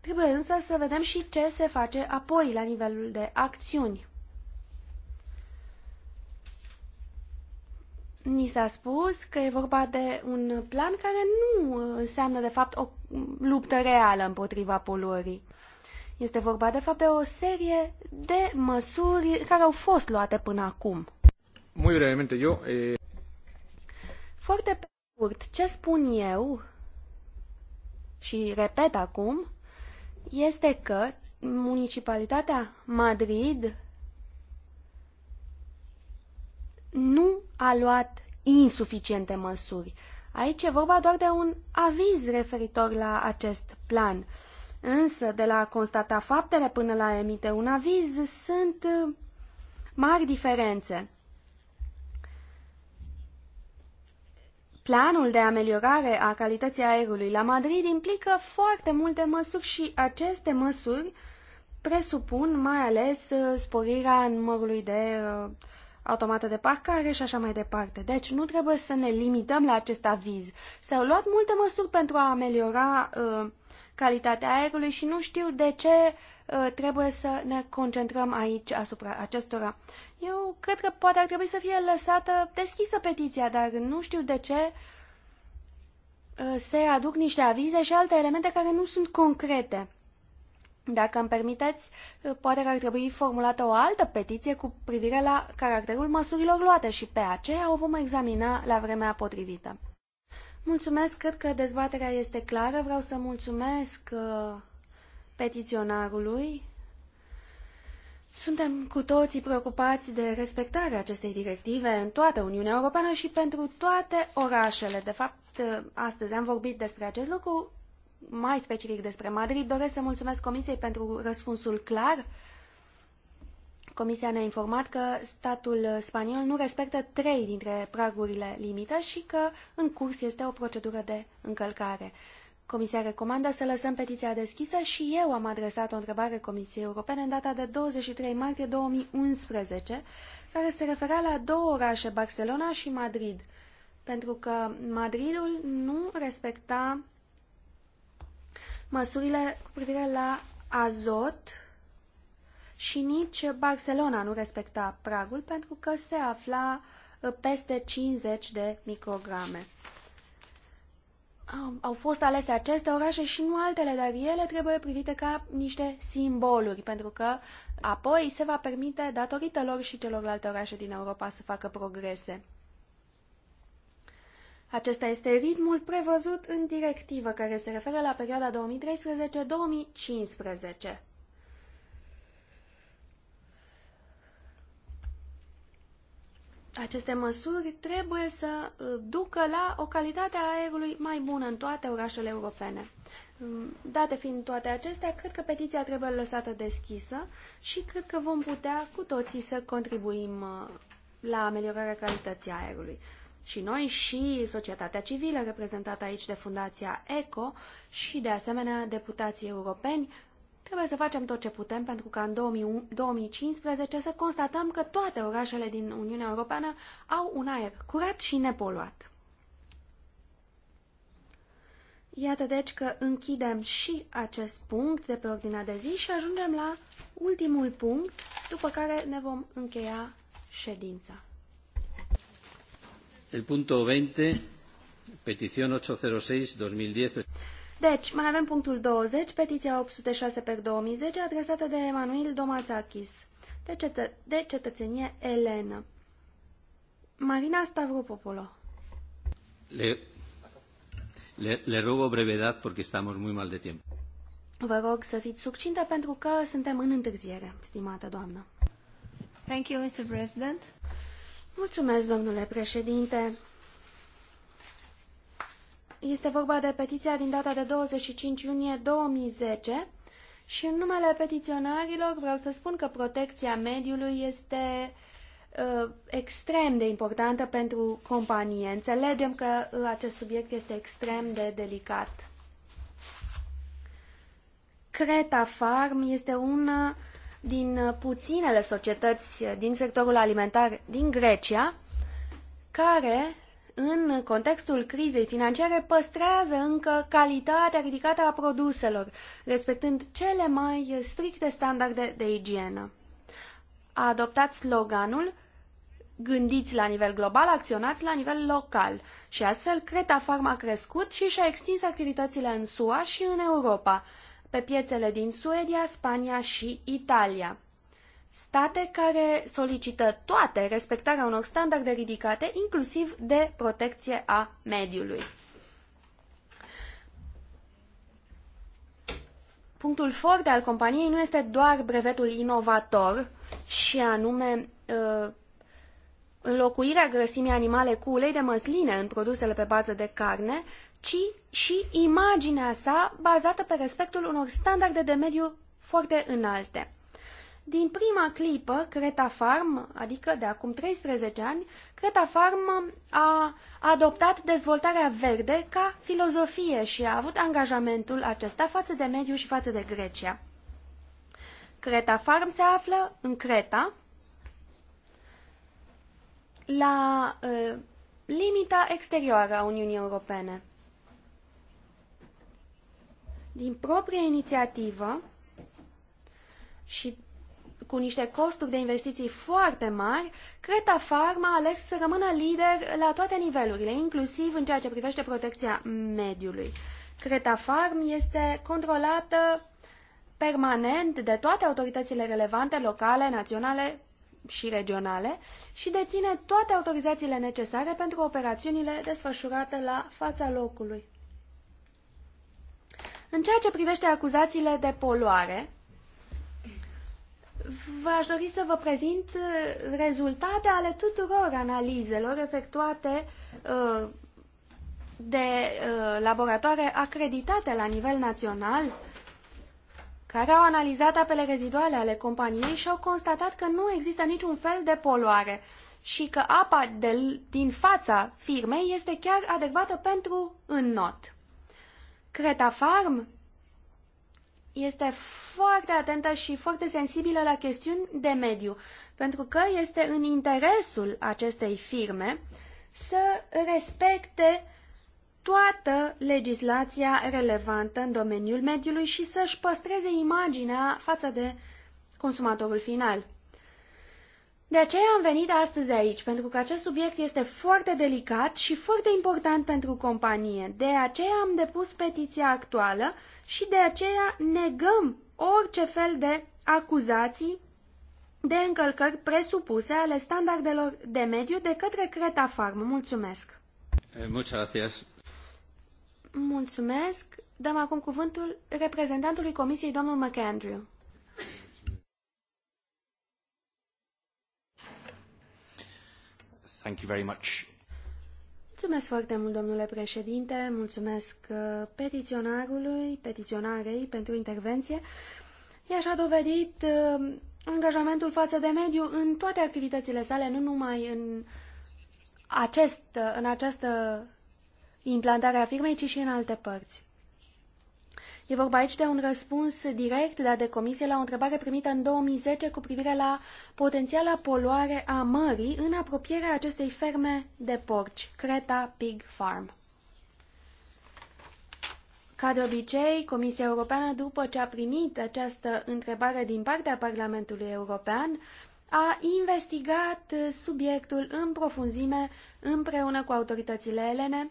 Trebuie însă să vedem și ce se face apoi la nivelul de acțiuni. Ni s-a spus că e vorba de un plan care nu înseamnă, de fapt, o luptă reală împotriva poluării. Este vorba, de fapt, de o serie de măsuri care au fost luate până acum. Muy brevemente, eu... E... Eh, Foarte pe scurt, ce spun eu și repet acum, este că municipalitatea Madrid nu a luat insuficiente măsuri. Aici e vorba doar de un aviz referitor la acest plan. Însă, de la a constata faptele până la a emite un aviz, sunt uh, mari diferențe. Planul de ameliorare a calității aerului la Madrid implică foarte multe măsuri și aceste măsuri presupun mai ales uh, sporirea numărului de uh, automată de parcare și așa mai departe. Deci nu trebuie să ne limităm la acest aviz. S-au luat multe măsuri pentru a ameliora uh, calitatea aerului și nu știu de ce uh, trebuie să ne concentrăm aici asupra acestora. Eu cred că poate ar trebui să fie lăsată deschisă petiția, dar nu știu de ce uh, se aduc niște avize și alte elemente care nu sunt concrete. Dacă îmi permiteți, poate că ar trebui formulată o altă petiție cu privire la caracterul măsurilor luate și pe aceea o vom examina la vremea potrivită. Mulțumesc, cred că dezbaterea este clară. Vreau să mulțumesc uh, petiționarului. Suntem cu toții preocupați de respectarea acestei directive în toată Uniunea Europeană și pentru toate orașele. De fapt, uh, astăzi am vorbit despre acest lucru mai specific despre Madrid, doresc să mulțumesc Comisiei pentru răspunsul clar. Comisia ne-a informat că statul spaniol nu respectă trei dintre pragurile limită și că în curs este o procedură de încălcare. Comisia recomandă să lăsăm petiția deschisă și eu am adresat o întrebare Comisiei Europene în data de 23 martie 2011, care se referea la două orașe, Barcelona și Madrid, pentru că Madridul nu respecta măsurile cu privire la azot și nici Barcelona nu respecta pragul pentru că se afla uh, peste 50 de micrograme. Au fost alese aceste orașe și nu altele, dar ele trebuie privite ca niște simboluri, pentru că apoi se va permite, datorită lor și celorlalte orașe din Europa, să facă progrese. Acesta este ritmul prevăzut în directivă care se referă la perioada 2013-2015. Aceste măsuri trebuie să uh, ducă la o calitate a aerului mai bună în toate orașele europene. Mm, date fiind toate acestea, cred că petiția trebuie lăsată deschisă și cred că vom putea cu toții să contribuim uh, la ameliorarea calității aerului și noi și societatea civilă reprezentată aici de Fundația ECO și de asemenea deputații europeni, trebuie să facem tot ce putem pentru ca în 2015 să constatăm că toate orașele din Uniunea Europeană au un aer curat și nepoluat. Iată deci că închidem și acest punct de pe ordinea de zi și ajungem la ultimul punct, după care ne vom încheia ședința. El punto 20, petición 806-2010. Deci, mai avem punctul 20, petiția 806 pe 2010, adresată de Emanuel Domazakis, de, cetă de cetățenie Elena. Marina Stavropopolo. Le, le, le rog o brevedad porque estamos muy mal de tiempo. Vă rog să fiți succintă pentru că suntem în întârziere, stimată doamnă. Thank you, Mr. President. Mulțumesc, domnule președinte. Este vorba de petiția din data de 25 iunie 2010 și în numele petiționarilor vreau să spun că protecția mediului este uh, extrem de importantă pentru companie. Înțelegem că uh, acest subiect este extrem de delicat. Creta Farm este una din puținele societăți din sectorul alimentar din Grecia, care, în contextul crizei financiare, păstrează încă calitatea ridicată a produselor, respectând cele mai stricte standarde de igienă. A adoptat sloganul Gândiți la nivel global, acționați la nivel local. Și astfel, Creta Farm a crescut și și-a extins activitățile în SUA și în Europa, pe piețele din Suedia, Spania și Italia. State care solicită toate respectarea unor standarde ridicate, inclusiv de protecție a mediului. Punctul forte al companiei nu este doar brevetul inovator, și anume uh, înlocuirea grăsimii animale cu ulei de măsline în produsele pe bază de carne, ci și imaginea sa bazată pe respectul unor standarde de mediu foarte înalte. Din prima clipă, Creta Farm, adică de acum 13 ani, Creta Farm a adoptat dezvoltarea verde ca filozofie și a avut angajamentul acesta față de mediu și față de Grecia. Creta Farm se află în Creta, la uh, limita exterioară a Uniunii Europene din proprie inițiativă și cu niște costuri de investiții foarte mari, Creta Farm a ales să rămână lider la toate nivelurile, inclusiv în ceea ce privește protecția mediului. Creta Farm este controlată permanent de toate autoritățile relevante, locale, naționale și regionale și deține toate autorizațiile necesare pentru operațiunile desfășurate la fața locului. În ceea ce privește acuzațiile de poluare, v-aș dori să vă prezint uh, rezultate ale tuturor analizelor efectuate uh, de uh, laboratoare acreditate la nivel național care au analizat apele reziduale ale companiei și au constatat că nu există niciun fel de poluare și că apa de, din fața firmei este chiar adecvată pentru înnot. Creta Farm este foarte atentă și foarte sensibilă la chestiuni de mediu, pentru că este în interesul acestei firme să respecte toată legislația relevantă în domeniul mediului și să-și păstreze imaginea față de consumatorul final. De aceea am venit astăzi aici, pentru că acest subiect este foarte delicat și foarte important pentru companie. De aceea am depus petiția actuală și de aceea negăm orice fel de acuzații de încălcări presupuse ale standardelor de mediu de către Creta Farm. Mulțumesc! Eh, Mulțumesc! Mulțumesc! Dăm acum cuvântul reprezentantului Comisiei, domnul McAndrew. Thank you very much. Mulțumesc foarte mult, domnule președinte, mulțumesc uh, petiționarului, petiționarei pentru intervenție. Ea și-a dovedit uh, angajamentul față de mediu în toate activitățile sale, nu numai în, acest, în această implantare a firmei, ci și în alte părți. E vorba aici de un răspuns direct dat de comisie la o întrebare primită în 2010 cu privire la potențiala poluare a mării în apropierea acestei ferme de porci, Creta Pig Farm. Ca de obicei, Comisia Europeană, după ce a primit această întrebare din partea Parlamentului European, a investigat subiectul în profunzime împreună cu autoritățile elene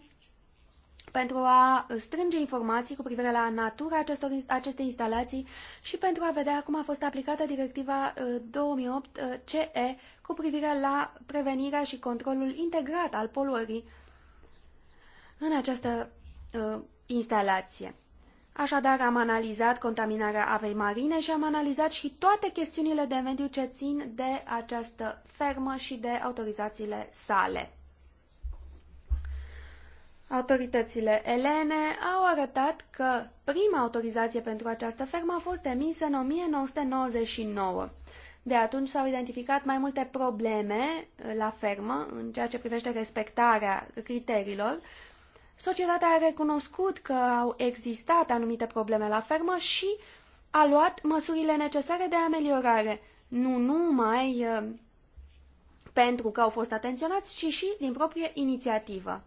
pentru a strânge informații cu privire la natura acestor, acestei instalații și pentru a vedea cum a fost aplicată directiva 2008-CE uh, uh, cu privire la prevenirea și controlul integrat al poluării în această uh, instalație. Așadar, am analizat contaminarea avei marine și am analizat și toate chestiunile de mediu ce țin de această fermă și de autorizațiile sale. Autoritățile elene au arătat că prima autorizație pentru această fermă a fost emisă în 1999. De atunci s-au identificat mai multe probleme uh, la fermă în ceea ce privește respectarea criteriilor. Societatea a recunoscut că au existat anumite probleme la fermă și a luat măsurile necesare de ameliorare, nu numai uh, pentru că au fost atenționați, ci și din proprie inițiativă.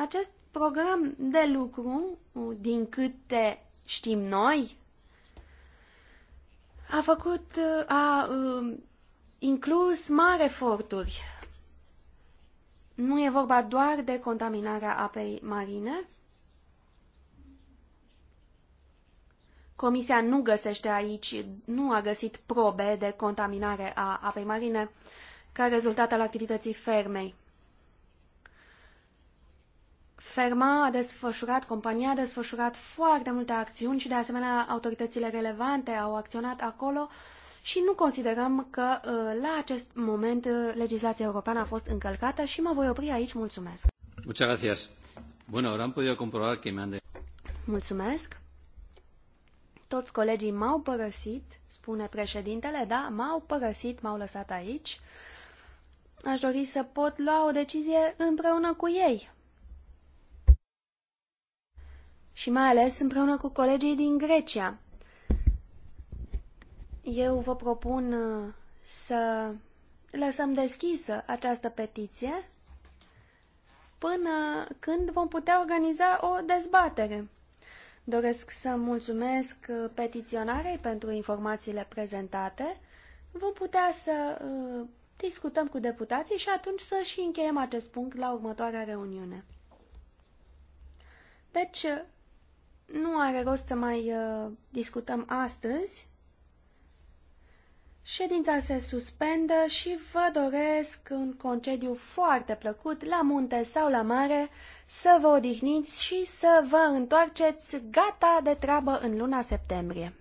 Acest program de lucru, din câte știm noi, a făcut, a, a um, inclus mari eforturi. Nu e vorba doar de contaminarea apei marine. Comisia nu găsește aici, nu a găsit probe de contaminare a apei marine ca rezultat al activității fermei. Ferma a desfășurat, compania a desfășurat foarte multe acțiuni și de asemenea autoritățile relevante au acționat acolo și nu considerăm că uh, la acest moment uh, legislația europeană a fost încălcată și mă voi opri aici. Mulțumesc. gracias. Mulțumesc. Toți colegii m-au părăsit, spune președintele, da, m-au părăsit, m-au lăsat aici. Aș dori să pot lua o decizie împreună cu ei, și mai ales împreună cu colegii din Grecia. Eu vă propun uh, să lăsăm deschisă această petiție până când vom putea organiza o dezbatere. Doresc să mulțumesc uh, petiționarei pentru informațiile prezentate. Vom putea să uh, discutăm cu deputații și atunci să și încheiem acest punct la următoarea reuniune. Deci, nu are rost să mai uh, discutăm astăzi. Ședința se suspendă și vă doresc un concediu foarte plăcut la munte sau la mare, să vă odihniți și să vă întoarceți gata de treabă în luna septembrie.